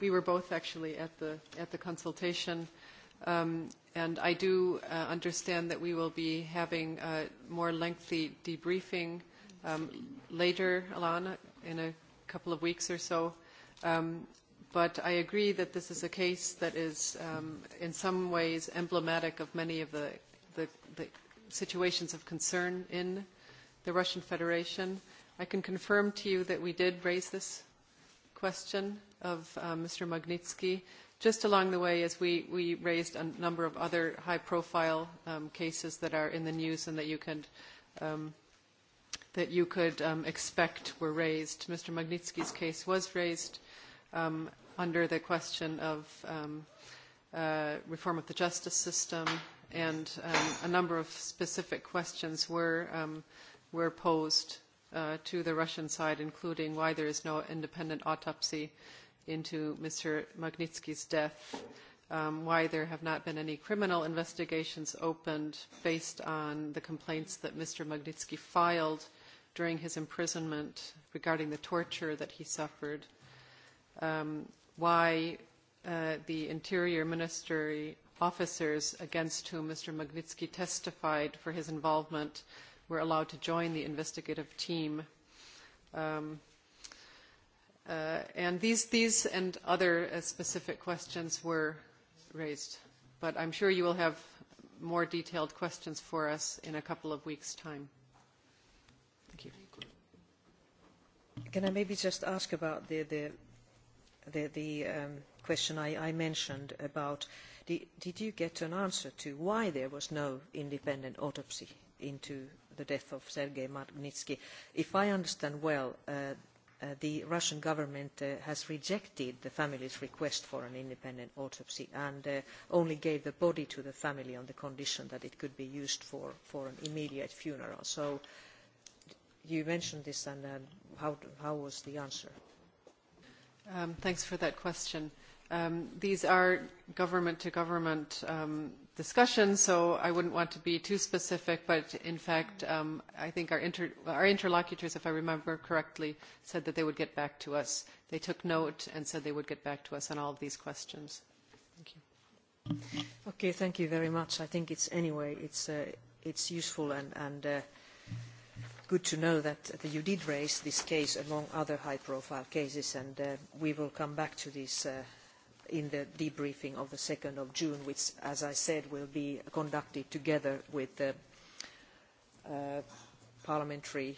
We were both actually at the at the consultation, and I do understand that we will be having a more lengthy debriefing later, Alana, in a couple of weeks or so. But I agree that this is a case that is in some ways emblematic of many of the situations of concern in the Russian Federation I can confirm to you that we did raise this question of Mr. Magnitsky just along the way as we, we raised a number of other high-profile cases that are in the news and that you that you could expect were raised. Mr. Magnitsky's case was raised under the question of reform of the justice system, and a number of specific questions were were posed to the Russian side, including why there is no independent autopsy into Mr. Magnitsky's death, why there have not been any criminal investigations opened based on the complaints that Mr. Magnitsky filed during his imprisonment regarding the torture that he suffered, why the Interior Ministry officers against whom Mr. Magnitsky testified for his involvement were allowed to join the investigative team. And these and other specific questions were raised. But I'm sure you will have more detailed questions for us in a couple of weeks' time. Thank you. Can I maybe just ask about the question I mentioned about did you get an answer to why there was no independent autopsy into the death of Sergei Magnitsky. If I understand well, the Russian government has rejected the family's request for an independent autopsy and only gave the body to the family on the condition that it could be used for an immediate funeral. So you mentioned this and how was the answer? Thanks for that question. These are government-to-government discussion, so I wouldn't want to be too specific, but in fact, I think our interlocutors, if I remember correctly, said that they would get back to us. They took note and said they would get back to us on all of these questions. Thank you. Okay, thank you very much. I think it's anyway, it's useful and good to know that you did raise this case among other high-profile cases, and we will come back to these in the debriefing of the 2nd of June, which, as I said, will be conducted together with the Parliamentary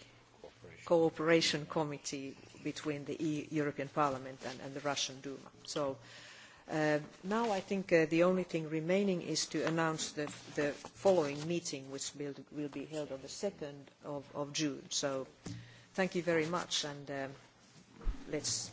Cooperation Committee between the European Parliament and the Russian Duma. So now I think the only thing remaining is to announce the following meeting, which will be held on the 2nd of June. So thank you very much, and let's